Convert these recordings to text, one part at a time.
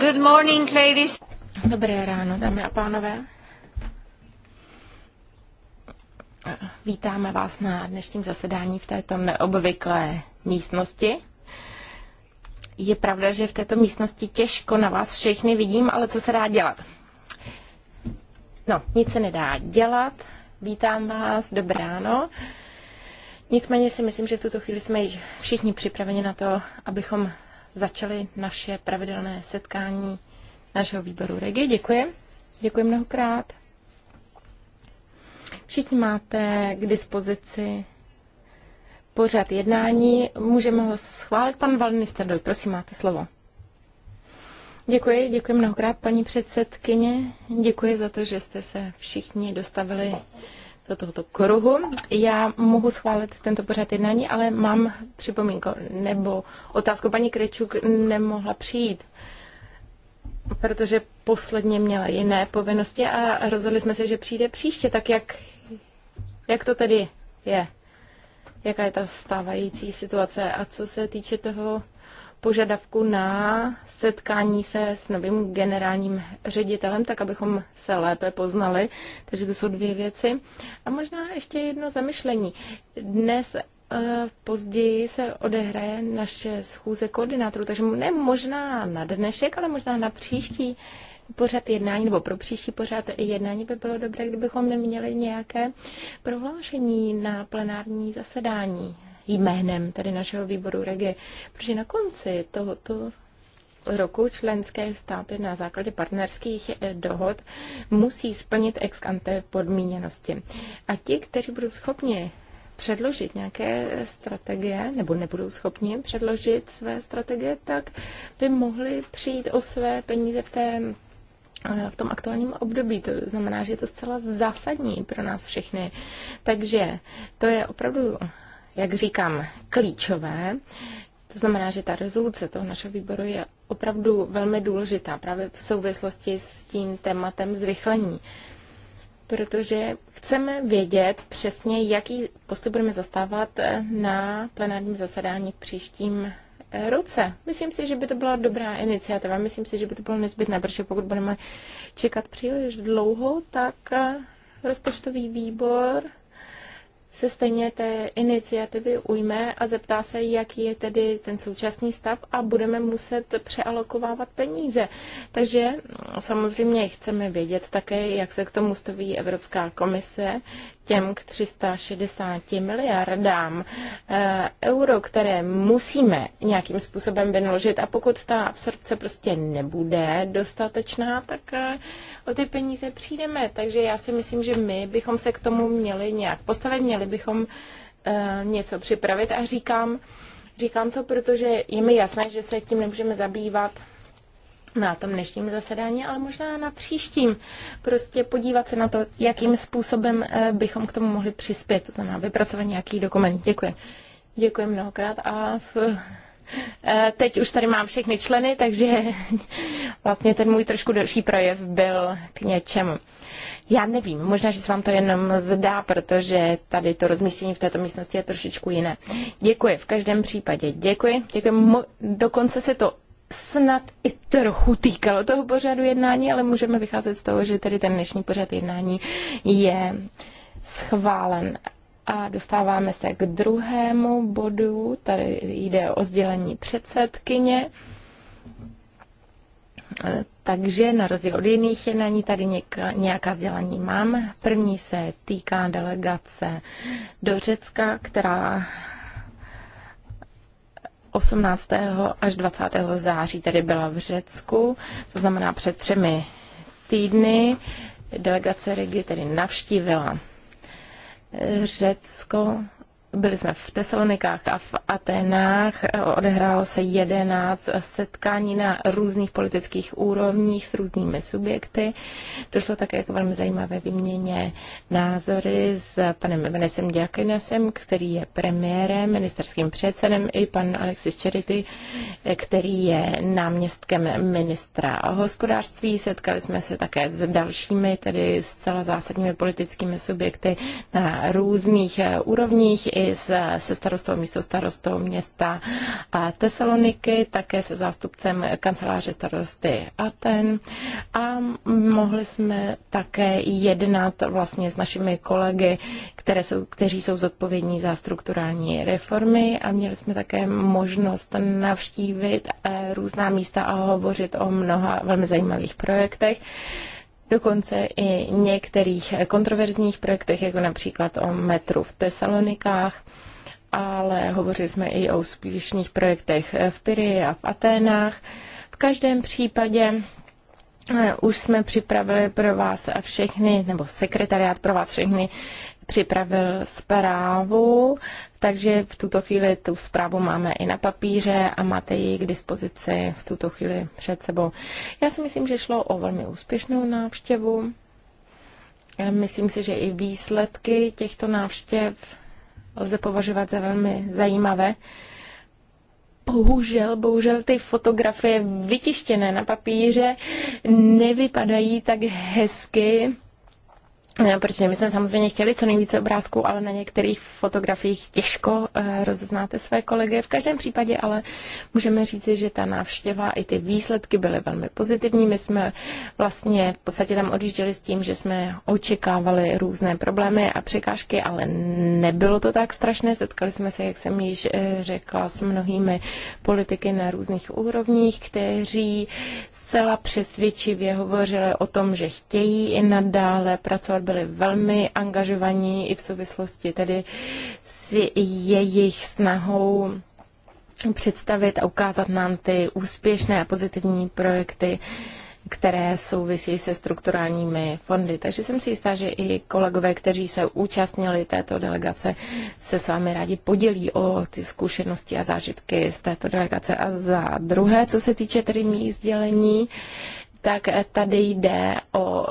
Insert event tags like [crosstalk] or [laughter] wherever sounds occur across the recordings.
Good morning, ladies. Dobré ráno, dámy a pánové. Vítáme vás na dnešním zasedání v této neobvyklé místnosti. Je pravda, že v této místnosti těžko na vás všechny vidím, ale co se dá dělat? No, nic se nedá dělat. Vítám vás, dobré ráno. Uh, Nicméně si myslím, že v tuto chvíli jsme již všichni připraveni na to, abychom začali naše pravidelné setkání našeho výboru Regi. Děkuji. Děkuji mnohokrát. Všichni máte k dispozici pořad jednání. Můžeme ho schválit. Pan Valnister, prosím, máte slovo. Děkuji, děkuji mnohokrát, paní předsedkyně. Děkuji za to, že jste se všichni dostavili do tohoto kruhu. Já mohu schválit tento pořad jednání, ale mám připomínku nebo otázku. Paní Krečuk nemohla přijít, protože posledně měla jiné povinnosti a rozhodli jsme se, že přijde příště. Tak jak, jak to tedy je? Jaká je ta stávající situace? A co se týče toho požadavku na setkání se s novým generálním ředitelem, tak abychom se lépe poznali. Takže to jsou dvě věci. A možná ještě jedno zamyšlení. Dnes eh, později se odehraje naše schůze koordinátorů, takže ne možná na dnešek, ale možná na příští pořad jednání, nebo pro příští pořad jednání by bylo dobré, kdybychom neměli nějaké prohlášení na plenární zasedání jménem tady našeho výboru regie, protože na konci tohoto roku členské státy na základě partnerských eh, dohod musí splnit ex ante podmíněnosti. A ti, kteří budou schopni předložit nějaké strategie, nebo nebudou schopni předložit své strategie, tak by mohli přijít o své peníze v té eh, v tom aktuálním období. To znamená, že je to zcela zásadní pro nás všechny. Takže to je opravdu jak říkám, klíčové. To znamená, že ta rezoluce toho našeho výboru je opravdu velmi důležitá právě v souvislosti s tím tématem zrychlení. Protože chceme vědět přesně, jaký postup budeme zastávat na plenárním zasedání v příštím ruce. Myslím si, že by to byla dobrá iniciativa. Myslím si, že by to bylo nezbytné, protože pokud budeme čekat příliš dlouho, tak rozpočtový výbor se stejně té iniciativy ujme a zeptá se, jaký je tedy ten současný stav a budeme muset přealokovávat peníze. Takže mm, samozřejmě chceme vědět také, jak se k tomu staví Evropská komise, těm k 360 miliardám eh, euro, které musíme nějakým způsobem vynaložit a pokud ta absorpce prostě nebude dostatečná, tak eh, o ty peníze přijdeme. Takže já si myslím, že my bychom se k tomu měli nějak postavit, měli bychom eh, něco připravit a říkám, říkám to, protože je mi jasné, že se tím nemůžeme zabývat na tom dnešním zasedání, ale možná na příštím. Prostě podívat se na to, jakým způsobem eh, bychom k tomu mohli přispět, to znamená vypracovat nějaký dokument. Děkuji. Děkuji mnohokrát a v, eh, teď už tady mám všechny členy, takže [laughs] vlastně ten můj trošku delší projev byl k něčemu. Já nevím, možná, že se vám to jenom zdá, protože tady to rozmístění v této místnosti je trošičku jiné. Děkuji, v každém případě děkuji. Děkuji, dokonce se to snad i trochu týkalo toho pořadu jednání, ale můžeme vycházet z toho, že tedy ten dnešní pořad jednání je schválen. A dostáváme se k druhému bodu, tady jde o sdělení předsedkyně. Takže na rozdíl od jiných jednání tady nějaká sdělení mám. První se týká delegace do Řecka, která 18. až 20. září tedy byla v Řecku, to znamená před třemi týdny. Delegace Regi tedy navštívila Řecko byli jsme v Tesalonikách a v Atenách, odehrálo se 11 setkání na různých politických úrovních s různými subjekty. Došlo také k velmi zajímavé vyměně názory s panem Venesem Diakinesem, který je premiérem, ministerským předsedem, i pan Alexis Čerity, který je náměstkem ministra hospodářství. Setkali jsme se také s dalšími, tedy zcela zásadními politickými subjekty na různých úrovních, i s, se, se starostou místo starostou města Tesaloniky, také se zástupcem kanceláře starosty Aten a mohli jsme také jednat vlastně s našimi kolegy, které jsou, kteří jsou zodpovědní za strukturální reformy a měli jsme také možnost navštívit eh, různá místa a hovořit o mnoha velmi zajímavých projektech dokonce i některých kontroverzních projektech, jako například o metru v Tesalonikách, ale hovořili jsme i o úspěšných projektech v Pyrii a v Aténách. V každém případě eh, už jsme připravili pro vás všechny, nebo sekretariát pro vás všechny připravil zprávu, takže v tuto chvíli tu zprávu máme i na papíře a máte ji k dispozici v tuto chvíli před sebou. Já si myslím, že šlo o velmi úspěšnou návštěvu. Myslím si, že i výsledky těchto návštěv lze považovat za velmi zajímavé. Bohužel, bohužel ty fotografie vytištěné na papíře nevypadají tak hezky, Eh, protože my jsme samozřejmě chtěli co nejvíce obrázků, ale na některých fotografiích těžko eh, rozeznáte své kolegy. V každém případě ale můžeme říci, že ta návštěva i ty výsledky byly velmi pozitivní. My jsme vlastně v podstatě tam odjížděli s tím, že jsme očekávali různé problémy a překážky, ale nebylo to tak strašné. Setkali jsme se, jak jsem již eh, řekla, s mnohými politiky na různých úrovních, kteří zcela přesvědčivě hovořili o tom, že chtějí i nadále pracovat byli velmi angažovaní i v souvislosti tedy s jejich snahou představit a ukázat nám ty úspěšné a pozitivní projekty, které souvisí se strukturálními fondy. Takže jsem si jistá, že i kolegové, kteří se účastnili této delegace, se s vámi rádi podělí o ty zkušenosti a zážitky z této delegace. A za druhé, co se týče tedy mých sdělení, tak tady jde o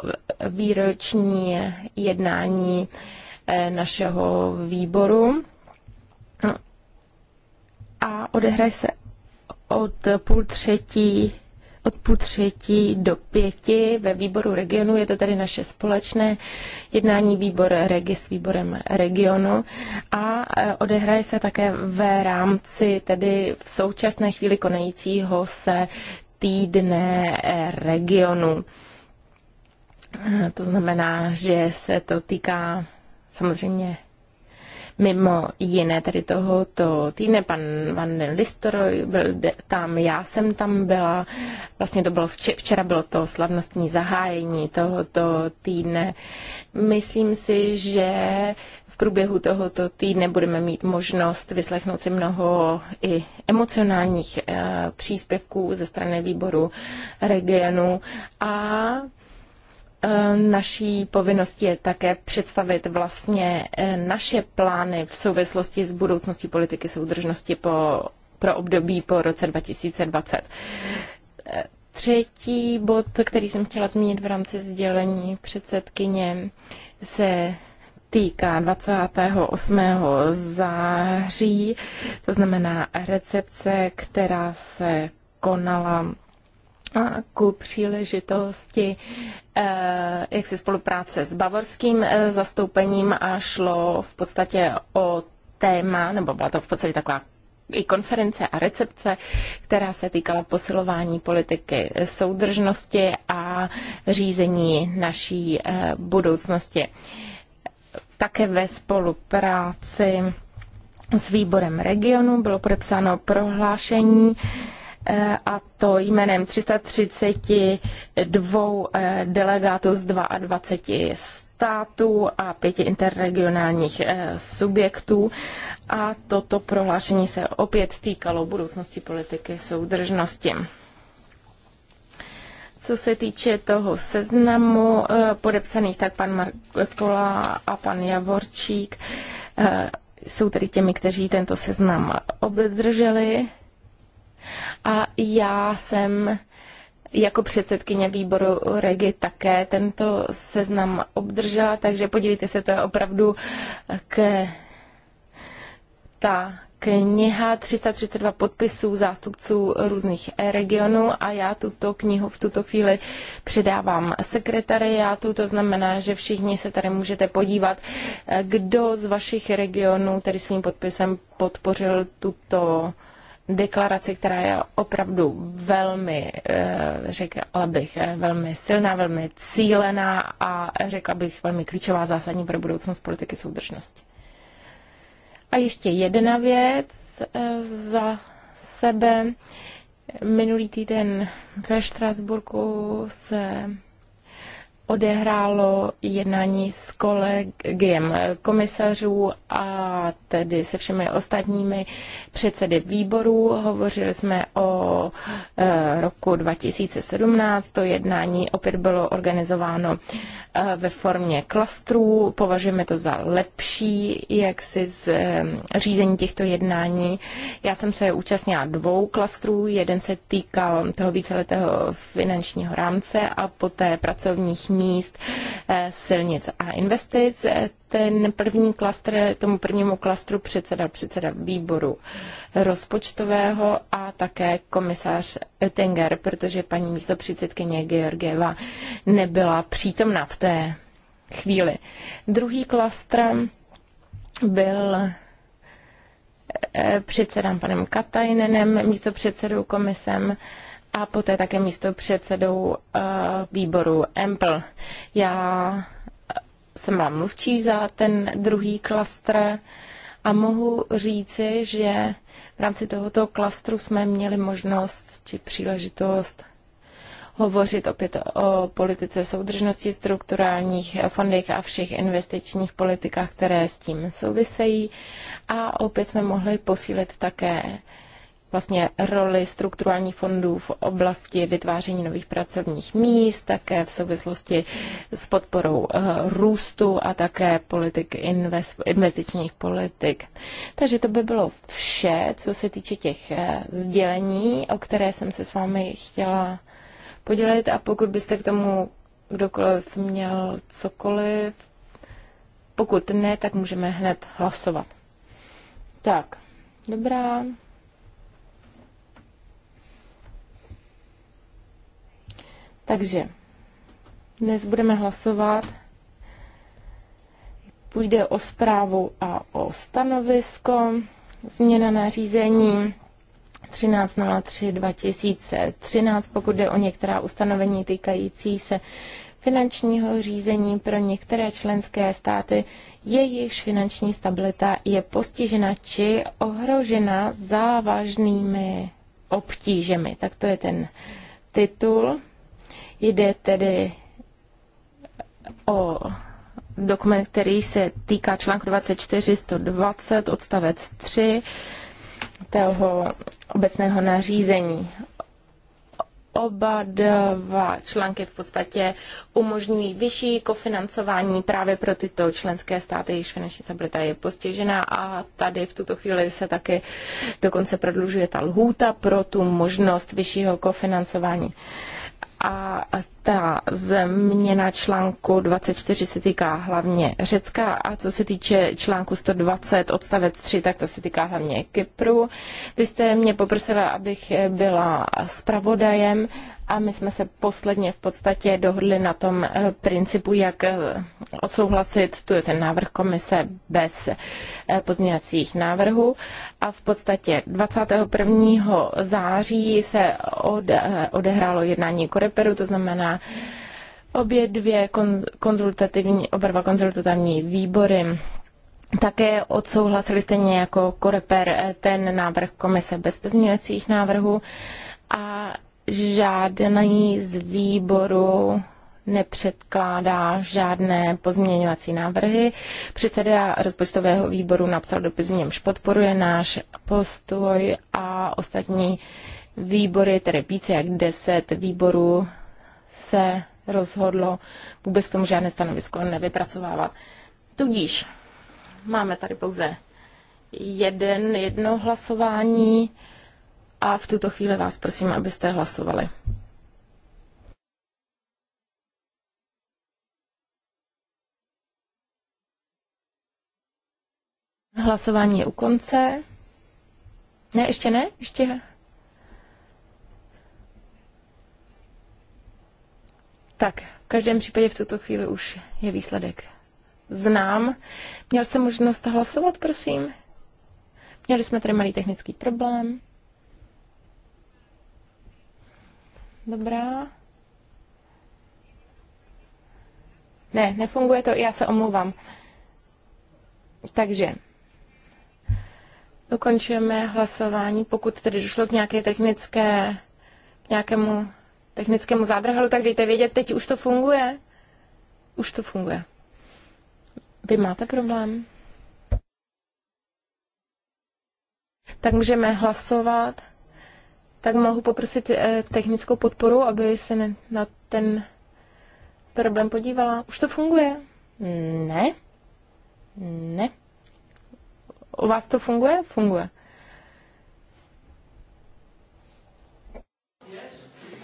výroční jednání eh, našeho výboru a odehraje se od půl třetí od půl třetí do pěti ve výboru regionu. Je to tady naše společné jednání výbor regi s výborem regionu a eh, odehraje se také v rámci tedy v současné chvíli konajícího se týdne regionu. To znamená, že se to týká samozřejmě mimo jiné tady tohoto týdne, pan Van den byl tam, já jsem tam byla, vlastně to bylo včera, včera bylo to slavnostní zahájení tohoto týdne. Myslím si, že v průběhu tohoto týdne budeme mít možnost vyslechnout si mnoho i emocionálních eh, příspěvků ze strany výboru regionu a eh, Naší povinností je také představit vlastně eh, naše plány v souvislosti s budoucností politiky soudržnosti po, pro období po roce 2020. Třetí bod, který jsem chtěla zmínit v rámci sdělení předsedkyně, se týká 28. září, to znamená recepce, která se konala ku příležitosti eh, jak si spolupráce s bavorským eh, zastoupením a šlo v podstatě o téma, nebo byla to v podstatě taková i konference a recepce, která se týkala posilování politiky soudržnosti a řízení naší eh, budoucnosti také ve spolupráci s výborem regionu. Bylo podepsáno prohlášení eh, a to jménem 332 eh, delegátů z 22 států a pěti interregionálních eh, subjektů. A toto prohlášení se opět týkalo budoucnosti politiky soudržnosti. Co se týče toho seznamu eh, podepsaných, tak pan Markola a pan Javorčík eh, jsou tedy těmi, kteří tento seznam obdrželi. A já jsem jako předsedkyně výboru Regi také tento seznam obdržela, takže podívejte se, to je opravdu ke ta kniha 332 podpisů zástupců různých regionů a já tuto knihu v tuto chvíli předávám sekretariátu. To znamená, že všichni se tady můžete podívat, kdo z vašich regionů tedy svým podpisem podpořil tuto deklaraci, která je opravdu velmi, eh, řekla bych, eh, velmi silná, velmi cílená a řekla bych velmi klíčová zásadní pro budoucnost politiky soudržnosti. A ještě jedna věc eh, za sebe. Minulý týden ve Štrasburku se odehrálo jednání s kolegiem komisařů a tedy se všemi ostatními předsedy výborů. Hovořili jsme o eh, roku 2017. To jednání opět bylo organizováno eh, ve formě klastrů. Považujeme to za lepší, jak si z eh, řízení těchto jednání. Já jsem se účastnila dvou klastrů. Jeden se týkal toho víceletého finančního rámce a poté pracovních míst eh, silnic a investic. Eh, ten první klastr, tomu prvnímu klastru předseda předseda výboru rozpočtového a také komisář Tenger, protože paní místo předsedkyně Georgieva nebyla přítomna v té chvíli. Druhý klastr byl eh, předsedám panem Katajnenem, místo předsedou komisem a poté také místo předsedou eh, výboru EMPL. Já eh, jsem vám mluvčí za ten druhý klastr a mohu říci, že v rámci tohoto klastru jsme měli možnost či příležitost hovořit opět o politice soudržnosti, strukturálních fondech a všech investičních politikách, které s tím souvisejí. A opět jsme mohli posílit také vlastně roli strukturálních fondů v oblasti vytváření nových pracovních míst, také v souvislosti s podporou eh, růstu a také politik invest, investičních politik. Takže to by bylo vše, co se týče těch eh, sdělení, o které jsem se s vámi chtěla podělit a pokud byste k tomu kdokoliv měl cokoliv, pokud ne, tak můžeme hned hlasovat. Tak, dobrá. Takže dnes budeme hlasovat. Půjde o zprávu a o stanovisko. Změna nařízení 1303 2013, pokud jde o některá ustanovení týkající se finančního řízení pro některé členské státy, jejichž finanční stabilita je postižena či ohrožena závažnými obtížemi. Tak to je ten titul Jde tedy o dokument, který se týká článku 2420 odstavec 3 toho obecného nařízení. Oba dva články v podstatě umožňují vyšší kofinancování právě pro tyto členské státy, jejichž finanční stabilita je postižena a tady v tuto chvíli se taky dokonce prodlužuje ta lhůta pro tu možnost vyššího kofinancování. Uh, a ta změna článku 24 se týká hlavně Řecka a co se týče článku 120 odstavec 3, tak to se týká hlavně Kypru. Vy jste mě poprosila, abych byla zpravodajem a my jsme se posledně v podstatě dohodli na tom eh, principu, jak eh, odsouhlasit tu je ten návrh komise bez eh, pozměňovacích návrhů a v podstatě 21. září se odehrálo jednání koreperu, to znamená obě dvě konzultativní, oba dva konzultativní výbory také odsouhlasili stejně jako Koreper ten návrh komise bez pozměňovacích návrhů a žádný z výboru nepředkládá žádné pozměňovací návrhy. Předseda rozpočtového výboru napsal dopis, v němž podporuje náš postoj a ostatní výbory, tedy více jak deset výborů, se rozhodlo vůbec tomu žádné stanovisko nevypracovávat. Tudíž máme tady pouze jeden, jedno hlasování a v tuto chvíli vás prosím, abyste hlasovali. Hlasování je u konce. Ne, ještě ne? Ještě. Tak, v každém případě v tuto chvíli už je výsledek. Znám. Měl jsem možnost hlasovat, prosím. Měli jsme tady malý technický problém. Dobrá. Ne, nefunguje to, já se omluvám. Takže dokončujeme hlasování. Pokud tedy došlo k nějaké technické, k nějakému technickému zádrhalu, tak dejte vědět, teď už to funguje. Už to funguje. Vy máte problém? Tak můžeme hlasovat tak mohu poprosit eh, technickou podporu, aby se na ten problém podívala. Už to funguje? Ne. Ne. U vás to funguje? Funguje.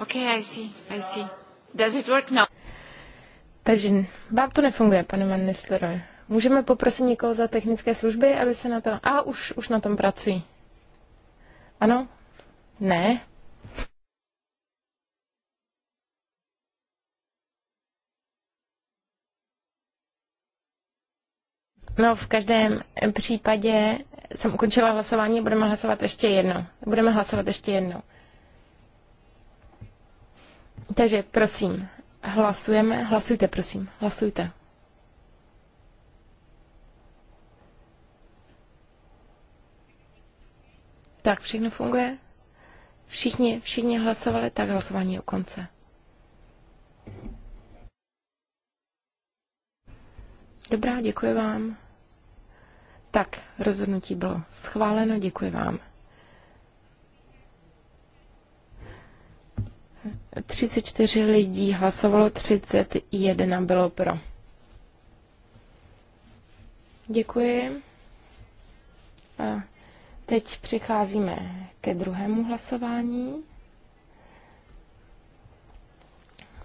Okay, I see, I see. Does it work now? Takže vám to nefunguje, pane Van Nistelrooy. Můžeme poprosit někoho za technické služby, aby se na to... A už, už na tom pracují. Ano, ne. No, v každém případě jsem ukončila hlasování, budeme hlasovat ještě jedno. Budeme hlasovat ještě jedno. Takže prosím, hlasujeme, hlasujte, prosím, hlasujte. Tak, všechno funguje? Všichni, všichni hlasovali, tak hlasování u konce. Dobrá, děkuji vám. Tak, rozhodnutí bylo schváleno, děkuji vám. 34 lidí hlasovalo, 31 bylo pro. Děkuji. A Teď přicházíme ke druhému hlasování.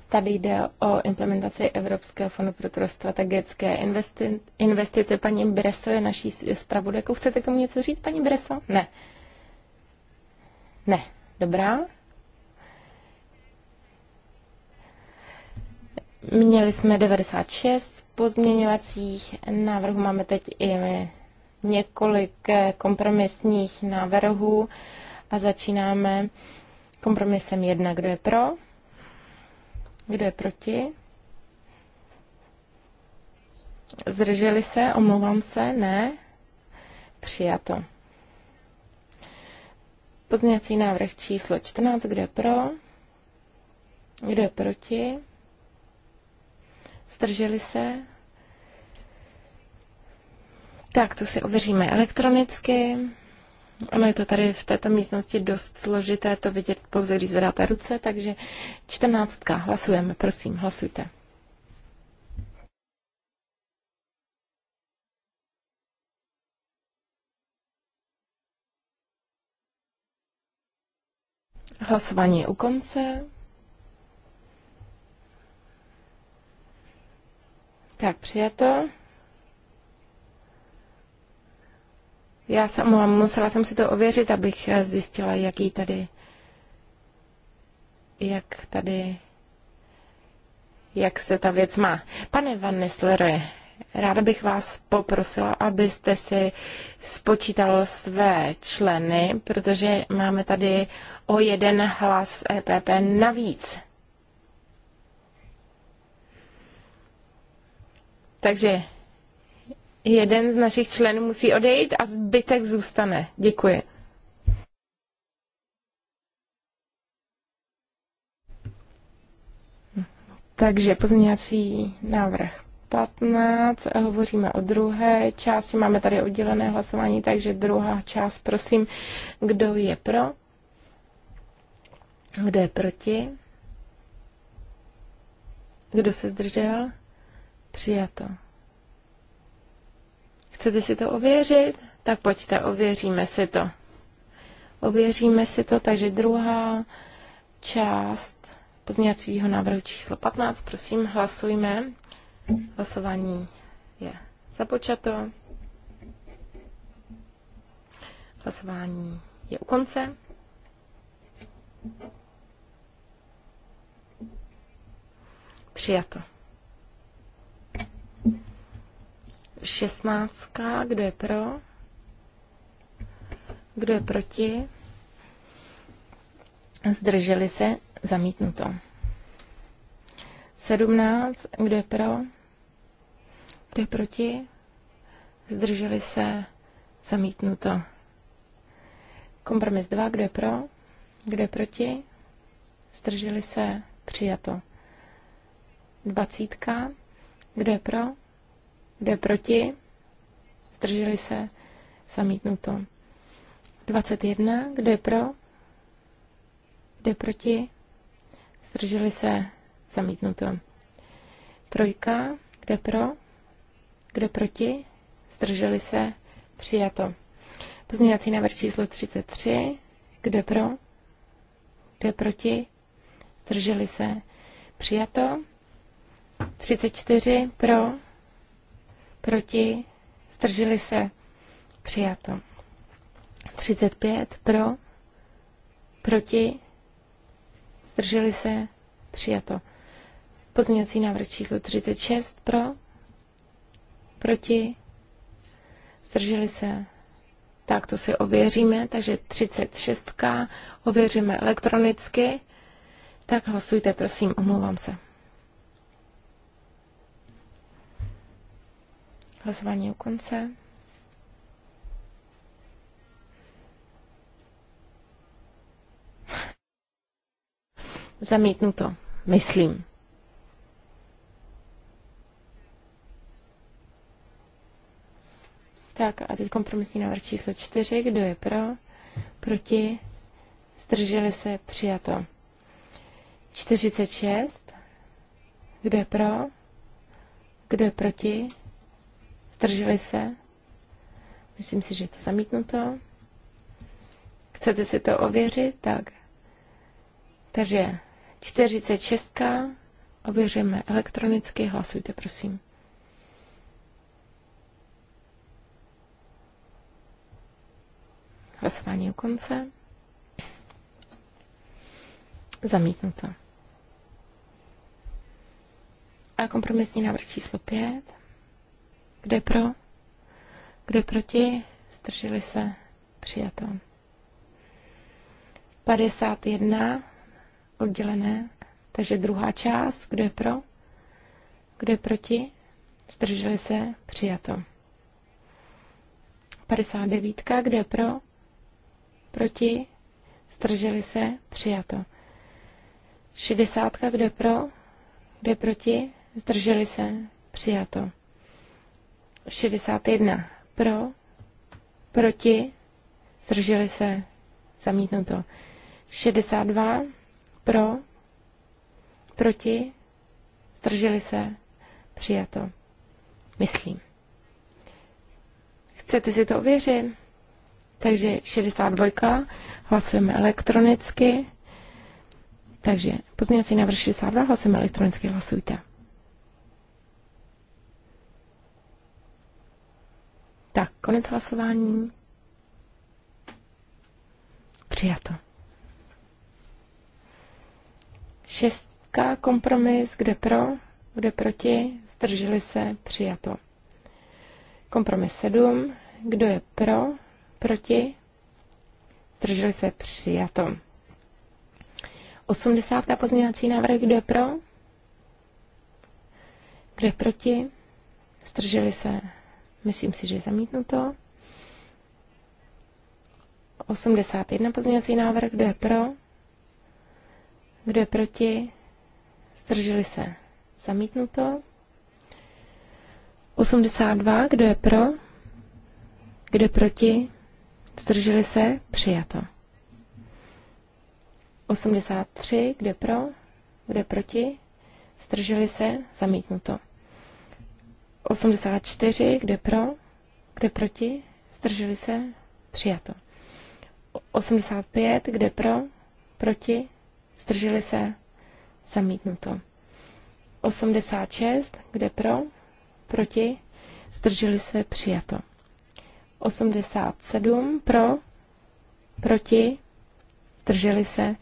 Tady jde o implementaci Evropského fondu pro strategické investice. Paní Breso je naší zpravodajkou. Chcete k tomu něco říct, paní Breso? Ne. Ne. Dobrá. Měli jsme 96 pozměňovacích návrhů, máme teď i my několik eh, kompromisních návrhů a začínáme kompromisem jedna. Kdo je pro? Kdo je proti? Zdrželi se? Omlouvám se? Ne? Přijato. Pozměňovací návrh číslo 14. Kdo je pro? Kdo je proti? Zdrželi se? Tak, to si ověříme elektronicky. Ono je to tady v této místnosti dost složité to vidět pouze, když zvedáte ruce, takže čtrnáctka, hlasujeme, prosím, hlasujte. Hlasování je u konce. Tak, přijato. Já se omlouvám, musela jsem si to ověřit, abych eh, zjistila, jaký tady, jak tady, jak se ta věc má. Pane Van Nestlere, ráda bych vás poprosila, abyste si spočítal své členy, protože máme tady o jeden hlas EPP navíc. Takže jeden z našich členů musí odejít a zbytek zůstane. Děkuji. Takže pozměňovací návrh 15, hovoříme o druhé části, máme tady oddělené hlasování, takže druhá část, prosím, kdo je pro, kdo je proti, kdo se zdržel, přijato. Chcete si to ověřit? Tak pojďte, ověříme si to. Ověříme si to, takže druhá část pozměňovacího návrhu číslo 15. Prosím, hlasujme. Hlasování je započato. Hlasování je u konce. Přijato. 16. Kdo je pro? Kdo je proti? Zdrželi se? Zamítnuto. 17. Kdo je pro? Kdo je proti? Zdrželi se? Zamítnuto. Kompromis 2. Kdo je pro? Kdo je proti? Zdrželi se? Přijato. 20. Kdo je pro? Jde proti? Zdrželi se? Zamítnuto. 21. Kdo je pro? Jde proti? Zdrželi se? Zamítnuto. Trojka. Kdo je pro? Kdo je proti? Zdrželi se? Přijato. Pozměňovací návrh číslo 33. Kdo je pro? Kdo je proti? Zdrželi se? Přijato. 34. Pro? proti, zdrželi se, přijato. 35 pro, proti, zdrželi se, přijato. Pozměňovací návrh číslo 36 pro, proti, zdrželi se, tak to si ověříme, takže 36 ověříme elektronicky, tak hlasujte, prosím, omlouvám se. Hlasování u konce. to myslím. Tak a teď kompromisní návrh číslo čtyři. Kdo je pro? Proti? Zdrželi se? Přijato. 46. Kdo je pro? Kdo je proti? Zdrželi se? Myslím si, že je to zamítnuto. Chcete si to ověřit? Tak. Takže 46. Ověříme elektronicky. Hlasujte, prosím. Hlasování u konce. Zamítnuto. A kompromisní návrh číslo 5. Kde pro? Kde proti? Zdrželi se. Přijato. 51 oddělené. Takže druhá část. Kdo je pro? Kdo je proti? Zdrželi se. Přijato. 59. Kdo je pro? Proti? Zdrželi se. Přijato. 60. Kdo je pro? Kdo je proti? Zdrželi se. Přijato. 61 pro, proti, zdrželi se, zamítnuto. 62 pro, proti, zdrželi se, přijato. Myslím. Chcete si to ověřit? Takže 62, hlasujeme elektronicky. Takže pozměňovací návrh 62, hlasujeme elektronicky, hlasujte. Tak, konec hlasování. Přijato. Šestka kompromis, kde pro, kde proti, zdrželi se, přijato. Kompromis sedm, kdo je pro, proti, zdrželi se, přijato. Osmdesátka pozměňovací návrh, kdo je pro, kdo je proti, zdrželi se, Myslím si, že zamítnuto. 81 pozměňovací návrh. Kdo je pro? Kdo je proti? Zdrželi se. Zamítnuto. 82. Kdo je pro? Kdo je proti? Zdrželi se? Přijato. 83. Kdo je pro? Kdo je proti? Zdrželi se? Zamítnuto. 84, kde pro, kde proti, zdrželi se, přijato. 85, kde pro, proti, zdrželi se, zamítnuto. 86, kde pro, proti, zdrželi se, přijato. 87, pro, proti, zdrželi se,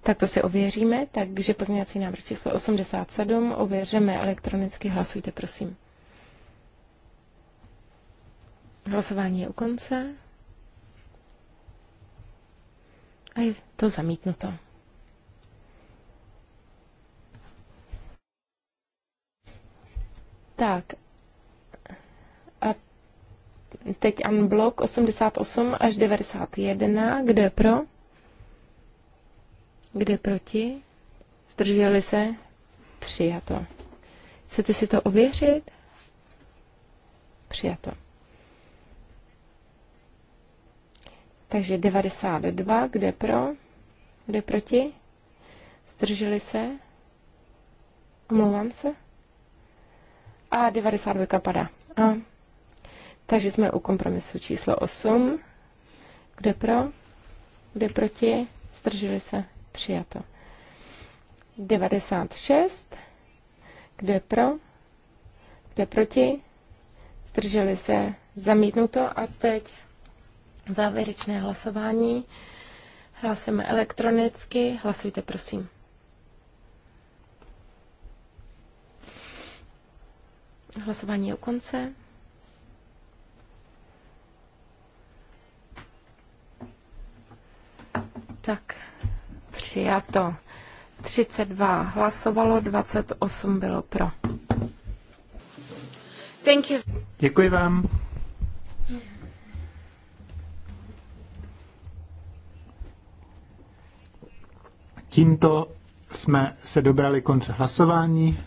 tak to si ověříme, takže pozměňovací návrh číslo 87 ověříme elektronicky, hlasujte prosím. Hlasování je u konce. A je to zamítnuto. Tak. A teď unblock 88 až 91. Kdo je pro? Kdo je proti? Zdrželi se? Přijato. Chcete si to ověřit? Přijato. Takže 92, kde pro, kde proti, zdrželi se, omlouvám se, a 92 padá. A. Takže jsme u kompromisu číslo 8, kde pro, kde proti, zdrželi se, přijato. 96, kde pro, kde proti, zdrželi se, zamítnuto a teď Závěrečné hlasování. Hlasujeme elektronicky. Hlasujte, prosím. Hlasování je u konce. Tak, přijato. 32 hlasovalo, 28 bylo pro. Thank you. Děkuji vám. Tímto jsme se dobrali konce hlasování.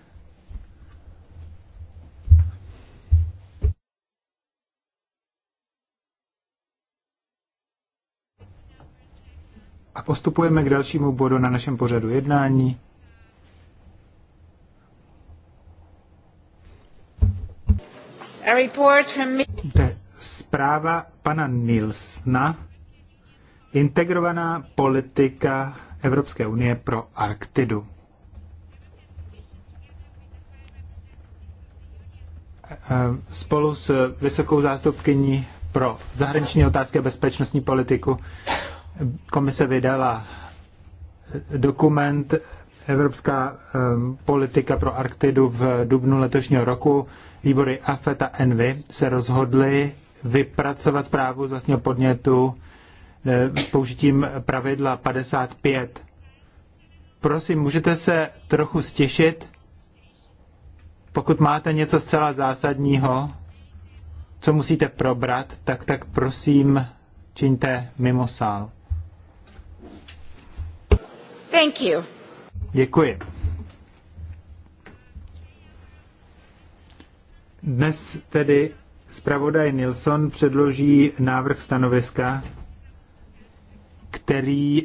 A postupujeme k dalšímu bodu na našem pořadu jednání. A report from Zpráva pana Nilsna. Integrovaná politika Evropské unie pro Arktidu. E, spolu s vysokou zástupkyní pro zahraniční otázky a bezpečnostní politiku komise vydala dokument Evropská e, politika pro Arktidu v dubnu letošního roku. Výbory AFET a ENVY se rozhodly vypracovat zprávu z vlastního podnětu Eh, s použitím pravidla 55. Prosím, můžete se trochu stěšit, pokud máte něco zcela zásadního, co musíte probrat, tak tak prosím čiňte mimo sál. Thank you. Děkuji. Dnes tedy zpravodaj Nilsson předloží návrh stanoviska který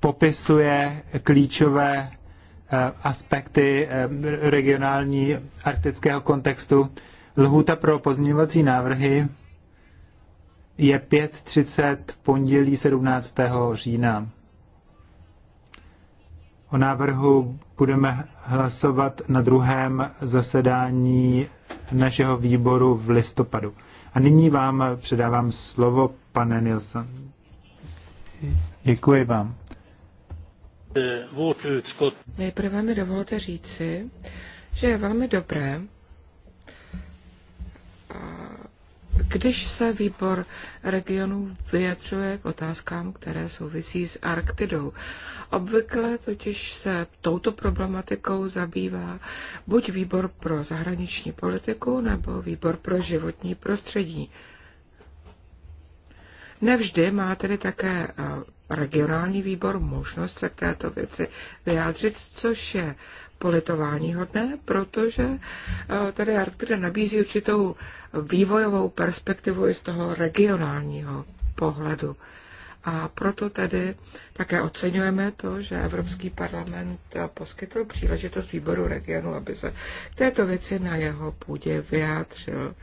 popisuje klíčové eh, aspekty eh, regionální arktického kontextu. Lhůta pro pozměňovací návrhy je 5.30 pondělí 17. října. O návrhu budeme hlasovat na druhém zasedání našeho výboru v listopadu. A nyní vám předávám slovo, pane Nilsson. Děkuji vám. Nejprve mi dovolte říci, že je velmi dobré, když se výbor regionů vyjadřuje k otázkám, které souvisí s Arktidou. Obvykle totiž se touto problematikou zabývá buď výbor pro zahraniční politiku nebo výbor pro životní prostředí. Nevždy má tedy také eh, regionální výbor možnost se k této věci vyjádřit, což je politování hodné, protože eh, tady Arktida nabízí určitou vývojovou perspektivu i z toho regionálního pohledu. A proto tedy také oceňujeme to, že Evropský parlament eh, poskytl příležitost výboru regionu, aby se k této věci na jeho půdě vyjádřil.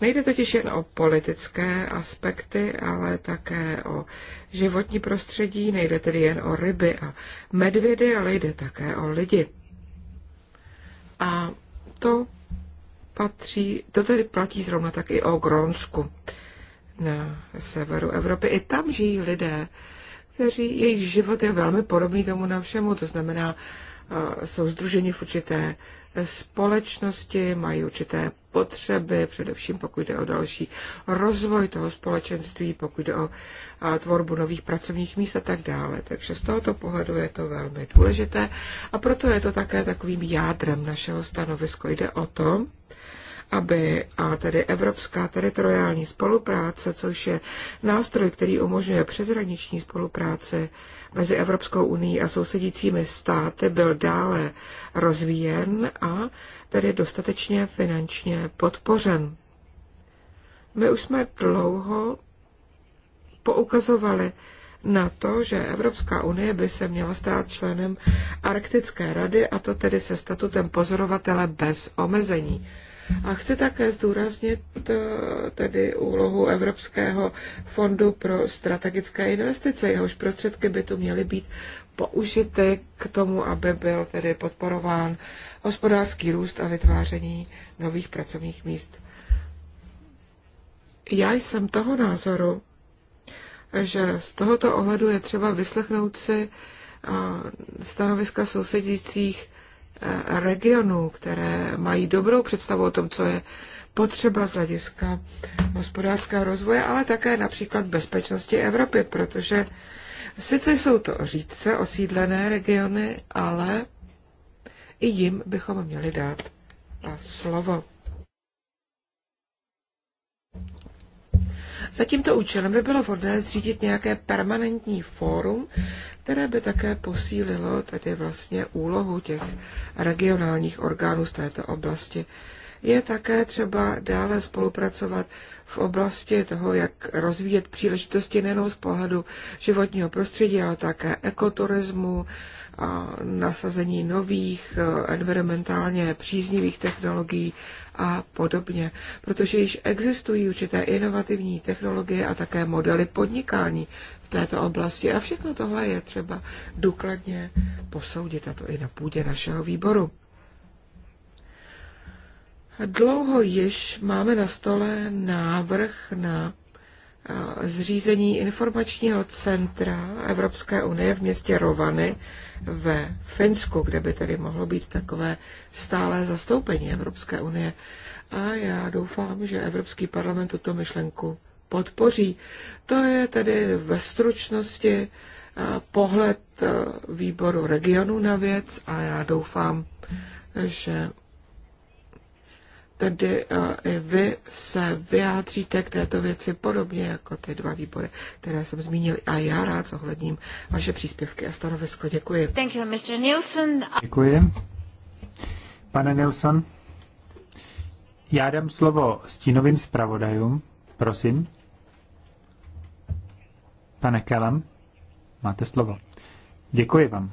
Nejde totiž jen o politické aspekty, ale také o životní prostředí, nejde tedy jen o ryby a medvědy, ale jde také o lidi. A to patří, to tedy platí zrovna tak i o Grónsku na severu Evropy. I tam žijí lidé, kteří, jejich život je velmi podobný tomu na všemu, to znamená, jsou združeni v určité společnosti, mají určité potřeby, především pokud jde o další rozvoj toho společenství, pokud jde o tvorbu nových pracovních míst a tak dále. Takže z tohoto pohledu je to velmi důležité a proto je to také takovým jádrem našeho stanovisko. Jde o to, aby a tedy evropská teritoriální spolupráce, což je nástroj, který umožňuje přeshraniční spolupráci mezi Evropskou unii a sousedícími státy, byl dále rozvíjen a tedy dostatečně finančně podpořen. My už jsme dlouho poukazovali na to, že Evropská unie by se měla stát členem Arktické rady, a to tedy se statutem pozorovatele bez omezení. A chci také zdůraznit eh, tedy úlohu Evropského fondu pro strategické investice. Jehož prostředky by tu měly být použity k tomu, aby byl tedy podporován hospodářský růst a vytváření nových pracovních míst. Já jsem toho názoru, že z tohoto ohledu je třeba vyslechnout si eh, stanoviska sousedících regionů, které mají dobrou představu o tom, co je potřeba z hlediska hospodářského rozvoje, ale také například bezpečnosti Evropy, protože sice jsou to řídce osídlené regiony, ale i jim bychom měli dát slovo. Za tímto účelem by bylo vhodné zřídit nějaké permanentní fórum, které by také posílilo tedy vlastně úlohu těch regionálních orgánů z této oblasti. Je také třeba dále spolupracovat v oblasti toho, jak rozvíjet příležitosti nejen z pohledu životního prostředí, ale také ekoturismu, a nasazení nových eh, environmentálně příznivých technologií a podobně, protože již existují určité inovativní technologie a také modely podnikání v této oblasti a všechno tohle je třeba důkladně posoudit a to i na půdě našeho výboru. Dlouho již máme na stole návrh na Eh, zřízení informačního centra Evropské unie v městě Rovany ve Finsku, kde by tedy mohlo být takové stálé zastoupení Evropské unie. A já doufám, že Evropský parlament tuto myšlenku podpoří. To je tedy ve stručnosti eh, pohled eh, výboru regionu na věc a já doufám, že tedy i vy se vyjádříte k této věci podobně jako ty dva výbory, které jsem zmínil a já rád zohledním vaše příspěvky a stanovisko. Děkuji. Thank you, Mr. Nielsen. Děkuji. Pane Nilsson, já dám slovo stínovým zpravodajům. Prosím. Pane Kellam, máte slovo. Děkuji vám.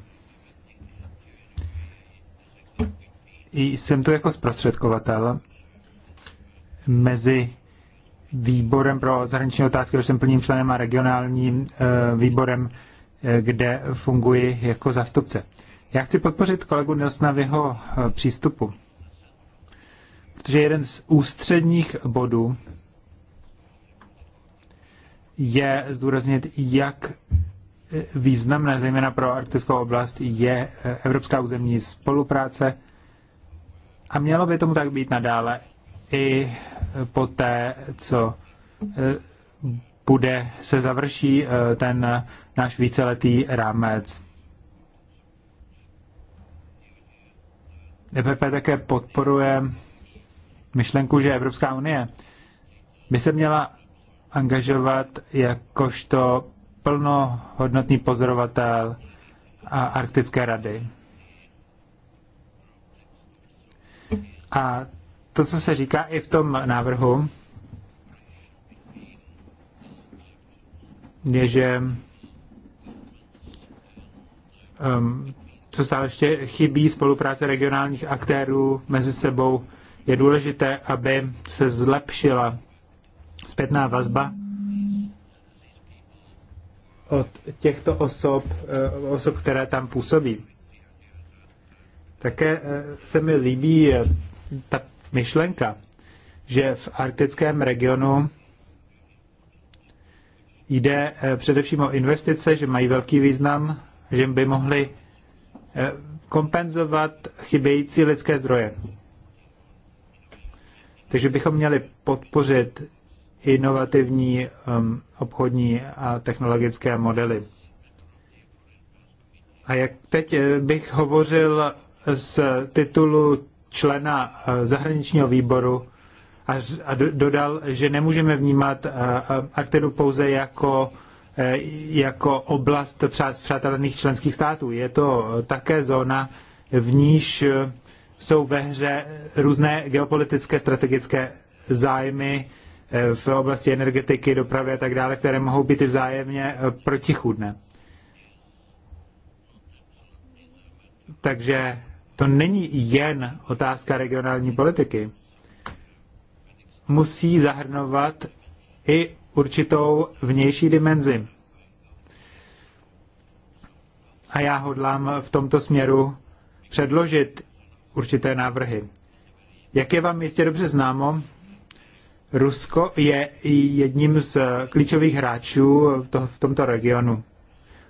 jsem tu jako zprostředkovatel mezi výborem pro zahraniční otázky, protože jsem plným členem a regionálním eh, výborem, eh, kde funguji jako zástupce. Já chci podpořit kolegu Nilsna v jeho eh, přístupu, protože jeden z ústředních bodů je zdůraznit, jak významné, zejména pro arktickou oblast, je evropská územní spolupráce a mělo by tomu tak být nadále, i po té, co e, bude, se završí e, ten náš víceletý rámec. EPP také podporuje myšlenku, že Evropská unie by se měla angažovat jakožto plnohodnotný pozorovatel a Arktické rady. A to, co se říká i v tom návrhu, je, že um, co stále ještě chybí, spolupráce regionálních aktérů mezi sebou, je důležité, aby se zlepšila zpětná vazba od těchto osob, eh, osob, které tam působí. Také eh, se mi líbí eh, ta Myšlenka, že v arktickém regionu jde eh, především o investice, že mají velký význam, že by mohly eh, kompenzovat chybějící lidské zdroje. Takže bychom měli podpořit inovativní um, obchodní a technologické modely. A jak teď eh, bych hovořil z titulu člena eh, zahraničního výboru a, dodal, že nemůžeme vnímat eh, eh, Arktidu pouze jako jako oblast přátelných členských států. Je to také zóna, v níž jsou ve hře různé geopolitické strategické zájmy v oblasti energetiky, dopravy a tak dále, které mohou být i vzájemně protichůdné. Takže to není jen otázka regionální politiky. Musí zahrnovat i určitou vnější dimenzi. A já hodlám v tomto směru předložit určité návrhy. Jak je vám jistě dobře známo, Rusko je jedním z klíčových hráčů v tomto regionu.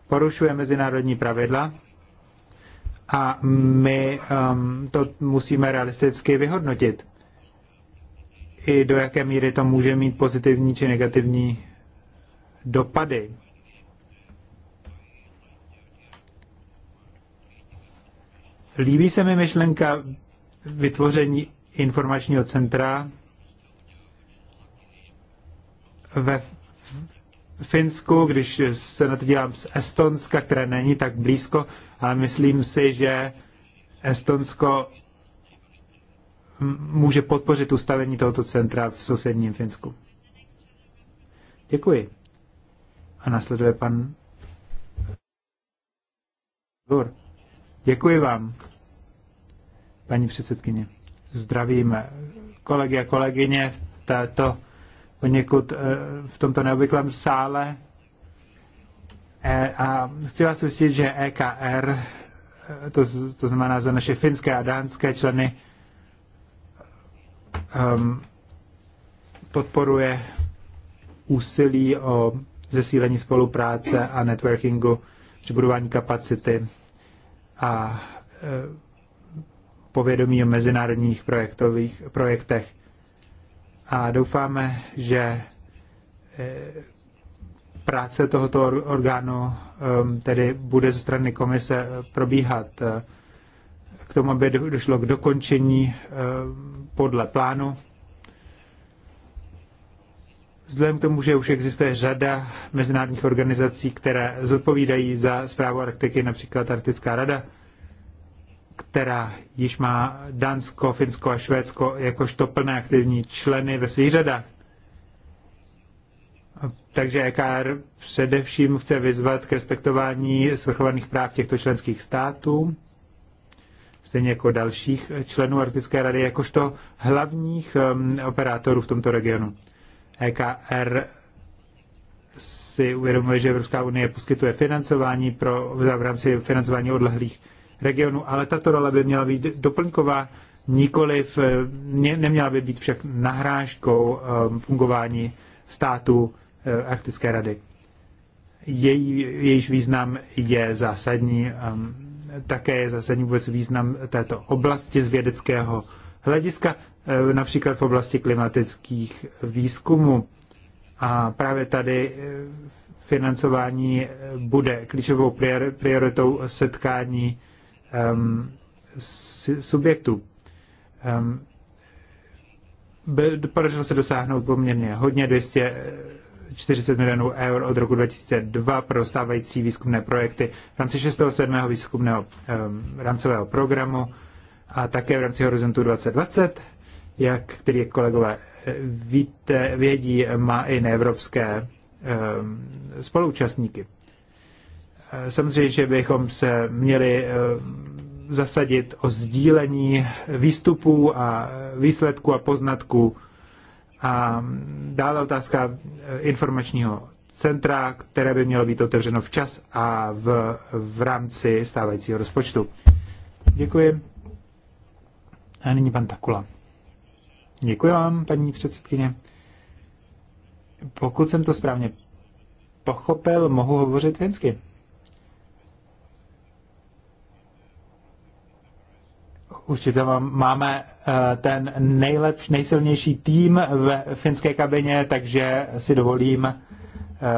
Porušuje mezinárodní pravidla, a my um, to musíme realisticky vyhodnotit. I do jaké míry to může mít pozitivní či negativní dopady. Líbí se mi myšlenka vytvoření informačního centra ve Finsku, když se na to dívám z Estonska, které není tak blízko, ale myslím si, že Estonsko může podpořit ustavení tohoto centra v sousedním Finsku. Děkuji. A nasleduje pan Gur. Děkuji vám, paní předsedkyně. Zdravím kolegy a kolegyně v této poněkud eh, v tomto neobvyklém sále E, a chci vás ujistit, že EKR, e, to, to znamená za naše finské a dánské členy, um, podporuje úsilí o zesílení spolupráce a networkingu, přibudování kapacity a e, povědomí o mezinárodních projektových, projektech. A doufáme, že e, práce tohoto orgánu ehm, tedy bude ze strany komise eh, probíhat eh, k tomu, aby došlo k dokončení eh, podle plánu. Vzhledem k tomu, že už existuje řada mezinárodních organizací, které zodpovídají za zprávu Arktiky, například Arktická rada, která již má Dánsko, Finsko a Švédsko jakožto plné aktivní členy ve svých řadách, takže EKR především chce vyzvat k respektování svrchovaných práv těchto členských států, stejně jako dalších členů Arktické rady, jakožto hlavních um, operátorů v tomto regionu. EKR si uvědomuje, že Evropská unie poskytuje financování pro, v rámci financování odlehlých regionů, ale tato role by měla být doplňková, nikoliv, eh, ne, neměla by být však nahrážkou um, fungování státu Eh, Arktické rady. Její, jejíž význam je zásadní, ehm, také je zásadní vůbec význam této oblasti z vědeckého hlediska, eh, například v oblasti klimatických výzkumů. A právě tady eh, financování bude klíčovou prioritou setkání um, subjektů. Um, Podařilo se dosáhnout poměrně hodně 200 40 milionů eur od roku 2002 pro stávající výzkumné projekty v rámci 6. 7. výzkumného um, rámcového programu a také v rámci Horizontu 2020, jak který kolegové eh, víte, vědí, má i neevropské um, spoluúčastníky. Eh, samozřejmě, že bychom se měli um, zasadit o sdílení výstupů a výsledků a poznatků a dále otázka eh, informačního centra, které by mělo být otevřeno včas a v, v rámci stávajícího rozpočtu. Děkuji. A nyní pan Takula. Děkuji vám, paní předsedkyně. Pokud jsem to správně pochopil, mohu hovořit finsky. určitě máme eh, ten nejlepší, nejsilnější tým v finské kabině, takže si dovolím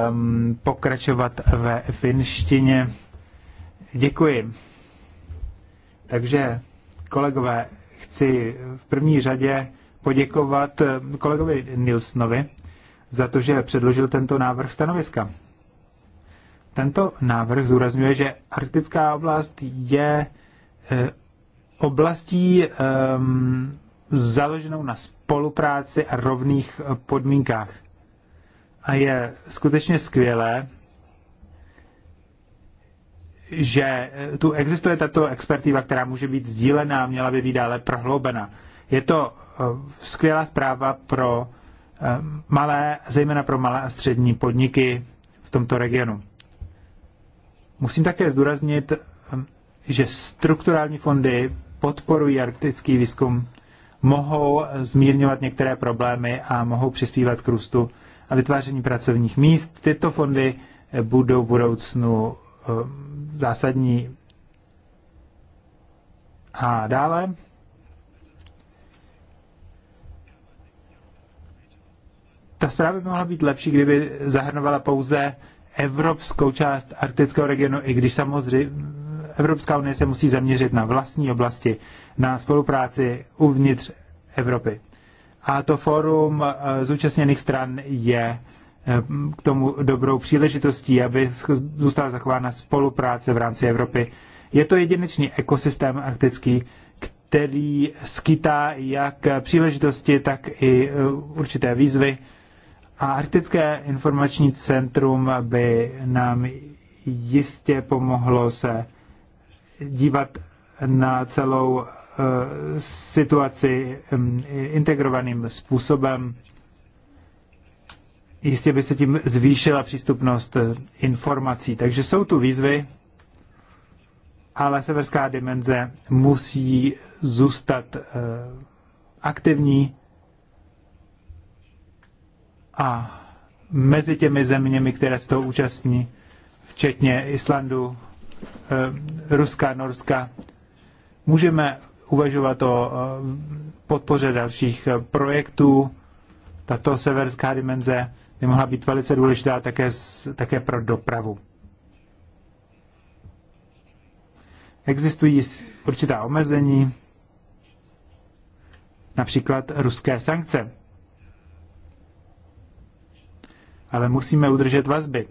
um, pokračovat ve finštině. Děkuji. Takže, kolegové, chci v první řadě poděkovat ehm, kolegovi Nilsnovi za to, že předložil tento návrh stanoviska. Tento návrh zúrazňuje, že arktická oblast je eh, oblastí um, založenou na spolupráci a rovných eh, podmínkách. A je skutečně skvělé, že eh, tu existuje tato expertiva, která může být sdílená a měla by být dále prohloubena. Je to eh, skvělá zpráva pro malé, zejména pro malé a střední podniky v tomto regionu. Musím také zdůraznit, že strukturální fondy podporují arktický výzkum, mohou zmírňovat některé problémy a mohou přispívat k růstu a vytváření pracovních míst. Tyto fondy budou v budoucnu eh, zásadní. A dále. Ta zpráva by mohla být lepší, kdyby zahrnovala pouze evropskou část arktického regionu, i když samozřejmě Evropská unie se musí zaměřit na vlastní oblasti, na spolupráci uvnitř Evropy. A to fórum eh, zúčastněných stran je eh, k tomu dobrou příležitostí, aby zůstala zachována spolupráce v rámci Evropy. Je to jedinečný ekosystém arktický, který skýtá jak příležitosti, tak i eh, určité výzvy. A Arktické informační centrum by nám jistě pomohlo se dívat na celou eh, situaci mm, integrovaným způsobem. Jistě by se tím zvýšila přístupnost eh, informací. Takže jsou tu výzvy, ale severská dimenze musí zůstat eh, aktivní a mezi těmi zeměmi, které se toho účastní, včetně Islandu, Eh, Ruska, Norska, můžeme uvažovat o eh, podpoře dalších eh, projektů. Tato severská dimenze by mohla být velice důležitá také, také pro dopravu. Existují určitá omezení, například ruské sankce. Ale musíme udržet vazby.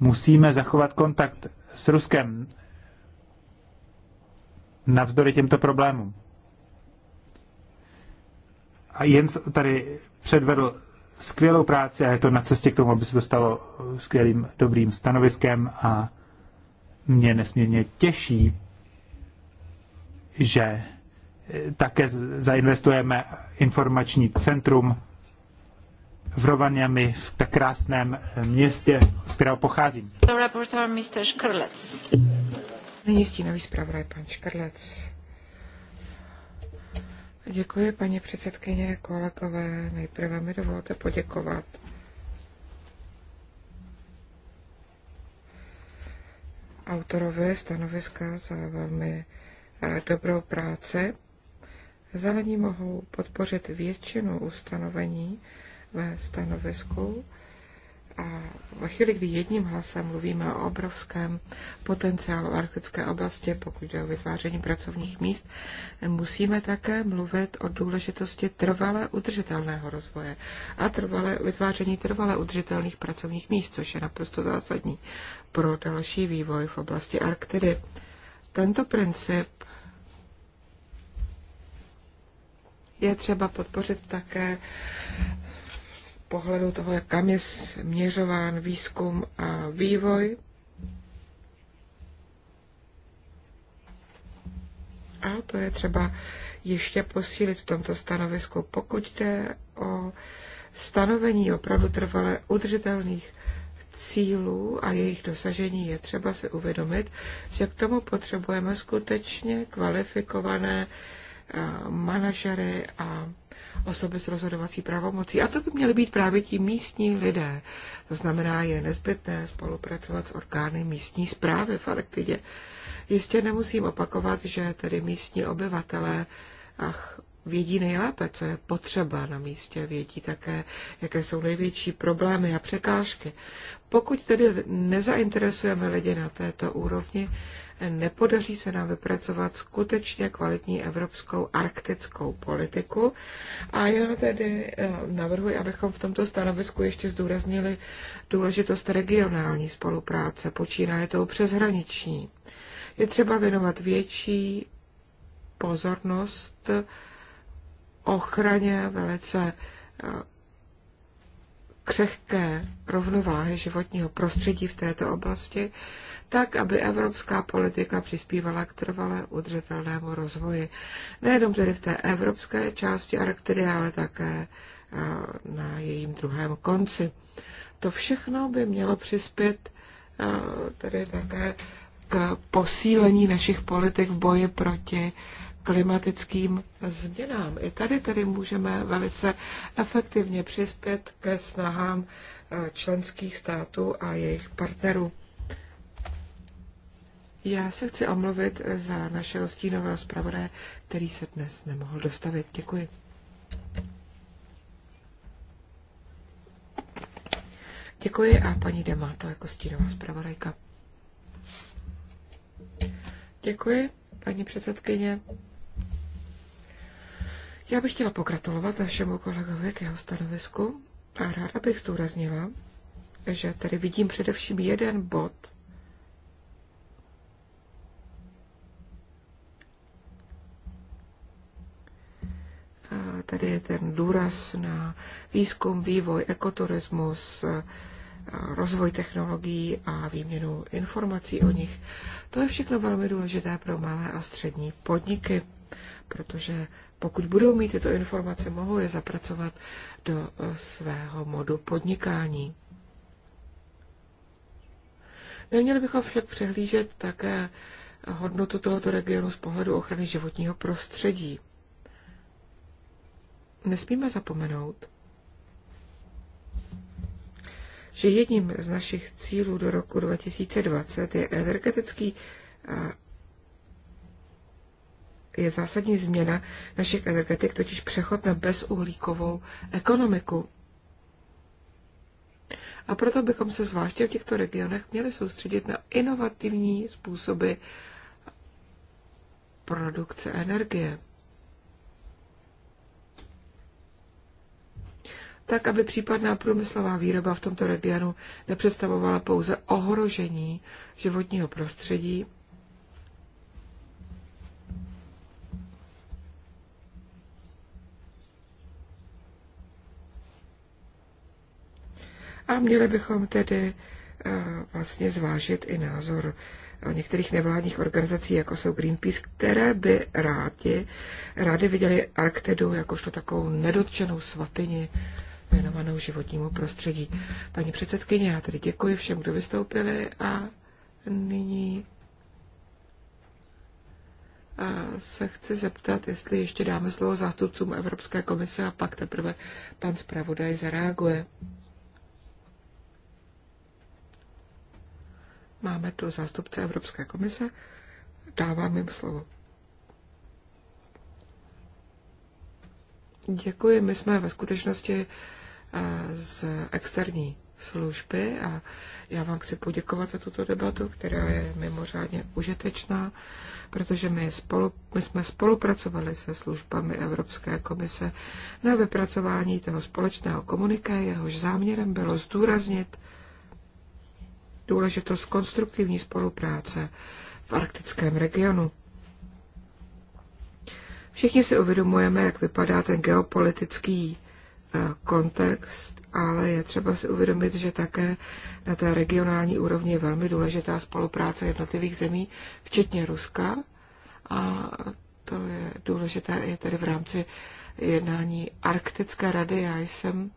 Musíme zachovat kontakt s Ruskem navzdory těmto problémům. A Jens tady předvedl skvělou práci a je to na cestě k tomu, aby se to stalo skvělým, dobrým stanoviskem a mě nesmírně těší, že také zainvestujeme informační centrum v Rovaniemi, v tak krásném eh, městě, z kterého pocházím. Reporter Mr. Škrlec. Nyní stínový zpravodaj pan Škrlec. Děkuji, paní předsedkyně, kolegové. Nejprve mi dovolte poděkovat autorovi stanoviska za velmi eh, dobrou práci. Zelení mohou podpořit většinu ustanovení ve stanovisku. A ve chvíli, kdy jedním hlasem mluvíme o obrovském potenciálu arktické oblasti, pokud jde o vytváření pracovních míst, musíme také mluvit o důležitosti trvalé udržitelného rozvoje a trvalé vytváření trvalé udržitelných pracovních míst, což je naprosto zásadní pro další vývoj v oblasti Arktidy. Tento princip je třeba podpořit také pohledu toho, jak kam je směřován výzkum a vývoj. A to je třeba ještě posílit v tomto stanovisku, pokud jde o stanovení opravdu trvale udržitelných cílů a jejich dosažení je třeba si uvědomit, že k tomu potřebujeme skutečně kvalifikované eh, manažery a osoby s rozhodovací pravomocí. A to by měly být právě ti místní lidé. To znamená, je nezbytné spolupracovat s orgány místní zprávy v Arktidě. Jistě nemusím opakovat, že tedy místní obyvatelé ach, vědí nejlépe, co je potřeba na místě, vědí také, jaké jsou největší problémy a překážky. Pokud tedy nezainteresujeme lidi na této úrovni, nepodaří se nám vypracovat skutečně kvalitní evropskou arktickou politiku. A já tedy eh, navrhuji, abychom v tomto stanovisku ještě zdůraznili důležitost regionální spolupráce, počínaje tou přeshraniční. Je třeba věnovat větší pozornost ochraně velice eh, křehké rovnováhy životního prostředí v této oblasti, tak, aby evropská politika přispívala k trvalé udržitelnému rozvoji. Nejenom tedy v té evropské části Arktidy, ale také eh, na jejím druhém konci. To všechno by mělo přispět eh, tedy také k posílení našich politik v boji proti klimatickým změnám. I tady tedy můžeme velice efektivně přispět ke snahám eh, členských států a jejich partnerů. Já se chci omluvit za našeho stínového zpravodaje, který se dnes nemohl dostavit. Děkuji. Děkuji a paní Demato jako stínová zpravodajka. Děkuji, paní předsedkyně. Já bych chtěla pokratulovat našemu kolegovi k jeho stanovisku a ráda bych zdůraznila, že tady vidím především jeden bod, Tady je ten důraz na výzkum, vývoj, ekoturismus, rozvoj technologií a výměnu informací o nich. To je všechno velmi důležité pro malé a střední podniky, protože pokud budou mít tyto informace, mohou je zapracovat do eh, svého modu podnikání. Neměli bychom však přehlížet také hodnotu tohoto regionu z pohledu ochrany životního prostředí. Nesmíme zapomenout, že jedním z našich cílů do roku 2020 je energetický je zásadní změna našich energetik, totiž přechod na bezuhlíkovou ekonomiku. A proto bychom se zvláště v těchto regionech měli soustředit na inovativní způsoby produkce energie. tak aby případná průmyslová výroba v tomto regionu nepředstavovala pouze ohrožení životního prostředí, a měli bychom tedy eh, vlastně zvážit i názor eh, některých nevládních organizací, jako jsou Greenpeace, které by rádi, rádi viděli Arktidu jakožto takovou nedotčenou svatyni věnovanou životnímu prostředí. Paní předsedkyně, já tedy děkuji všem, kdo vystoupili a nyní eh, se chci zeptat, jestli ještě dáme slovo zástupcům Evropské komise a pak teprve pan zpravodaj zareaguje. Máme tu zástupce Evropské komise, dávám jim slovo. Děkuji, my jsme ve skutečnosti eh, z externí služby a já vám chci poděkovat za tuto debatu, která je mimořádně užitečná, protože my, spolu, my jsme spolupracovali se službami Evropské komise na vypracování toho společného komuniké, jehož záměrem bylo zdůraznit důležitost konstruktivní spolupráce v arktickém regionu. Všichni si uvědomujeme, jak vypadá ten geopolitický eh, kontext, ale je třeba si uvědomit, že také na té regionální úrovni je velmi důležitá spolupráce jednotlivých zemí, včetně Ruska. A to je důležité i tedy v rámci jednání Arktické rady. Já jsem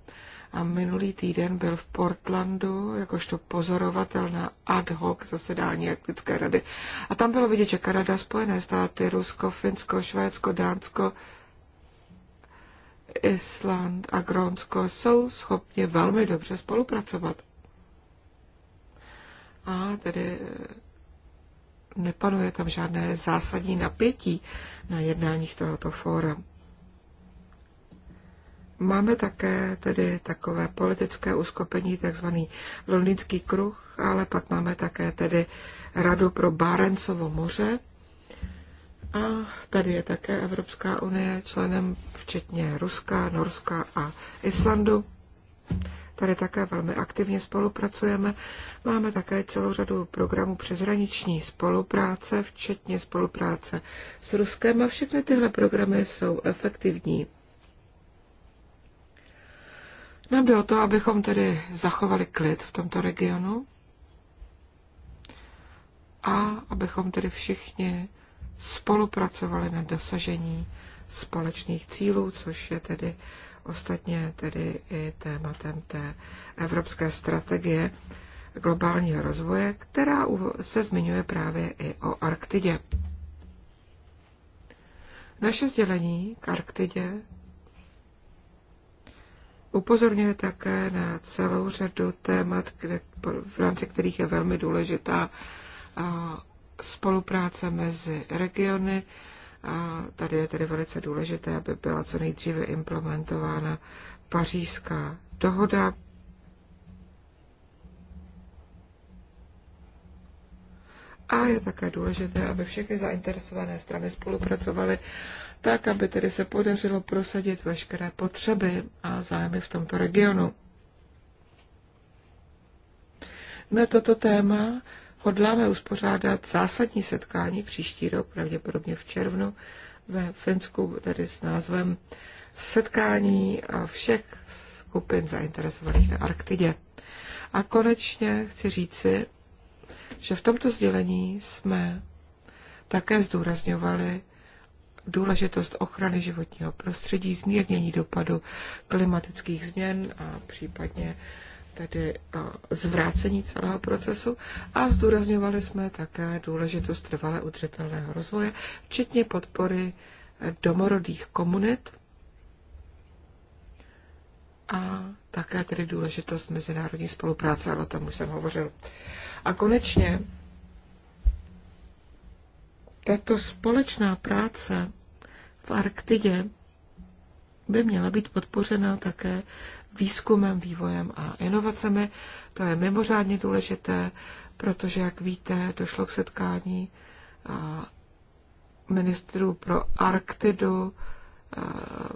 a minulý týden byl v Portlandu jakožto pozorovatel na ad hoc zasedání Arktické rady. A tam bylo vidět, že Kanada, Spojené státy, Rusko, Finsko, Švédsko, Dánsko, Island a Grónsko jsou schopni velmi dobře spolupracovat. A tedy eh, nepanuje tam žádné zásadní napětí na jednáních tohoto fóra. Máme také tedy takové politické uskopení, takzvaný Londýnský kruh, ale pak máme také tedy Radu pro Bárencovo moře. A tady je také Evropská unie členem včetně Ruska, Norska a Islandu. Tady také velmi aktivně spolupracujeme. Máme také celou řadu programů přeshraniční spolupráce, včetně spolupráce s Ruskem a všechny tyhle programy jsou efektivní. Nám jde o to, abychom tedy zachovali klid v tomto regionu a abychom tedy všichni spolupracovali na dosažení společných cílů, což je tedy ostatně tedy i tématem té evropské strategie globálního rozvoje, která se zmiňuje právě i o Arktidě. Naše sdělení k Arktidě upozorňuje také na celou řadu témat, kde, v rámci kterých je velmi důležitá spolupráce mezi regiony. A tady je tedy velice důležité, aby byla co nejdříve implementována pařížská dohoda. A je také důležité, aby všechny zainteresované strany spolupracovaly tak aby tedy se podařilo prosadit veškeré potřeby a zájmy v tomto regionu. Na toto téma hodláme uspořádat zásadní setkání příští rok, pravděpodobně v červnu, ve Finsku, tedy s názvem Setkání všech skupin zainteresovaných na Arktidě. A konečně chci říci, že v tomto sdělení jsme také zdůrazňovali důležitost ochrany životního prostředí, zmírnění dopadu klimatických změn a případně tedy zvrácení celého procesu a zdůrazňovali jsme také důležitost trvalé udržitelného rozvoje, včetně podpory domorodých komunit a také tedy důležitost mezinárodní spolupráce, ale o tom už jsem hovořil. A konečně tato společná práce v Arktidě by měla být podpořena také výzkumem, vývojem a inovacemi. To je mimořádně důležité, protože, jak víte, došlo k setkání ministrů pro Arktidu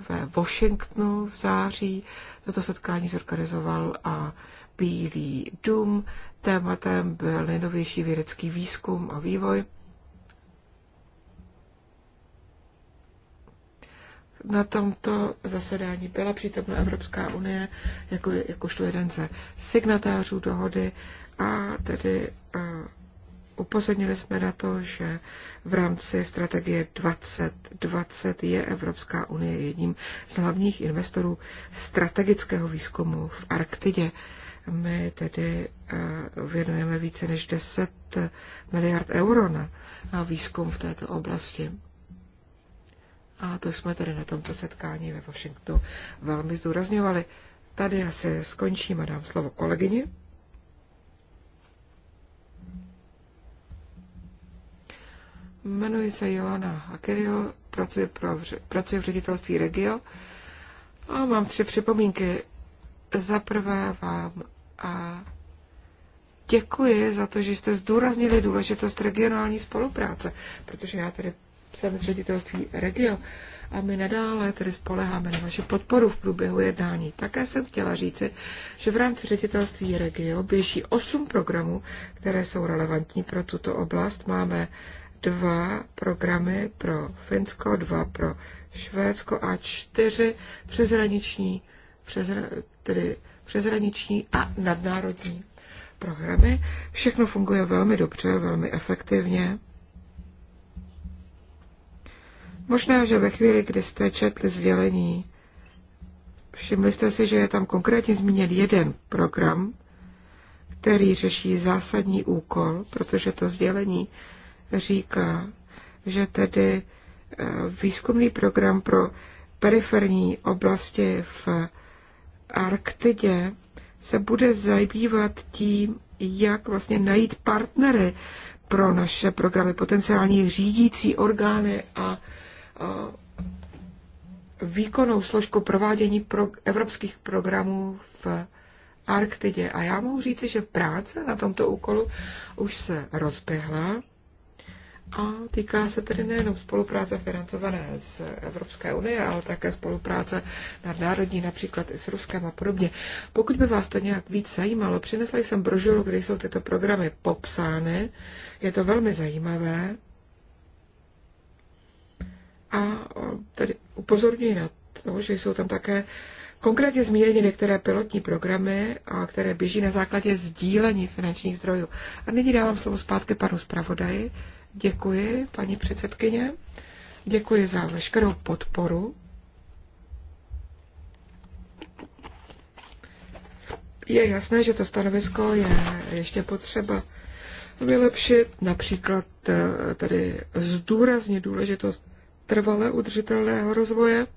ve Washingtonu v září. Toto setkání zorganizoval a Bílý dům. Tématem byl nejnovější vědecký výzkum a vývoj. na tomto zasedání byla přítomna Evropská unie jako, jakožto jeden ze signatářů dohody a tedy uh, upozornili jsme na to, že v rámci strategie 2020 je Evropská unie jedním z hlavních investorů strategického výzkumu v Arktidě. My tedy věnujeme více než 10 miliard euro na výzkum v této oblasti. A to jsme tady na tomto setkání ve Washingtonu velmi zdůrazňovali. Tady se skončím a dám slovo kolegyni. Jmenuji se Joana Akerio, pracuji, pro, pracuji v ředitelství Regio a mám tři připomínky. Za prvé vám a děkuji za to, že jste zdůraznili důležitost regionální spolupráce, protože já tedy jsem z ředitelství Regio a my nadále tedy spoleháme na vaši podporu v průběhu jednání. Také jsem chtěla říci, že v rámci ředitelství Regio běží osm programů, které jsou relevantní pro tuto oblast. Máme dva programy pro Finsko, dva pro Švédsko a čtyři přezraniční, přes, tedy přezraniční a nadnárodní programy. Všechno funguje velmi dobře, velmi efektivně. Možná, že ve chvíli, kdy jste četli sdělení, všimli jste si, že je tam konkrétně zmíněn jeden program, který řeší zásadní úkol, protože to sdělení říká, že tedy eh, výzkumný program pro periferní oblasti v Arktidě se bude zabývat tím, jak vlastně najít partnery pro naše programy, potenciální řídící orgány a výkonnou složku provádění pro evropských programů v Arktidě. A já mohu říci, že práce na tomto úkolu už se rozběhla a týká se tedy nejenom spolupráce financované z Evropské unie, ale také spolupráce nadnárodní, například i s Ruskem a podobně. Pokud by vás to nějak víc zajímalo, přinesla jsem brožuru, kde jsou tyto programy popsány. Je to velmi zajímavé. A tady upozorňuji na to, že jsou tam také konkrétně zmíněny některé pilotní programy, a které běží na základě sdílení finančních zdrojů. A nyní dávám slovo zpátky panu zpravodaji. Děkuji, paní předsedkyně. Děkuji za veškerou podporu. Je jasné, že to stanovisko je ještě potřeba vylepšit, například eh, tady zdůraznit důležitost trvale udržitelného rozvoje.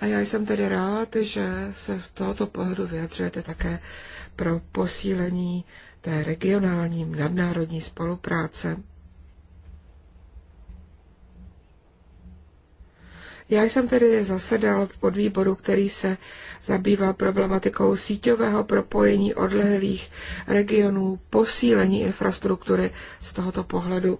A já jsem tedy rád, že se v tohoto pohledu vyjadřujete také pro posílení té regionální nadnárodní spolupráce. Já jsem tedy zasedal v podvýboru, který se zabývá problematikou síťového propojení odlehlých regionů, posílení infrastruktury z tohoto pohledu.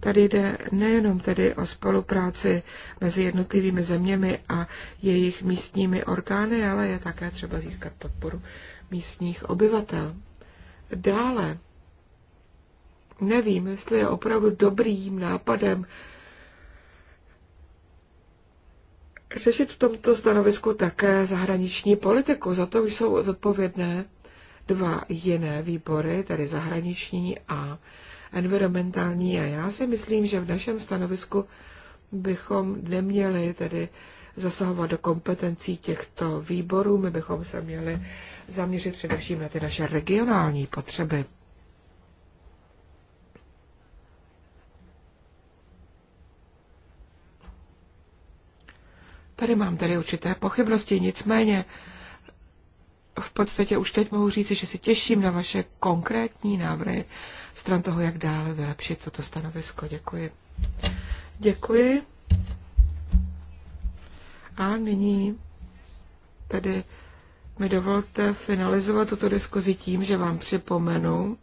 Tady jde nejenom tedy o spolupráci mezi jednotlivými zeměmi a jejich místními orgány, ale je také třeba získat podporu místních obyvatel. Dále nevím, jestli je opravdu dobrým nápadem řešit v tomto stanovisku také zahraniční politiku. Za to jsou zodpovědné dva jiné výbory, tedy zahraniční a environmentální a já si myslím, že v našem stanovisku bychom neměli tedy zasahovat do kompetencí těchto výborů, my bychom se měli zaměřit především na ty naše regionální potřeby. Tady mám tedy určité pochybnosti, nicméně v podstatě už teď mohu říci, že se těším na vaše konkrétní návrhy stran toho, jak dále vylepšit toto stanovisko. Děkuji. Děkuji. A nyní tedy mi dovolte finalizovat tuto diskuzi tím, že vám připomenu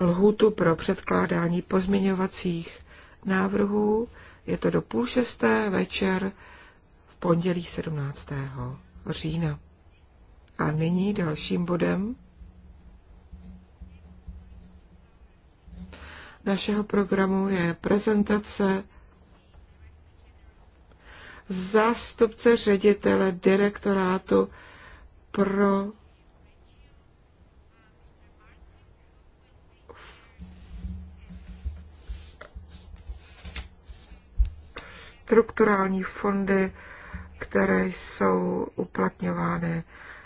lhůtu pro předkládání pozměňovacích návrhů. Je to do půl šesté večer v pondělí 17. října. A nyní dalším bodem našeho programu je prezentace zástupce ředitele direktorátu pro strukturální fondy, které jsou uplatňovány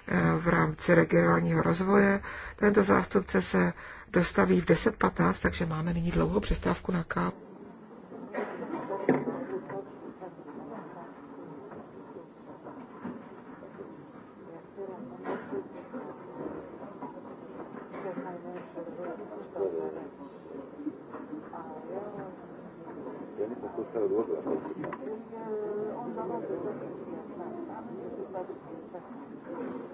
Eh, v rámci regionálního rozvoje. Tento zástupce se dostaví v 10.15, takže máme nyní dlouhou přestávku na kávu. Thank you.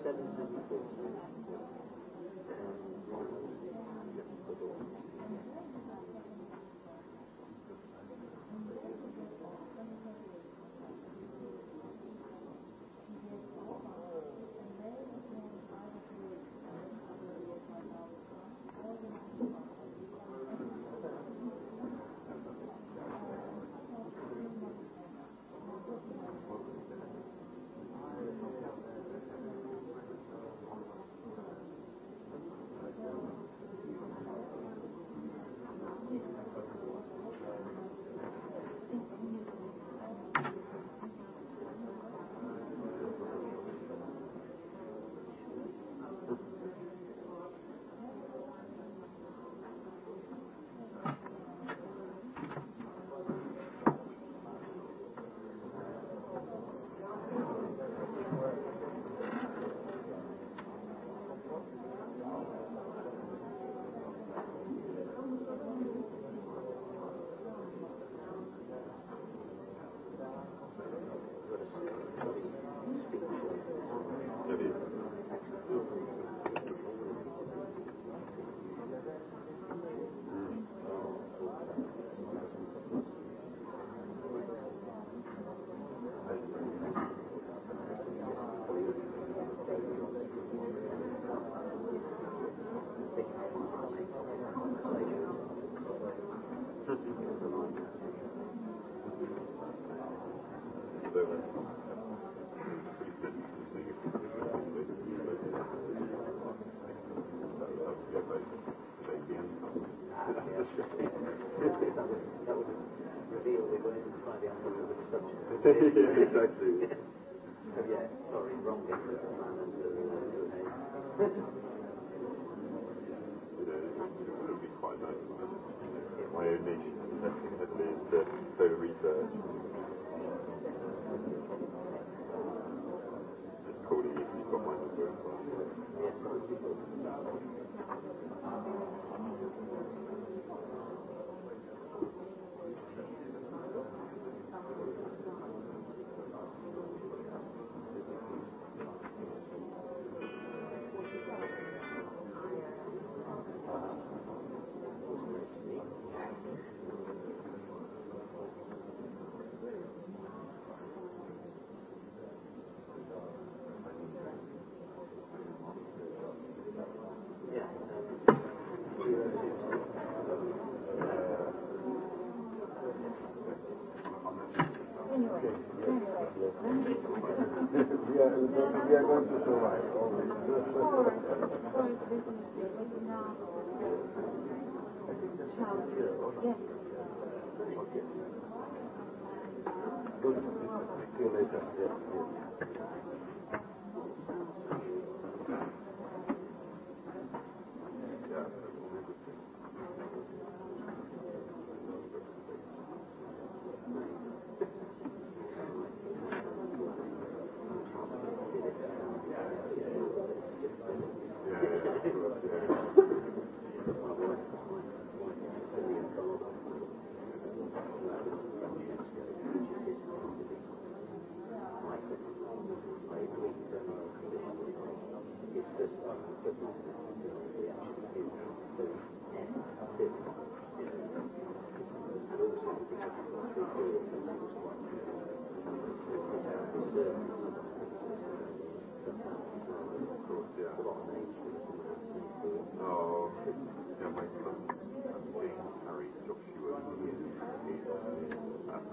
7.36. My own to so research. It's called you've got as well. Good. See you later. Yes, yes.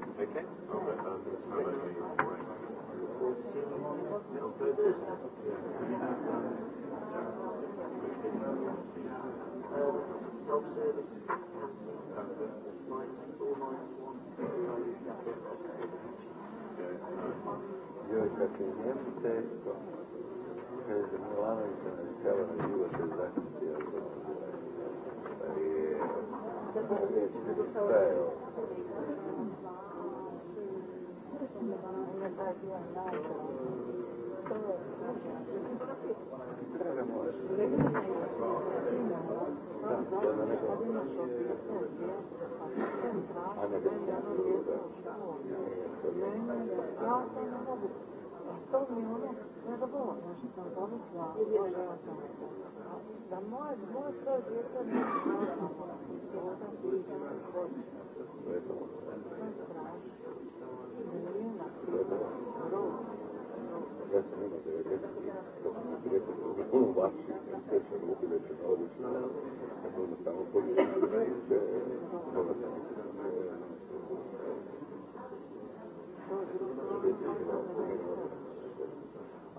Okay. All right. Um, how about you? On Thursday? Yeah. Um, self-service, minus four, minus one. Joj, kakve njemce, kaže Milanović da ne htjela na život je zaštitio. Pa je, šta je ovo? da moje, moje svoje djece ne znam, to je strašno a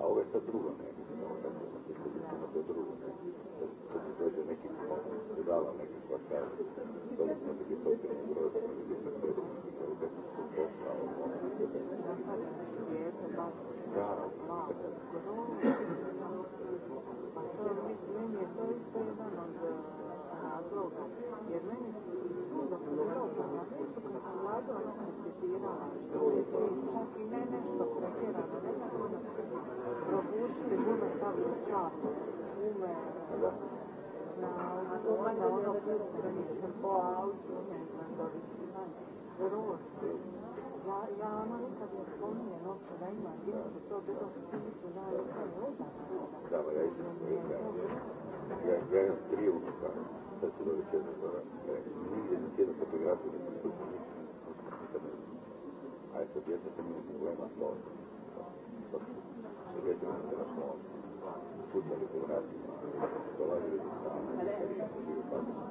ove sad drugo ne vidimo, vidimo to drugo ne, to ti dođe neki predala neki kvartal, to bi smo bili potrebno broj, da bi bili potrebno, da bi bili potrebno, Vrlo jag, jag anmälde motionen också när man gör det. Så det uppstår ju Гагарин стрелка, кстати, было честно, не видели фотографии, а это где-то там не называем основа. Я тебе не прошло. Футболе фотографии, голове, там,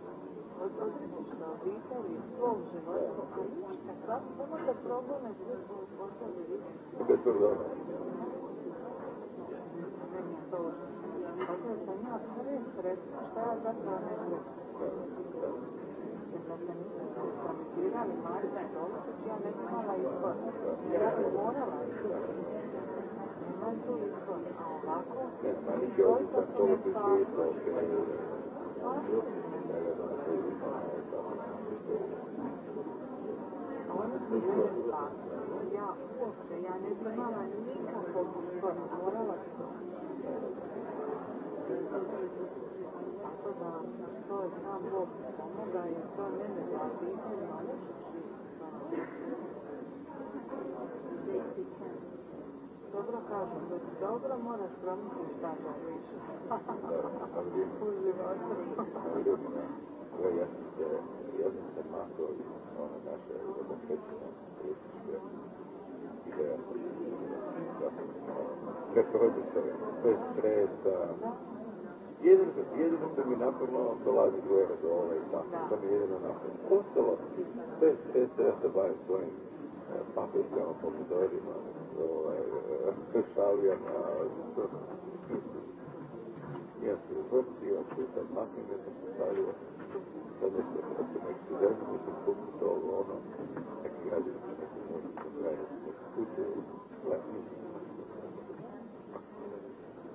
Rodríguez Rodríguez Alfonso Nuevo Ahí está, ¿cómo te probo en el grupo Alfonso Rodríguez? Perdón. Entonces, señor, tres, tres, estaba dando a negro. Tranquila, alemán, todo, ya no es mala hija. Era rumor a la hija. Además, tu hijo, abajo, y hoy está todo distinto. Ah, uopšte, ja ne bi imala nikakvog izbora, morala sam. Tako da, to je sam Bog pomoga, jer to mene zaštiti. Dobro moraš promisliti šta to više. Uživaj. Ja sam se, ja sam se mako ono naše demokratine političke ideje. Sve profesore, sve stresa. Jedino, jedino što mi napravno dolazi dvojera do ove i tako. To mi jedino napravno. Ostalo, sve stresa ja se bavim svojim paprika o pomidorima, ovaj, šalijama, ja se uvrtio, sve sam makine sam stavio, sad je se neki zemlji, sam kupio ovo ono, neki građanski, neki neki građanski kuće, sve, nisam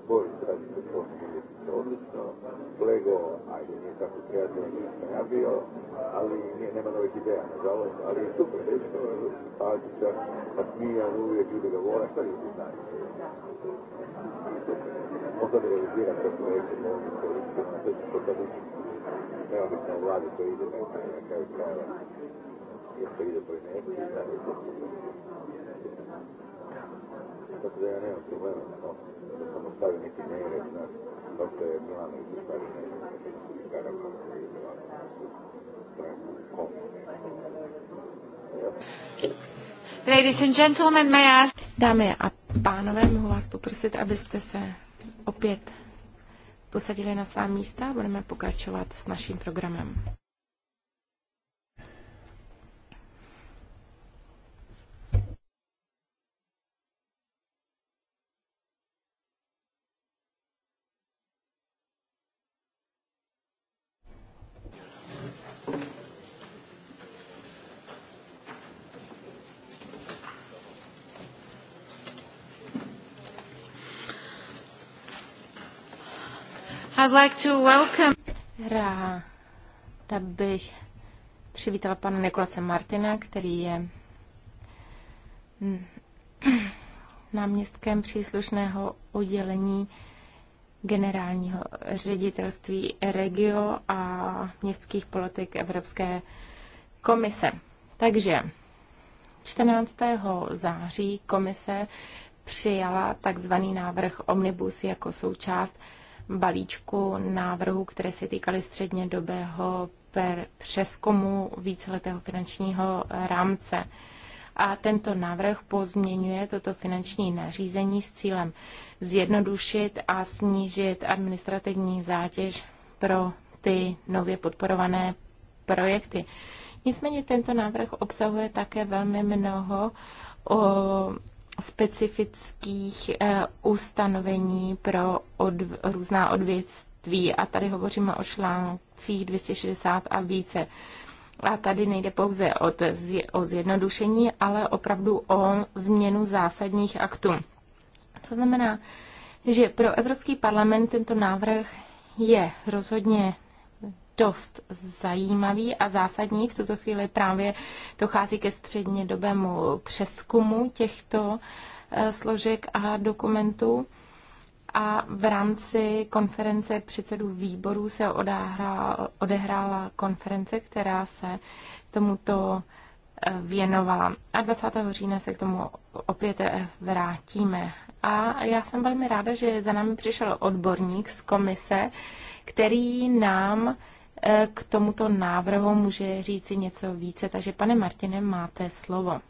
Boj trasmissione dell'episodio, prego je to Creatori A ali nije, nema novih ideja, nažalost, ali je super, dečko, Pažića, nasmijan, uvijek ljudi ga vole, šta ljudi znaju? Možda da realizira te projekte, možda se učiti, na sve što sad uči. Nema biti na vladi, to ide, na kraju krajeva, jer to ide po inerciji, znači, problema, no. Ladies and gentlemen, may I ask... Dámy a pánové, mohu vás poprosit, abyste se opět posadili na svá místa. Budeme pokračovat s naším programem. I'd like to welcome... Ráda bych přivítala pana Nikolase Martina, který je náměstkem příslušného oddělení generálního ředitelství regio a městských politik Evropské komise. Takže 14. září komise přijala takzvaný návrh Omnibus jako součást balíčku návrhů, které se týkaly střednědobého přeskomu víceletého finančního rámce. A tento návrh pozměňuje toto finanční nařízení s cílem zjednodušit a snížit administrativní zátěž pro ty nově podporované projekty. Nicméně tento návrh obsahuje také velmi mnoho o specifických eh, ustanovení pro od, různá odvětví a tady hovoříme o článcích 260 a více. A tady nejde pouze o, o zjednodušení, ale opravdu o změnu zásadních aktů. To znamená, že pro Evropský parlament tento návrh je rozhodně dost zajímavý a zásadní. V tuto chvíli právě dochází ke střednědobému přeskumu těchto eh, složek a dokumentů. A v rámci konference předsedů výborů se odehrála konference, která se tomuto eh, věnovala. A 20. října se k tomu opět eh, vrátíme. A já jsem velmi ráda, že za námi přišel odborník z komise, který nám E, k tomuto návrhu může říci něco více. Takže pane Martine, máte slovo.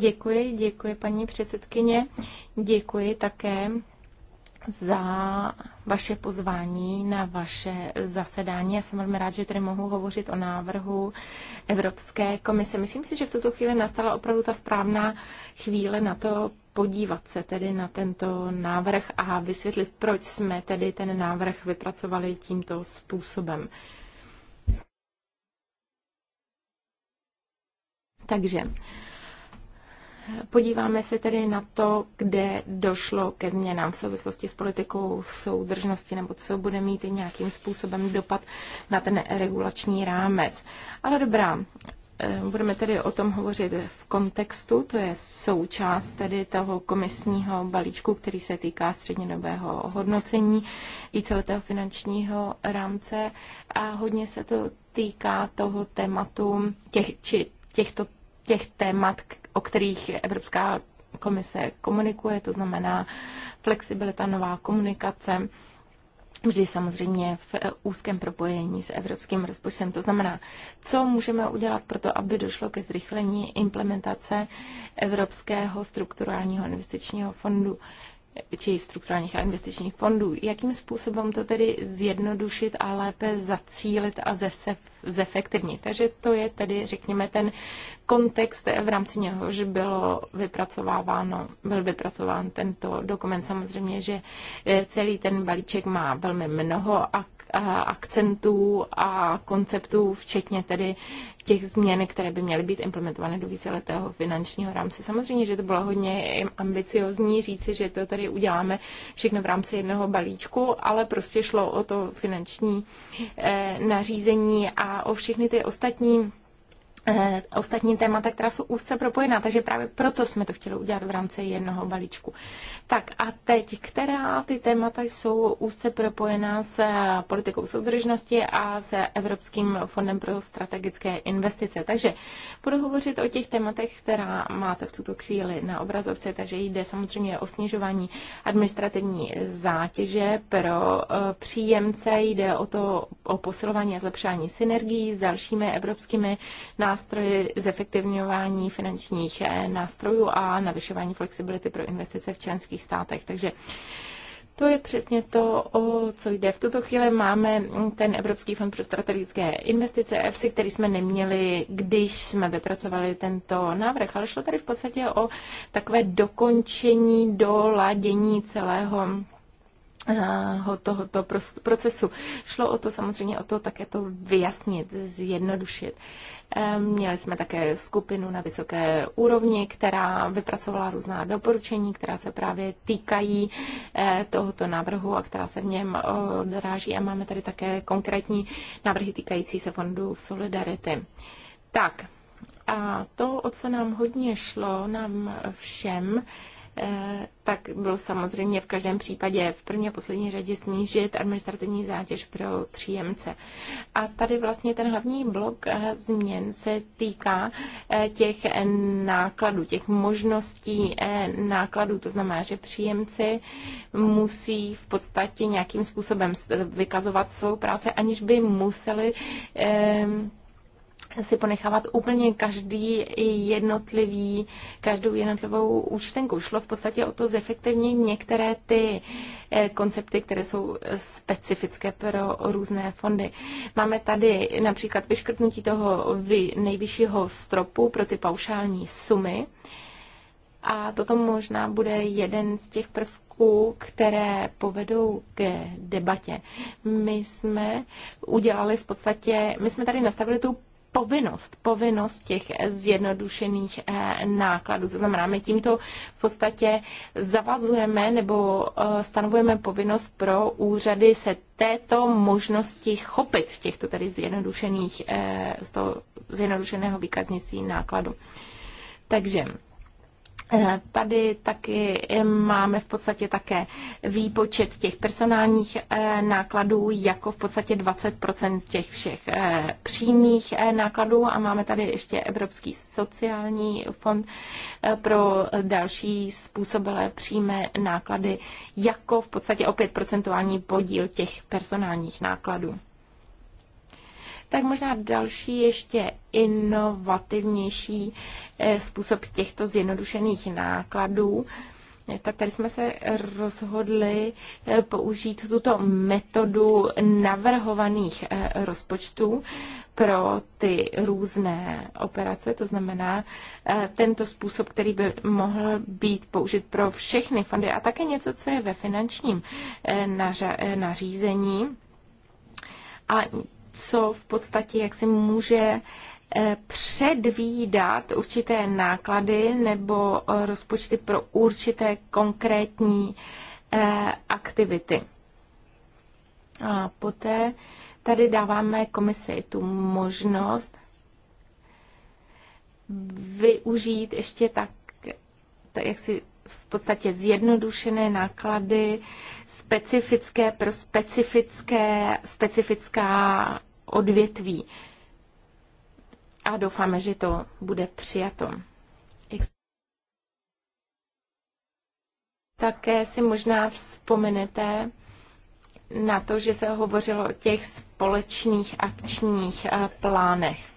Děkuji, děkuji paní předsedkyně, děkuji také za vaše pozvání na vaše zasedání. Já jsem velmi rád, že tady mohu hovořit o návrhu Evropské komise. Myslím si, že v tuto chvíli nastala opravdu ta správná chvíle na to podívat se tedy na tento návrh a vysvětlit, proč jsme tedy ten návrh vypracovali tímto způsobem. Takže Podíváme se tedy na to, kde došlo ke změnám v souvislosti s politikou soudržnosti, nebo co bude mít nějakým způsobem dopad na ten regulační rámec. Ale dobrá, Eh, budeme tedy o tom hovořit v kontextu, to je součást tedy toho komisního balíčku, který se týká střednědobého hodnocení i celého finančního rámce a hodně se to týká toho tématu, těch, či těchto, těch témat, o kterých Evropská komise komunikuje, to znamená flexibilita, nová komunikace, vždy samozřejmě v eh, úzkém propojení s evropským rozpočtem. To znamená, co můžeme udělat pro to, aby došlo ke zrychlení implementace Evropského strukturálního investičního fondu eh, či strukturálních a investičních fondů. Jakým způsobem to tedy zjednodušit a lépe zacílit a zesef zefektivní. Takže to je tedy, řekněme, ten kontext, v rámci něhož bylo vypracováváno, byl vypracován tento dokument. Samozřejmě, že eh, celý ten balíček má velmi mnoho eh, akcentů a konceptů, včetně tedy těch změn, které by měly být implementovány do víceletého finančního rámce. Samozřejmě, že to bylo hodně ambiciozní říci, že to tady uděláme všechno v rámci jednoho balíčku, ale prostě šlo o to finanční eh, nařízení a a o všechny ty ostatní Eh, ostatní témata, která jsou úzce propojená, takže právě proto jsme to chtěli udělat v rámci jednoho balíčku. Tak a teď, která ty témata jsou úzce propojená s politikou soudržnosti a s Evropským fondem pro strategické investice. Takže budu hovořit o těch tématech, která máte v tuto chvíli na obrazovce, takže jde samozřejmě o snižování administrativní zátěže pro eh, příjemce, jde o to o posilování a zlepšování synergií s dalšími evropskými nástroji zefektivňování finančních eh, nástrojů a navyšování flexibility pro investice v členských státech. Takže to je přesně to, o co jde. V tuto chvíli máme mm, ten Evropský fond pro strategické investice EFSI, který jsme neměli, když jsme vypracovali tento návrh, ale šlo tady v podstatě o takové dokončení, doladění celého Eh, tohoto procesu. Šlo o to samozřejmě o to také to vyjasnit, zjednodušit. Měli jsme také skupinu na vysoké úrovni, která vypracovala různá doporučení, která se právě týkají eh, tohoto návrhu a která se v něm odráží. A máme tady také konkrétní návrhy týkající se fondu Solidarity. Tak, a to, o co nám hodně šlo, nám všem, Eh, tak bylo samozřejmě v každém případě v první a poslední řadě snížit administrativní zátěž pro příjemce. A tady vlastně ten hlavní blok eh, změn se týká eh, těch nákladů, těch možností nákladů. To znamená, že příjemci musí v podstatě nějakým způsobem vykazovat svou práci, aniž by museli si ponechávat úplně každý jednotlivý, každou jednotlivou účtenku. Šlo v podstatě o to zefektivnit některé ty eh, koncepty, které jsou specifické pro různé fondy. Máme tady například vyškrtnutí toho nejvyššího stropu pro ty paušální sumy. A toto možná bude jeden z těch prvků, které povedou k debatě. My jsme udělali v podstatě, my jsme tady nastavili tu povinnost, povinnost těch zjednodušených eh, nákladů. To znamená, my tímto v podstatě zavazujeme nebo eh, stanovujeme povinnost pro úřady se této možnosti chopit těchto tedy zjednodušených, eh, z toho zjednodušeného výkaznicí nákladu. Takže Eh, tady taky eh, máme v podstatě také výpočet těch personálních eh, nákladů jako v podstatě 20% těch všech přímých nákladů a máme tady ještě Evropský sociální fond pro další způsobilé přímé náklady jako v podstatě opět procentuální podíl těch personálních nákladů tak možná další ještě inovativnější eh, způsob těchto zjednodušených nákladů eh, tak tady jsme se rozhodli eh, použít tuto metodu navrhovaných rozpočtů pro ty různé operace, to znamená tento způsob, který by mohl být použit pro všechny fondy a také něco, co je ve finančním nařízení. A co v podstatě jak si může eh, předvídat určité náklady nebo eh, rozpočty pro určité konkrétní eh, aktivity. A poté tady dáváme komisi tu možnost využít ještě tak, tak jak si podstatě zjednodušené náklady specifické pro specifické, specifická odvětví. A doufáme, že to bude přijato. Také si možná vzpomenete na to, že se hovořilo o těch společných akčních eh, plánech.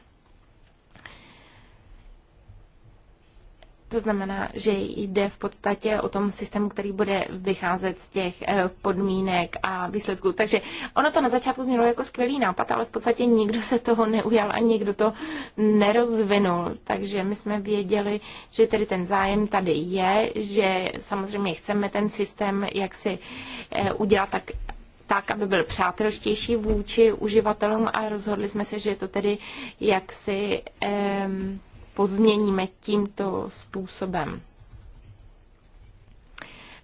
To znamená, že jde v podstatě o tom systému, který bude vycházet z těch eh, podmínek a výsledků. Takže ono to na začátku znělo jako skvělý nápad, ale v podstatě nikdo se toho neujal a nikdo to nerozvinul. Takže my jsme věděli, že tedy ten zájem tady je, že samozřejmě chceme ten systém jak si eh, udělat tak, tak, aby byl přátelštější vůči uživatelům a rozhodli jsme se, že to tedy jaksi um, pozměníme tímto způsobem.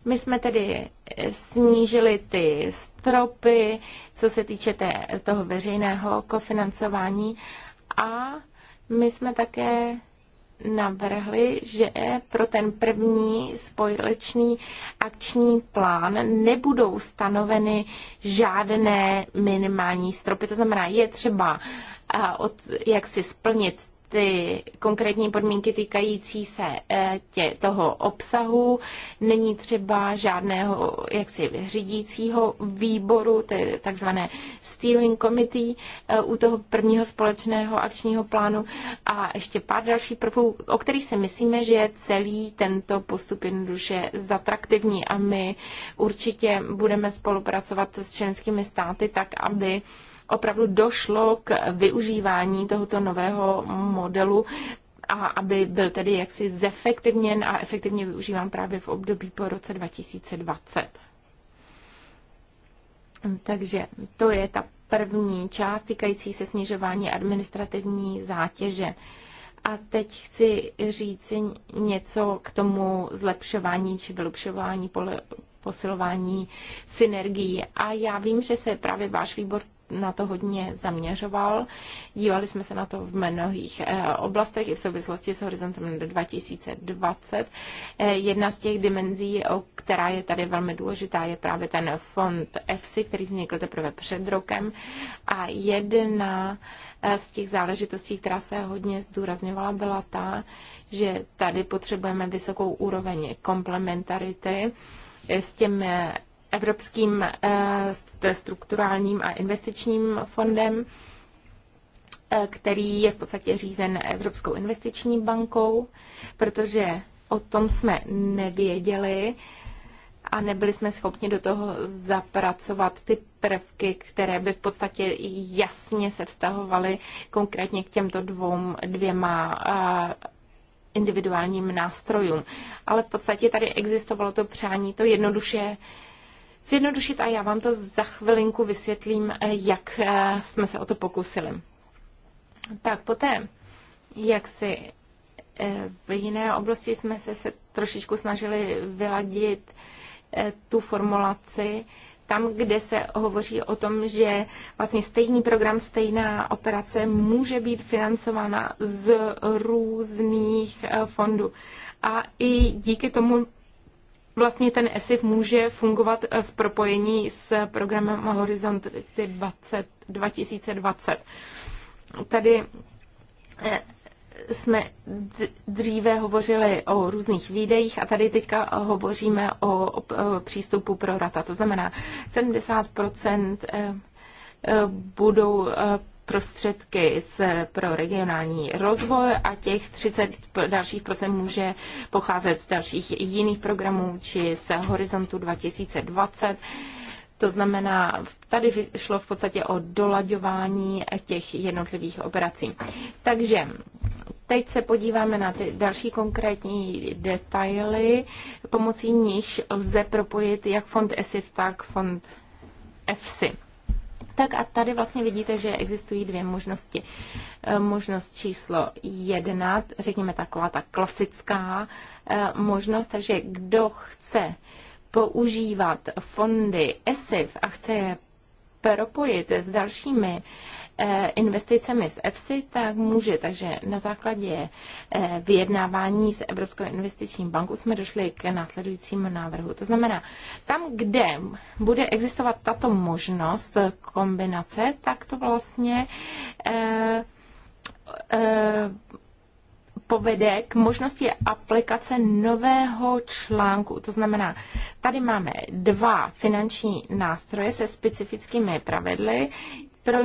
My jsme tedy snížili ty stropy, co se týče té, toho veřejného kofinancování a my jsme také navrhli, že pro ten první společný akční plán nebudou stanoveny žádné minimální stropy. To znamená, je třeba od, jak si splnit ty konkrétní podmínky týkající se eh, tě, toho obsahu. Není třeba žádného jaksi řídícího výboru, to je takzvané steering committee eh, u toho prvního společného akčního plánu a ještě pár dalších prvků, o kterých si myslíme, že celý tento postup jednoduše zatraktivní a my určitě budeme spolupracovat s členskými státy tak, aby opravdu došlo k využívání tohoto nového modelu a aby byl tedy jaksi zefektivněn a efektivně využíván právě v období po roce 2020. Takže to je ta první část týkající se snižování administrativní zátěže. A teď chci říct něco k tomu zlepšování či vylepšování posilování synergií. A já vím, že se právě váš výbor na to hodně zaměřoval. Dívali jsme se na to v mnohých eh, oblastech i v souvislosti s horizontem 2020. Eh, jedna z těch dimenzí, která je tady velmi důležitá, je právě ten fond EFSI, který vznikl teprve před rokem. A jedna eh, z těch záležitostí, která se hodně zdůrazňovala, byla ta, že tady potřebujeme vysokou úroveň komplementarity s těm eh, Evropským eh, strukturálním a investičním fondem, eh, který je v podstatě řízen Evropskou investiční bankou, protože o tom jsme nevěděli a nebyli jsme schopni do toho zapracovat ty prvky, které by v podstatě jasně se vztahovaly konkrétně k těmto dvou, dvěma individuálním nástrojům. Ale v podstatě tady existovalo to přání to jednoduše zjednodušit a já vám to za chvilinku vysvětlím, eh, jak eh, jsme se o to pokusili. Tak poté, jak si eh, v jiné oblasti jsme se, se trošičku snažili vyladit tu formulaci, tam, kde se hovoří o tom, že vlastně stejný program, stejná operace může být financována z různých eh, fondů. A i díky tomu vlastně ten ESIF může fungovat eh, v propojení s programem Horizont 20, 2020. Tady eh, jsme dříve hovořili o různých výdejích a tady teďka hovoříme o, o přístupu pro rata. To znamená, 70 eh, eh, budou eh, prostředky z, pro regionální rozvoj a těch 30 dalších procent může pocházet z dalších jiných programů či z horizontu 2020. To znamená, tady šlo v podstatě o dolaďování těch jednotlivých operací. Takže Teď se podíváme na ty další konkrétní detaily, pomocí níž lze propojit jak fond ESIF, tak fond EFSI. Tak a tady vlastně vidíte, že existují dvě možnosti. E, možnost číslo jedna, řekněme taková ta klasická e, možnost, takže kdo chce používat fondy ESIF a chce je propojit s dalšími Eh, investicemi z EFSI, tak může. Takže na základě eh, vyjednávání s Evropskou investiční bankou jsme došli k následujícímu návrhu. To znamená, tam, kde bude existovat tato možnost kombinace, tak to vlastně eh, povede k možnosti aplikace nového článku. To znamená, tady máme dva finanční nástroje se specifickými pravidly, pro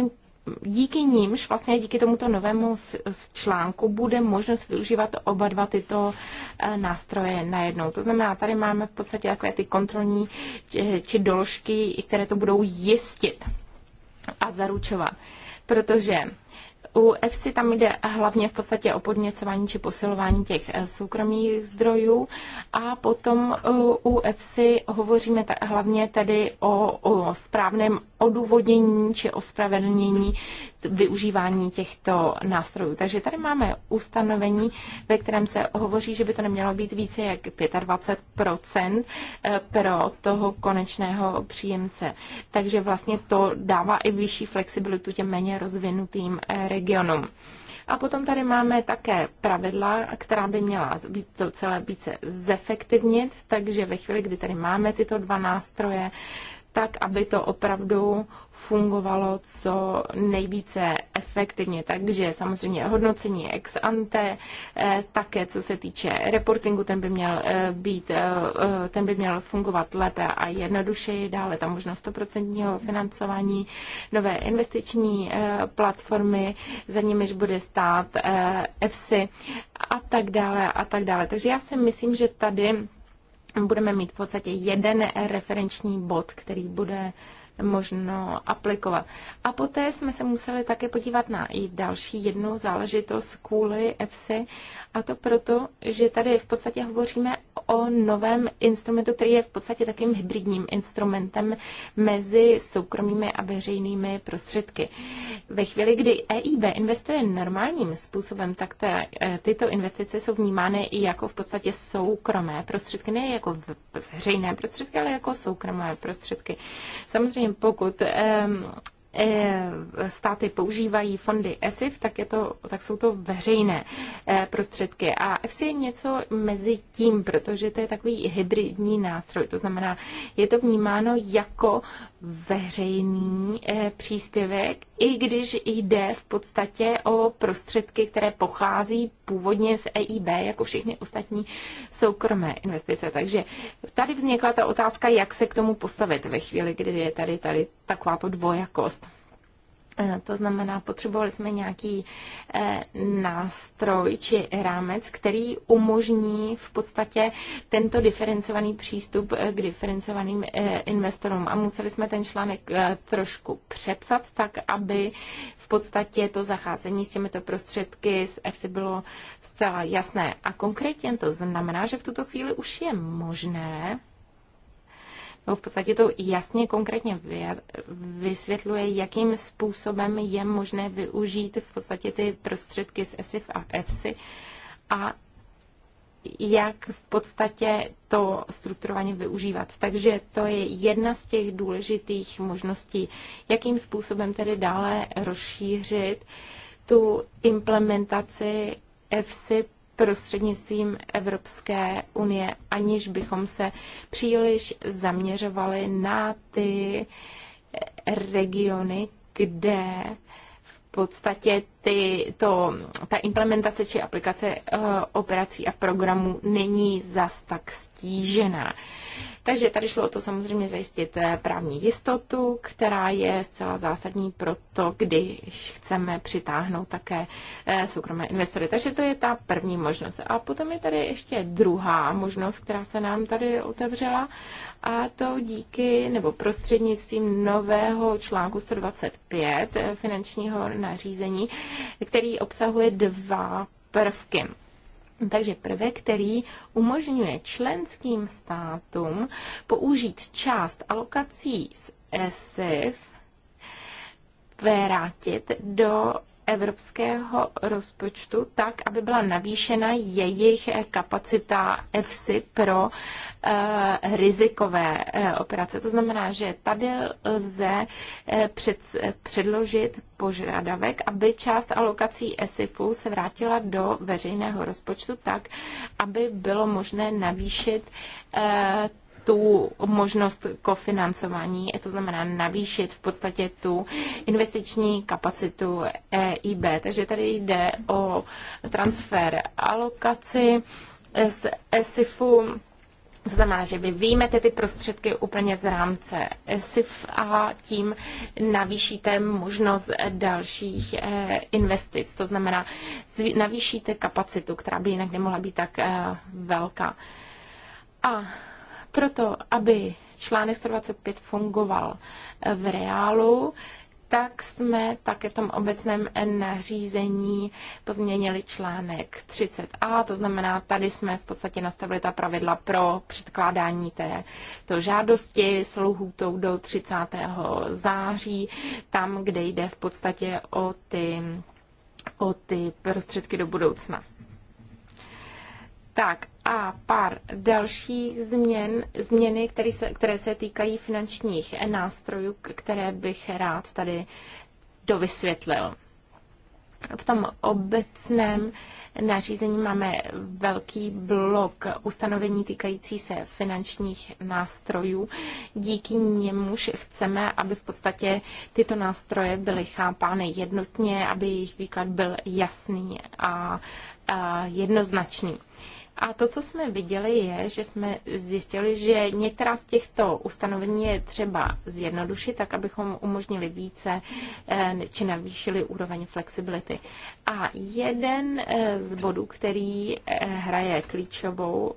díky nímž, vlastně díky tomuto novému článku, bude možnost využívat oba dva tyto eh, nástroje najednou. To znamená, tady máme v podstatě takové ty kontrolní či doložky, které to budou jistit a zaručovat. Protože u EFSI tam jde hlavně v podstatě o podněcování či posilování těch eh, soukromých zdrojů a potom eh, u EFSI hovoříme hlavně tedy o, o správném odůvodnění či ospravedlnění využívání těchto nástrojů. Takže tady máme ustanovení, ve kterém se hovoří, že by to nemělo být více jak 25 eh, pro toho konečného příjemce. Takže vlastně to dává i vyšší flexibilitu těm méně rozvinutým eh, regionům. A potom tady máme také pravidla, která by měla být to celé více zefektivnit, takže ve chvíli, kdy tady máme tyto dva nástroje, tak, aby to opravdu fungovalo co nejvíce efektivně. Takže samozřejmě hodnocení ex ante, eh, také co se týče reportingu, ten by měl eh, být, eh, ten by měl fungovat lépe a jednodušeji, dále ta možnost 100% financování, nové investiční platformy, za nimiž bude stát EFSI a tak dále a tak dále. Takže já si myslím, že tady budeme mít v podstatě jeden referenční bod, který bude možno aplikovat. A poté jsme se museli také podívat na i další jednu záležitost kvůli EFSI a to proto, že tady v podstatě hovoříme o novém instrumentu, který je v podstatě takým hybridním instrumentem mezi soukromými a veřejnými prostředky. Ve chvíli, kdy EIB investuje normálním způsobem, tak ta, e, tyto investice jsou vnímány i jako v podstatě soukromé prostředky, ne jako veřejné prostředky, ale jako soukromé prostředky. Samozřejmě pokud E, státy používají fondy ESIF, tak, je to, tak jsou to veřejné e, prostředky. A EFSI je něco mezi tím, protože to je takový hybridní nástroj. To znamená, je to vnímáno jako veřejný e, příspěvek, i když jde v podstatě o prostředky, které pochází původně z EIB, jako všechny ostatní soukromé investice. Takže tady vznikla ta otázka, jak se k tomu postavit ve chvíli, kdy je tady, tady takováto dvojakost. Eh, to znamená, potřebovali jsme nějaký eh, nástroj či rámec, který umožní v podstatě tento diferencovaný přístup eh, k diferencovaným investorům. A museli jsme ten článek trošku přepsat, tak aby v podstatě to zacházení s těmito prostředky z EFSI bylo zcela jasné. A konkrétně to znamená, že v tuto chvíli už je možné no v podstatě to jasně konkrétně vysvětluje, jakým způsobem je možné využít v podstatě ty prostředky z ESIF a EFSI a jak v podstatě to strukturovaně využívat. Takže to je jedna z těch důležitých možností, jakým způsobem tedy dále rozšířit tu implementaci EFSI prostřednictvím Evropské unie, aniž bychom se příliš zaměřovali na ty regiony, kde v podstatě ty, to, ta implementace či aplikace eh, operací a programů není zas tak stížená. Takže tady šlo o to samozřejmě zajistit eh, právní jistotu, která je zcela zásadní pro to, když chceme přitáhnout také eh, soukromé investory. Takže to je ta první možnost. A potom je tady ještě druhá možnost, která se nám tady otevřela a to díky nebo prostřednictvím nového článku 125 finančního nařízení, který obsahuje dva prvky. Takže prvek, který umožňuje členským státům použít část alokací z ESIF vrátit do evropského rozpočtu tak, aby byla navýšena jejich kapacita EFSI pro eh, rizikové eh, operace. To znamená, že tady lze eh, před, předložit požadavek, aby část alokací ESIFu se vrátila do veřejného rozpočtu tak, aby bylo možné navýšit tu možnost kofinancování, to znamená navýšit v podstatě tu investiční kapacitu EIB. Takže tady jde o transfer alokaci z ESIFu to znamená, že vy výjmete ty prostředky úplně z rámce e SIF a tím navýšíte možnost dalších eh, investic. To znamená, navýšíte kapacitu, která by jinak nemohla být tak eh, velká. A proto, aby článek 125 fungoval eh, v reálu, tak jsme také v tom obecném nařízení pozměnili článek 30a, to znamená, tady jsme v podstatě nastavili ta pravidla pro předkládání té to žádosti s lhůtou do 30. září, tam, kde jde v podstatě o ty, o ty prostředky do budoucna. Tak a pár dalších změn, změny, které se, které se týkají finančních nástrojů, které bych rád tady dovysvětlil. V tom obecném nařízení máme velký blok ustanovení týkající se finančních nástrojů. Díky němuž chceme, aby v podstatě tyto nástroje byly chápány jednotně, aby jejich výklad byl jasný a, a jednoznačný. A to, co jsme viděli, je, že jsme zjistili, že některá z těchto ustanovení je třeba zjednodušit, tak abychom umožnili více eh, či navýšili úroveň flexibility. A jeden eh, z bodů, který eh, hraje klíčovou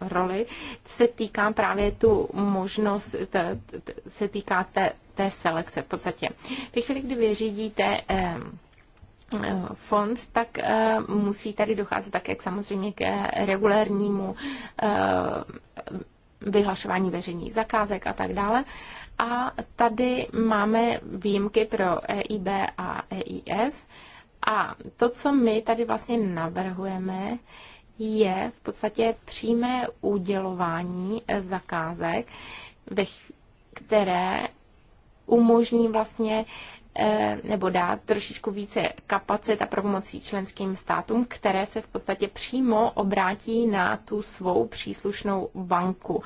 roli, se týká právě tu možnost, se týká té, té selekce v podstatě. V chvíli, kdy vyřídíte fond, tak eh, musí tady docházet také k samozřejmě k regulérnímu eh, vyhlašování veřejných zakázek a tak dále. A tady máme výjimky pro EIB a EIF. A to, co my tady vlastně navrhujeme, je v podstatě přímé udělování eh, zakázek, které umožní vlastně Eh, nebo dát trošičku více kapacit a pravomocí členským státům, které se v podstatě přímo obrátí na tu svou příslušnou banku.